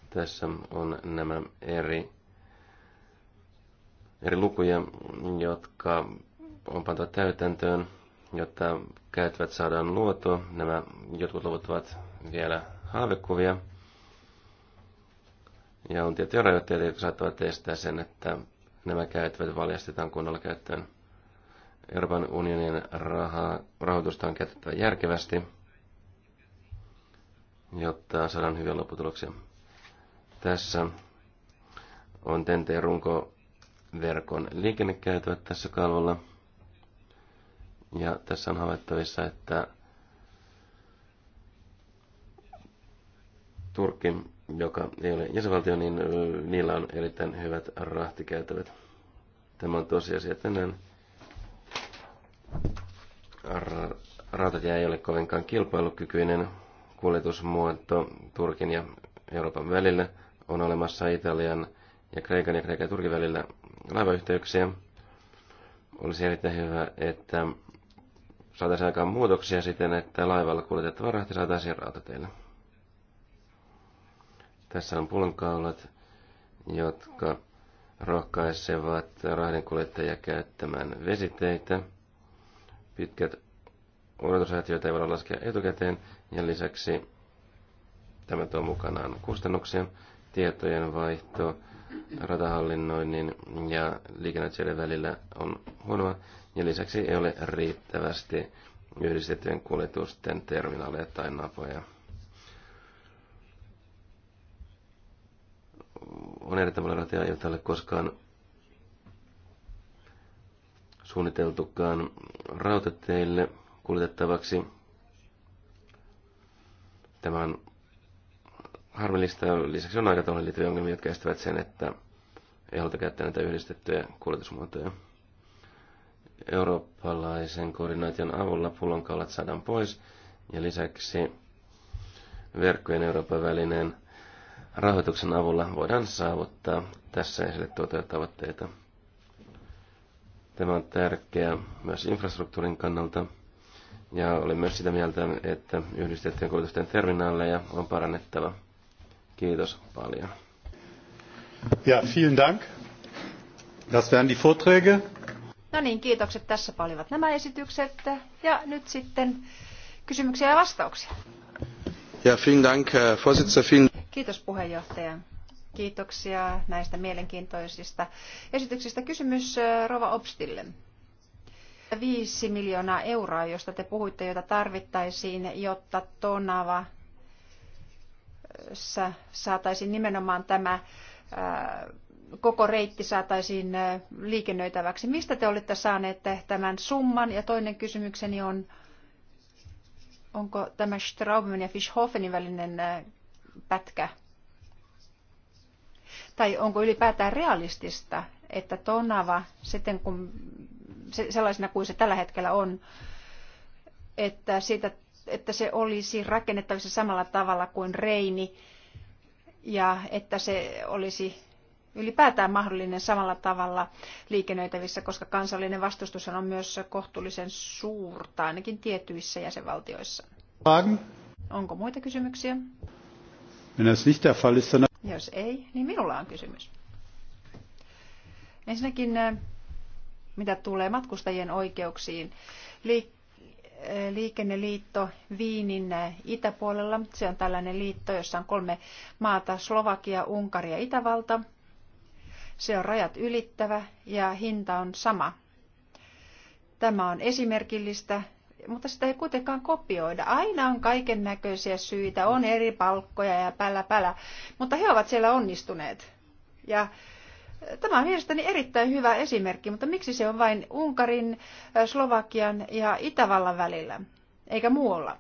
Tässä on nämä eri, eri lukuja, jotka on pantu täytäntöön, jotta käytävät saadaan luotua. Nämä jotkut luvut ovat vielä haavekuvia. Ja on tiettyjä rajoitteita, jotka saattavat estää sen, että nämä käytävät valjastetaan kunnolla käyttöön. Euroopan unionin raha, rahoitusta on käytettävä järkevästi, jotta saadaan hyviä lopputuloksia. Tässä on tenteen runkoverkon liikennekäytävä tässä kalvolla. Ja tässä on havaittavissa, että Turkki, joka ei ole jäsenvaltio, niin niillä on erittäin hyvät rahtikäytävät. Tämä on tosiasia tänään. Rautatie ei ole kovinkaan kilpailukykyinen kuljetusmuoto Turkin ja Euroopan välillä – on olemassa Italian ja Kreikan ja Kreikan ja Turkin välillä laivayhteyksiä. Olisi erittäin hyvä, että saataisiin aikaan muutoksia siten, että laivalla kuljetettava rahti saataisiin rautateille. Tässä on pullonkaulat, jotka rohkaisevat kuljettajia käyttämään vesiteitä. Pitkät odotusajat, joita ei voida laskea etukäteen, ja lisäksi tämä tuo mukanaan kustannuksia tietojenvaihto ratahallinnoinnin ja liikennöitsijöiden välillä on huonoa, ja lisäksi ei ole riittävästi yhdistettyjen kuljetusten terminaaleja tai napoja. On eri tavalla ratia, ei ole koskaan suunniteltukaan rautateille kuljetettavaksi. Tämä on harmillista lisäksi on aikatauluun liittyviä ongelmia, jotka estävät sen, että ei haluta käyttää näitä yhdistettyjä kuljetusmuotoja. Eurooppalaisen koordinaation avulla pullonkaulat saadaan pois ja lisäksi verkkojen Euroopan välinen rahoituksen avulla voidaan saavuttaa tässä esille tuotuja tavoitteita. Tämä on tärkeää myös infrastruktuurin kannalta. Ja olen myös sitä mieltä, että yhdistettyjen kuljetusten terminaaleja on parannettava – Kiitos paljon. Ja, vielen Dank. Das wären die Vorträge. No niin, kiitokset. Tässä palivat nämä esitykset. Ja nyt sitten kysymyksiä ja vastauksia. Ja, vielen Dank, Vorsitzender. Kiitos puheenjohtaja. Kiitoksia näistä mielenkiintoisista esityksistä. Kysymys äh, Rova Obstille. 5 miljoonaa euroa, josta te puhuitte, jota tarvittaisiin, jotta Tonava tässä saataisiin nimenomaan tämä äh, koko reitti saataisiin äh, liikennöitäväksi. Mistä te olette saaneet tämän summan? Ja toinen kysymykseni on, onko tämä Strauben ja Fischhofenin välinen äh, pätkä? Tai onko ylipäätään realistista, että Tonava, sitten kun sellaisena kuin se tällä hetkellä on, että siitä että se olisi rakennettavissa samalla tavalla kuin Reini ja että se olisi ylipäätään mahdollinen samalla tavalla liikennöitävissä, koska kansallinen vastustus on myös kohtuullisen suurta, ainakin tietyissä jäsenvaltioissa. Fragen? Onko muita kysymyksiä? Jos ei, niin minulla on kysymys. Ensinnäkin, äh, mitä tulee matkustajien oikeuksiin, liikenneliitto Viinin itäpuolella. Se on tällainen liitto, jossa on kolme maata, Slovakia, Unkari ja Itävalta. Se on rajat ylittävä ja hinta on sama. Tämä on esimerkillistä, mutta sitä ei kuitenkaan kopioida. Aina on kaiken näköisiä syitä, on eri palkkoja ja pälä pälä, mutta he ovat siellä onnistuneet. Ja Tämä on mielestäni erittäin hyvä esimerkki, mutta miksi se on vain Unkarin, äh, Slovakian ja Itävallan välillä, eikä muualla?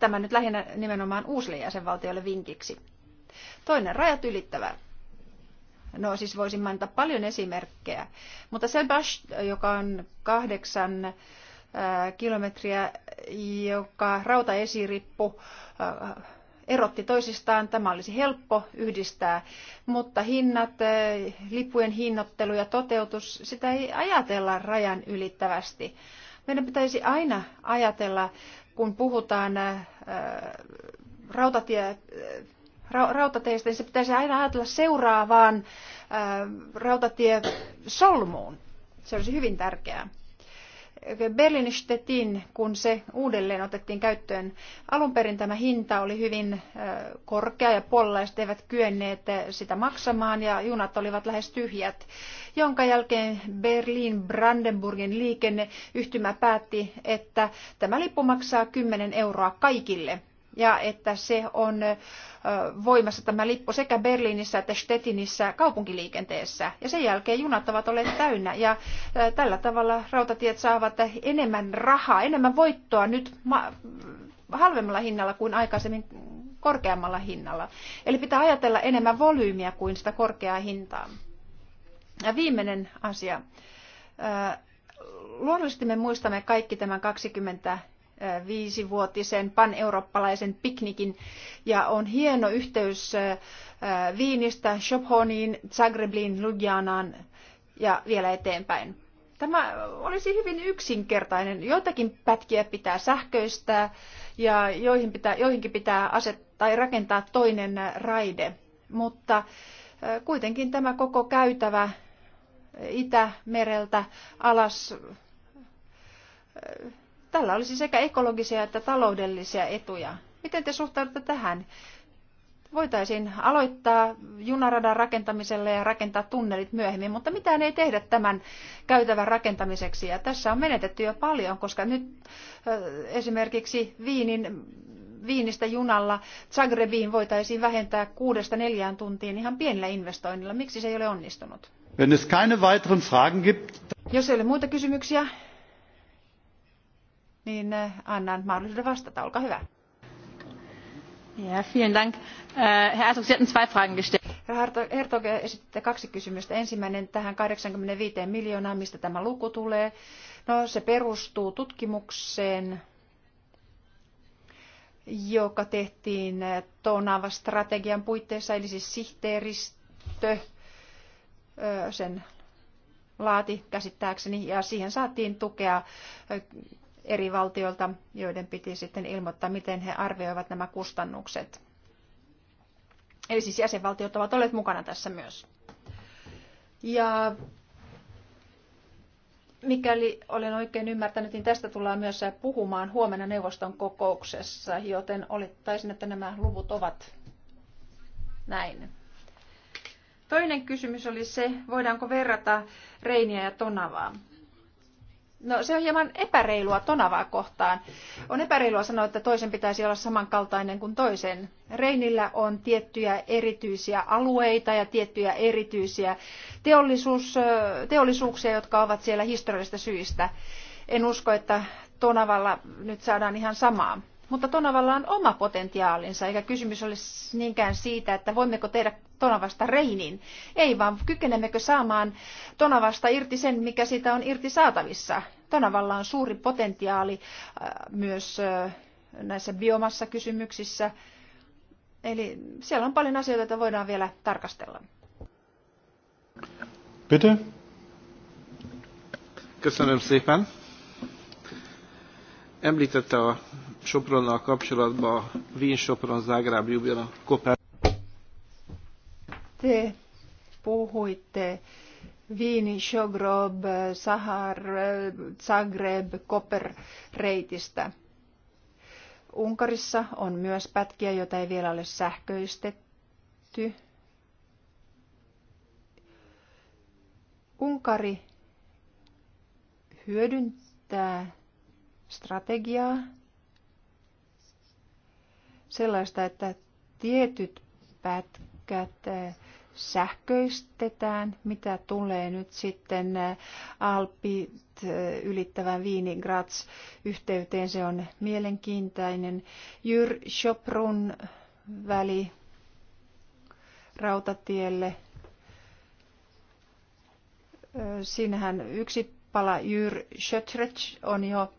Tämä nyt lähinnä nimenomaan uusille jäsenvaltioille vinkiksi. Toinen rajat ylittävä. No siis voisin mainita paljon esimerkkejä, mutta Sebast, joka on kahdeksan äh, kilometriä, joka rautaesirippu äh, erotti toisistaan. Tämä olisi helppo yhdistää, mutta hinnat, eh, lipujen hinnoittelu ja toteutus, sitä ei ajatella rajan ylittävästi. Meidän pitäisi aina ajatella, kun puhutaan eh, eh, rautatie, rautateistä, niin se pitäisi aina ajatella seuraavaan rautatiesolmuun. Se olisi hyvin tärkeää. Berliinin Stettin, kun se uudelleen otettiin käyttöön, alun perin tämä hinta oli hyvin korkea ja puolalaiset eivät kyenneet sitä maksamaan ja junat olivat lähes tyhjät, jonka jälkeen Berliin Brandenburgin liikenneyhtymä päätti, että tämä lippu maksaa 10 euroa kaikille ja että se on voimassa tämä lippu sekä Berliinissä että Stettinissä kaupunkiliikenteessä. Ja sen jälkeen junat ovat olleet täynnä ja tällä tavalla rautatiet saavat enemmän rahaa, enemmän voittoa nyt halvemmalla hinnalla kuin aikaisemmin korkeammalla hinnalla. Eli pitää ajatella enemmän volyymiä kuin sitä korkeaa hintaa. Ja viimeinen asia. Luonnollisesti me muistamme kaikki tämän 20 viisivuotisen paneurooppalaisen piknikin. Ja on hieno yhteys Viinistä, Shophoniin, Zagrebliin, Ljubljanaan ja vielä eteenpäin. Tämä olisi hyvin yksinkertainen. Joitakin pätkiä pitää sähköistää ja joihin pitää, joihinkin pitää asettaa tai rakentaa toinen raide. Mutta kuitenkin tämä koko käytävä Itämereltä alas Tällä olisi sekä ekologisia että taloudellisia etuja. Miten te suhtaudutte tähän? Voitaisiin aloittaa junaradan rakentamisella ja rakentaa tunnelit myöhemmin, mutta mitään ei tehdä tämän käytävän rakentamiseksi. Ja tässä on menetetty jo paljon, koska nyt esimerkiksi Viinin Viinistä junalla Zagrebiin voitaisiin vähentää kuudesta neljään tuntiin ihan pienellä investoinnilla. Miksi se ei ole onnistunut? Wenn es keine weiteren Fragen gibt... Jos ei ole muita kysymyksiä, niin eh, annan mahdollisuuden vastata. Olkaa hyvä. Ja, vielen Dank. Eh, Herr Ertug, Sie hatten zwei Fragen gestellt. Herr Hertog, eh, esititte kaksi kysymystä. Ensimmäinen tähän 85 miljoonaa, mistä tämä luku tulee. No, se perustuu tutkimukseen, joka tehtiin Tonava strategian puitteissa, eli siis sihteeristö sen laati käsittääkseni, ja siihen saatiin tukea eri valtioilta, joiden piti sitten ilmoittaa, miten he arvioivat nämä kustannukset. Eli siis jäsenvaltiot ovat olleet mukana tässä myös. Ja mikäli olen oikein ymmärtänyt, niin tästä tullaan myös puhumaan huomenna neuvoston kokouksessa, joten olettaisin, että nämä luvut ovat näin. Toinen kysymys oli se, voidaanko verrata Reiniä ja Tonavaa. No se on hieman epäreilua Tonavaa kohtaan. On epäreilua sanoa, että toisen pitäisi olla samankaltainen kuin toisen. Reinillä on tiettyjä erityisiä alueita ja tiettyjä erityisiä teollisuus, teollisuuksia, jotka ovat siellä historiallisista syistä. En usko, että Tonavalla nyt saadaan ihan samaa. Mutta Tonavalla on oma potentiaalinsa, eikä kysymys olisi niinkään siitä, että voimmeko tehdä Tonavasta Reinin. Ei vaan kykenemmekö saamaan Tonavasta irti sen, mikä sitä on irti saatavissa. Tonavalla on suuri potentiaali äh, myös äh, näissä biomassakysymyksissä. Eli siellä on paljon asioita, joita voidaan vielä tarkastella. Bitte? Köszönöm szépen. Említette a Sopronnal kapcsolatban a Wien Sopron Zágráb Ljubljana Koper te puhuitte Viini, Shogrob, Sahar, Zagreb, Koper-reitistä. Unkarissa on myös pätkiä, joita ei vielä ole sähköistetty. Unkari hyödyntää strategiaa sellaista, että tietyt pätkät sähköistetään, mitä tulee nyt sitten Alpit ylittävän Viinigrats yhteyteen. Se on mielenkiintoinen. Jyr Shoprun väli rautatielle. Siinähän yksi pala Jyr Schötrech on jo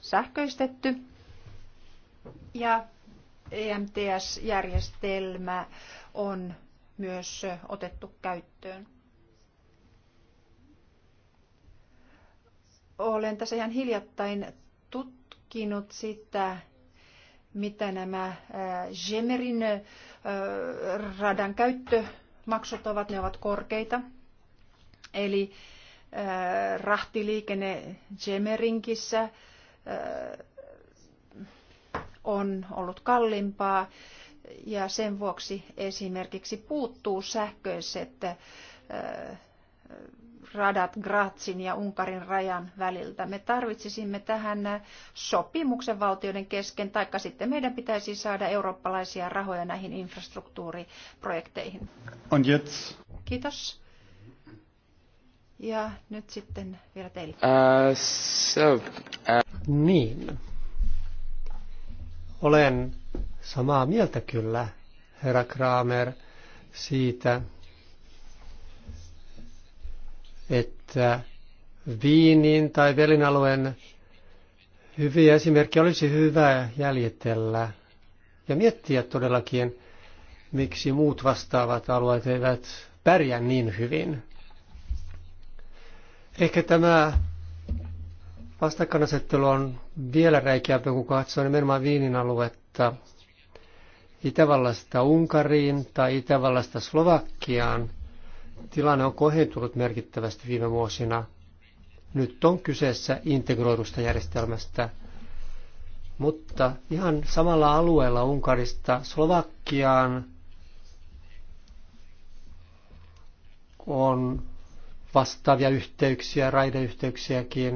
sähköistetty. Ja EMTS-järjestelmä on myös otettu käyttöön. Olen tässä ihan hiljattain tutkinut sitä, mitä nämä Gemerin radan käyttömaksut ovat. Ne ovat korkeita. Eli rahtiliikenne Gemerinkissä on ollut kalliimpaa ja sen vuoksi esimerkiksi puuttuu sähköiset radat Grazin ja Unkarin rajan väliltä. Me tarvitsisimme tähän sopimuksen valtioiden kesken, taikka sitten meidän pitäisi saada eurooppalaisia rahoja näihin infrastruktuuriprojekteihin. On jetzt. Kiitos. Ja nyt sitten vielä teille. Uh, so, uh... Niin. Olen samaa mieltä kyllä, herra Kramer, siitä, että Viinin tai velinalueen hyviä esimerkkejä olisi hyvä jäljitellä ja miettiä todellakin, miksi muut vastaavat alueet eivät pärjää niin hyvin. Ehkä tämä vastakkainasettelu on vielä räikeämpi, kun katsoo nimenomaan Viinin aluetta – Itävallasta Unkariin tai Itävallasta Slovakkiaan tilanne on kohentunut merkittävästi viime vuosina. Nyt on kyseessä integroidusta järjestelmästä, mutta ihan samalla alueella Unkarista Slovakkiaan on vastaavia yhteyksiä, raideyhteyksiäkin,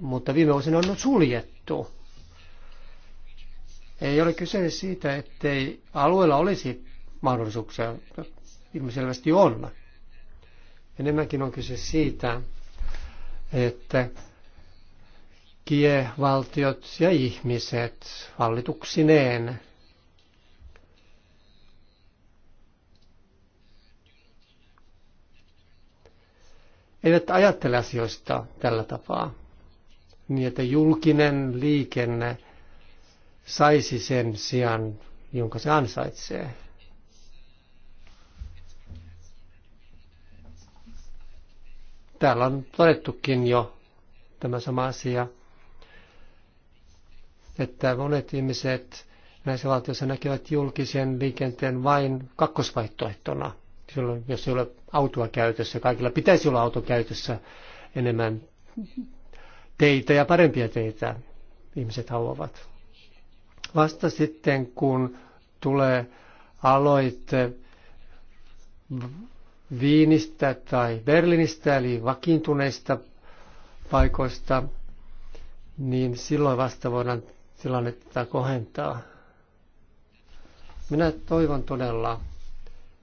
mutta viime vuosina on suljettu. Ei ole kyse siitä, ettei alueella olisi mahdollisuuksia. Ilmiselvästi on. Enemmänkin on kyse siitä, että kievaltiot ja ihmiset hallituksineen eivät ajattele asioista tällä tapaa. Niin, että julkinen liikenne – saisi sen sijaan, jonka se ansaitsee. Täällä on todettukin jo tämä sama asia, että monet ihmiset näissä valtioissa näkevät julkisen liikenteen vain kakkosvaihtoehtona. Silloin, jos ei ole autoa käytössä, kaikilla pitäisi olla auto käytössä enemmän teitä ja parempia teitä ihmiset haluavat. Vasta sitten, kun tulee aloite Viinistä tai Berliinistä, eli vakiintuneista paikoista, niin silloin vasta voidaan tilannetta kohentaa. Minä toivon todella,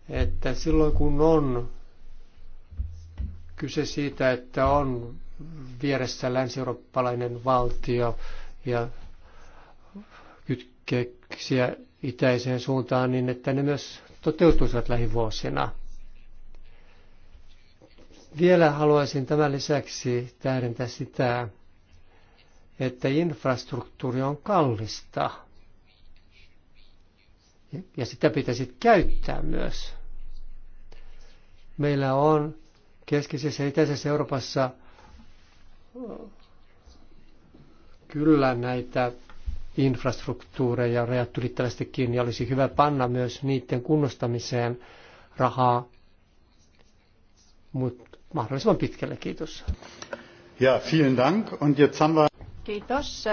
että silloin kun on kyse siitä, että on vieressä länsi-eurooppalainen valtio ja keksiä itäiseen suuntaan niin, että ne myös toteutuisivat lähivuosina. Vielä haluaisin tämän lisäksi tähdentää sitä, että infrastruktuuri on kallista. Ja sitä pitäisi käyttää myös. Meillä on keskisessä ja itäisessä Euroopassa kyllä näitä infrastruktuureja rajat ylittävästikin, ja olisi hyvä panna myös niiden kunnostamiseen rahaa, mutta mahdollisimman pitkälle. Kiitos. Ja, vielen dank. Und jetzt haben wir... Kiitos.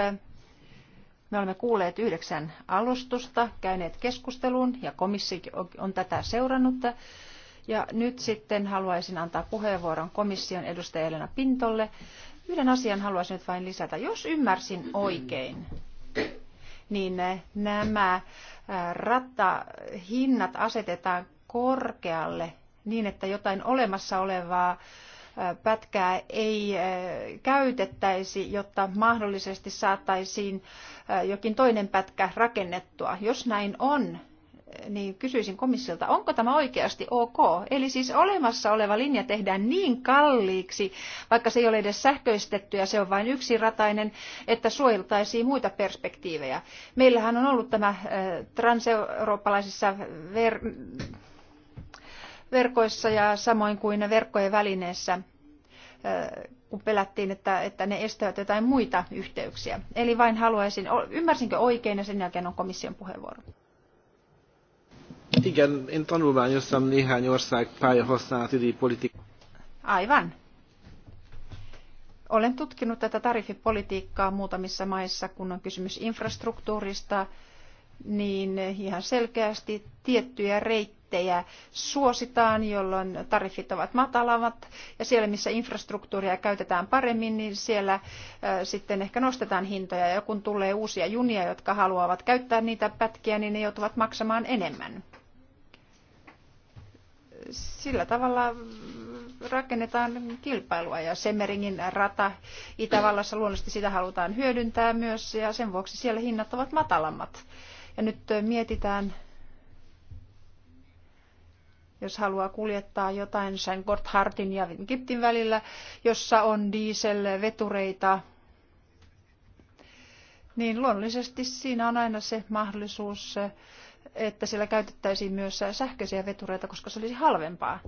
Me olemme kuulleet yhdeksän alustusta, käyneet keskustelun ja komissio on tätä seurannut. Ja nyt sitten haluaisin antaa puheenvuoron komission edustaja Elena Pintolle. Yhden asian haluaisin nyt vain lisätä, jos ymmärsin oikein niin eh, nämä eh, rattahinnat asetetaan korkealle niin, että jotain olemassa olevaa eh, pätkää ei käytettäisi, jotta mahdollisesti saataisiin jokin toinen pätkä rakennettua. Jos näin on, niin kysyisin komissiolta, onko tämä oikeasti ok? Eli siis olemassa oleva linja tehdään niin kalliiksi, vaikka se ei ole edes sähköistetty ja se on vain yksiratainen, että suojeltaisiin muita perspektiivejä. Meillähän on ollut tämä transeurooppalaisissa ver- verkoissa ja samoin kuin verkkojen välineessä kun pelättiin, että, että ne estävät jotain muita yhteyksiä. Eli vain haluaisin, ymmärsinkö oikein ja sen jälkeen on komission puheenvuoro. Igen, én tanulmányoztam néhány ország pályahasználati politiikát. Aivan. Olen tutkinut tätä tarifipolitiikkaa muutamissa maissa, kun on kysymys infrastruktuurista, niin ihan selkeästi tiettyjä reittejä reittejä suositaan, jolloin tariffit ovat matalammat ja siellä missä infrastruktuuria käytetään paremmin, niin siellä sitten ehkä nostetaan hintoja ja kun tulee uusia junia, jotka haluavat käyttää niitä pätkiä, niin ne joutuvat maksamaan enemmän. Sillä tavalla rakennetaan kilpailua ja Semmeringin rata Itävallassa luonnollisesti sitä halutaan hyödyntää myös ja sen vuoksi siellä hinnat ovat matalammat. Ja nyt mietitään jos haluaa kuljettaa jotain sen Gotthardin ja Egyptin välillä, jossa on dieselvetureita, niin luonnollisesti siinä on aina se mahdollisuus, että siellä käytettäisiin myös sähköisiä vetureita, koska se olisi halvempaa.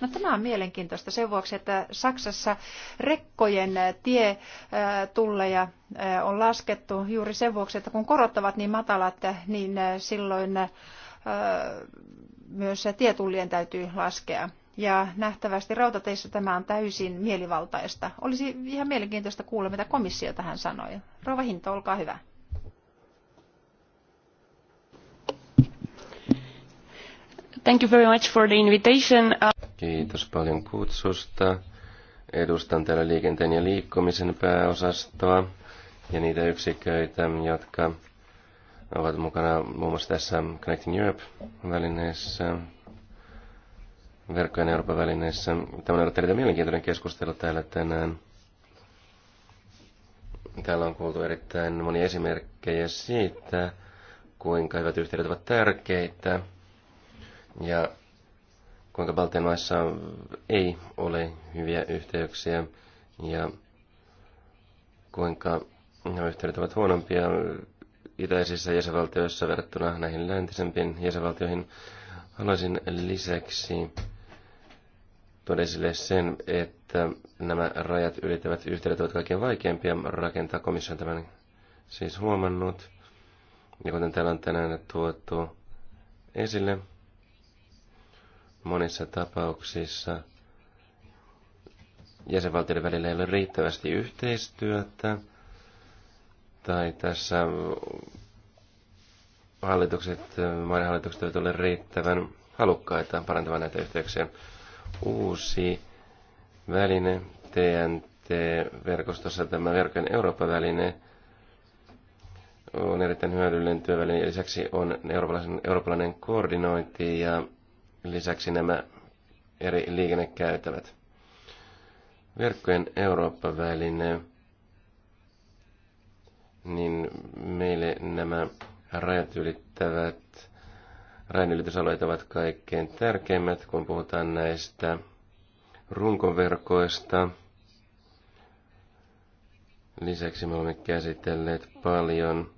No, tämä on mielenkiintoista sen vuoksi, että Saksassa rekkojen tietulleja on laskettu juuri sen vuoksi, että kun korot ovat niin matalat, niin silloin myös tietullien täytyy laskea. Ja nähtävästi rautateissä tämä on täysin mielivaltaista. Olisi ihan mielenkiintoista kuulla, mitä komissio tähän sanoi. Rova Hinto, olkaa hyvä. Thank you very much for the invitation. Kiitos paljon kutsusta. Edustan täällä liikenteen ja liikkumisen pääosastoa ja niitä yksiköitä, jotka ovat mukana muun muassa tässä Connecting Europe-välineessä, verkkojen Euroopan välineessä. Tämä on erittäin mielenkiintoinen keskustelu täällä tänään. Täällä on kuultu erittäin monia esimerkkejä siitä, kuinka hyvät yhteydet ovat tärkeitä ja kuinka Baltian maissa ei ole hyviä yhteyksiä ja kuinka nämä yhteydet ovat huonompia itäisissä jäsenvaltioissa verrattuna näihin läntisempiin jäsenvaltioihin. Haluaisin lisäksi tuoda esille sen, että nämä rajat ylittävät yhteydet ovat kaikkein vaikeimpia rakentaa. Komissio on tämän siis huomannut. Ja kuten täällä on tänään tuotu esille, monissa tapauksissa jäsenvaltioiden välillä ei ole riittävästi yhteistyötä tai tässä hallitukset, maiden hallitukset eivät ole riittävän halukkaita parantamaan näitä yhteyksiä. Uusi väline TNT-verkostossa, tämä verkon Eurooppa-väline, on erittäin hyödyllinen työväline. lisäksi on eurooppalainen, eurooppalainen koordinointi ja lisäksi nämä eri liikennekäytävät. Verkkojen Eurooppa-väline niin meille nämä rajat ylittävät rajanylitysalueet ovat kaikkein tärkeimmät, kun puhutaan näistä runkoverkoista. Lisäksi me olemme käsitelleet paljon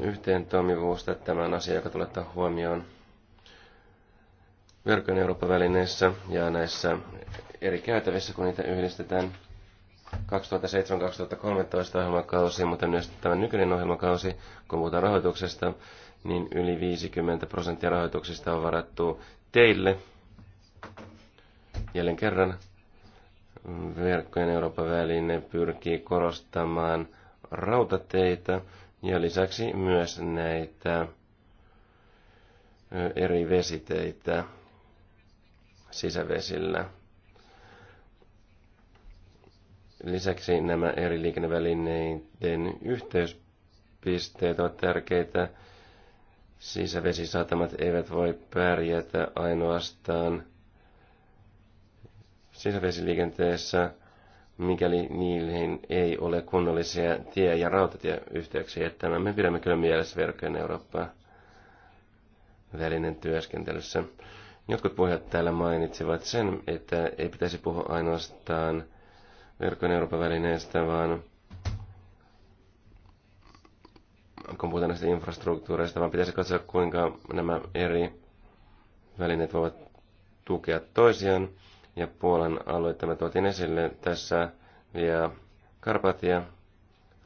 yhteen toimivuusta. Tämä on asia, joka tulee ottaa huomioon verkon Eurooppa-välineessä ja näissä eri käytävissä, kun niitä yhdistetään. 2007-2013 ohjelmakausi, mutta myös tämä nykyinen ohjelmakausi, kun puhutaan rahoituksesta, niin yli 50 prosenttia rahoituksista on varattu teille. Jälleen kerran verkkojen Euroopan väline pyrkii korostamaan rautateitä ja lisäksi myös näitä eri vesiteitä sisävesillä. Lisäksi nämä eri liikennevälineiden yhteyspisteet ovat tärkeitä. Sisävesisatamat eivät voi pärjätä ainoastaan sisävesiliikenteessä, mikäli niihin ei ole kunnollisia tie- ja rautatieyhteyksiä. Tämä me pidämme kyllä mielessä verkkojen Eurooppaa välinen työskentelyssä. Jotkut puheet täällä mainitsivat sen, että ei pitäisi puhua ainoastaan verkon Euroopan välineestä, vaan kun puhutaan näistä infrastruktuureista, vaan pitäisi katsoa, kuinka nämä eri välineet voivat tukea toisiaan. Ja Puolan aluetta me tuotiin esille tässä ja Karpatia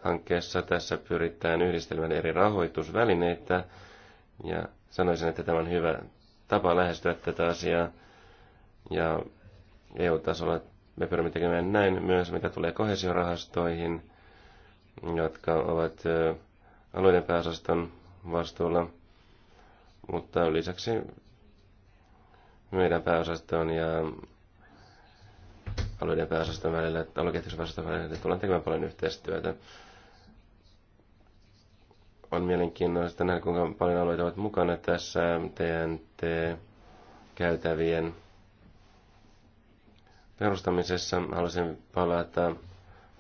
hankkeessa. Tässä pyritään yhdistelmään eri rahoitusvälineitä ja sanoisin, että tämä on hyvä tapa lähestyä tätä asiaa. Ja EU-tasolla me pyrimme tekemään näin myös, mitä tulee kohesiorahastoihin, jotka ovat alueiden pääosaston vastuulla. Mutta lisäksi meidän pääosaston ja alueiden pääosaston välillä, aluekehitysosaston välillä tullaan tekemään paljon yhteistyötä. On mielenkiintoista nähdä, kuinka paljon alueita ovat mukana tässä TNT-käytävien perustamisessa halusin palata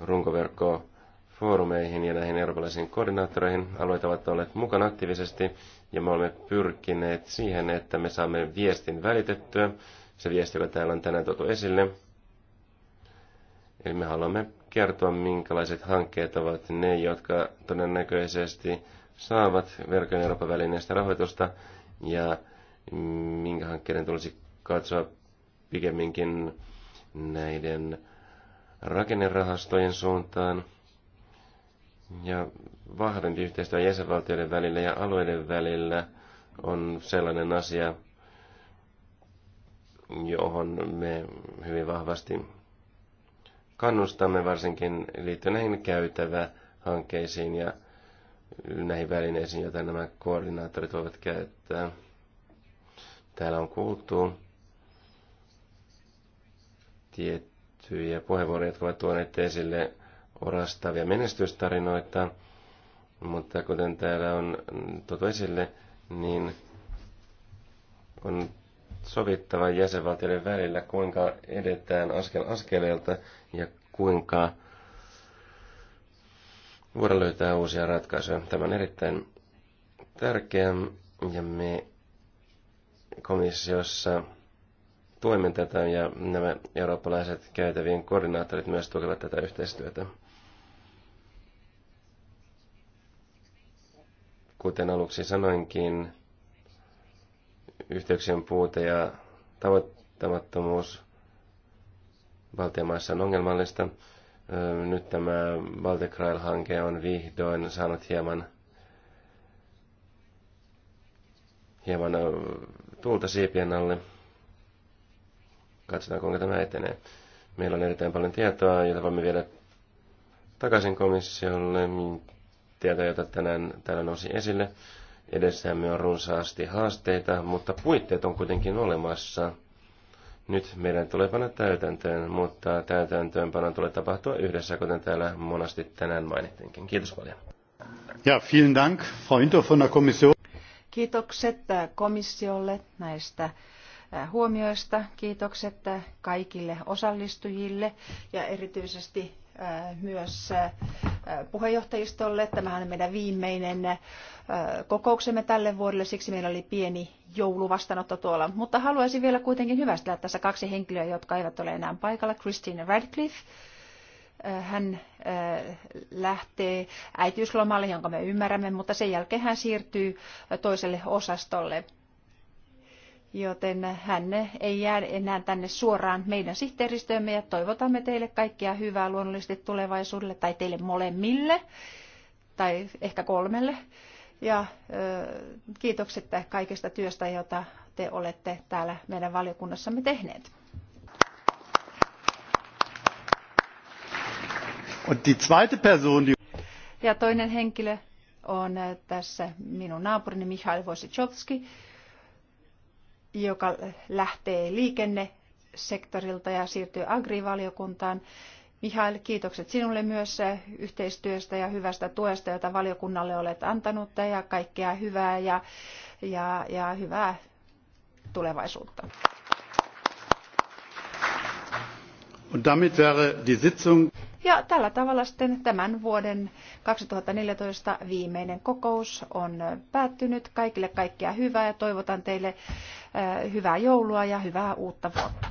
runkoverkkoon foorumeihin ja näihin eurooppalaisiin koordinaattoreihin. Alueet ovat olleet mukana aktiivisesti ja me olemme pyrkineet siihen, että me saamme viestin välitettyä. Se viesti, joka täällä on tänään tuotu esille. Eli me haluamme kertoa, minkälaiset hankkeet ovat ne, jotka todennäköisesti saavat verkon Euroopan välineestä rahoitusta ja minkä hankkeiden tulisi katsoa pikemminkin näiden rakennerahastojen suuntaan ja vahvempi yhteistyö jäsenvaltioiden välillä ja alueiden välillä on sellainen asia, johon me hyvin vahvasti kannustamme varsinkin liittyen näihin käytävä hankkeisiin ja näihin välineisiin, joita nämä koordinaattorit voivat käyttää. Täällä on kuultu tiettyjä puheenvuoroja, jotka ovat tuoneet esille orastavia menestystarinoita, mutta kuten täällä on tuotu esille, niin on sovittava jäsenvaltioiden välillä, kuinka edetään askel askeleelta ja kuinka voidaan löytää uusia ratkaisuja. Tämä on erittäin tärkeä ja me komissiossa tuemme tätä ja nämä eurooppalaiset käytävien koordinaattorit myös tukevat tätä yhteistyötä. Kuten aluksi sanoinkin, yhteyksien puute ja tavoittamattomuus valtiomaissa on ongelmallista. Nyt tämä rail hanke on vihdoin saanut hieman, hieman tuulta siipien alle. Katsotaan, kuinka tämä etenee. Meillä on erittäin paljon tietoa, jota voimme viedä takaisin komissiolle. Tietoa, jota tänään täällä nousi esille. Edessämme on runsaasti haasteita, mutta puitteet on kuitenkin olemassa. Nyt meidän tulee panna täytäntöön, mutta täytäntöönpanon tulee tapahtua yhdessä, kuten täällä monasti tänään mainittiinkin. Kiitos paljon. Ja, vielen Dank, Frau von der Kommission. Kiitokset äh, komissiolle näistä huomioista. Kiitokset kaikille osallistujille ja erityisesti myös puheenjohtajistolle. Tämähän on meidän viimeinen kokouksemme tälle vuodelle, siksi meillä oli pieni jouluvastaanotto tuolla. Mutta haluaisin vielä kuitenkin hyvästellä tässä kaksi henkilöä, jotka eivät ole enää paikalla. Christine Radcliffe, hän lähtee äitiyslomalle, jonka me ymmärrämme, mutta sen jälkeen hän siirtyy toiselle osastolle joten hän ei jää enää tänne suoraan meidän sihteeristöömme ja toivotamme teille kaikkea hyvää luonnollisesti tulevaisuudelle tai teille molemmille tai ehkä kolmelle. Ja ö, kiitokset kaikesta työstä, jota te olette täällä meidän valiokunnassamme tehneet. Ja toinen henkilö on tässä minun naapurini Mihail Wojciechowski joka lähtee liikennesektorilta ja siirtyy agrivaliokuntaan. Mihail, kiitokset sinulle myös yhteistyöstä ja hyvästä tuesta, jota valiokunnalle olet antanut ja kaikkea hyvää ja, ja, ja hyvää tulevaisuutta. Und damit wäre die Sitzung ja tällä tavalla sitten tämän vuoden 2014 viimeinen kokous on päättynyt. Kaikille kaikkea hyvää ja toivotan teille äh, hyvää joulua ja hyvää uutta vuotta.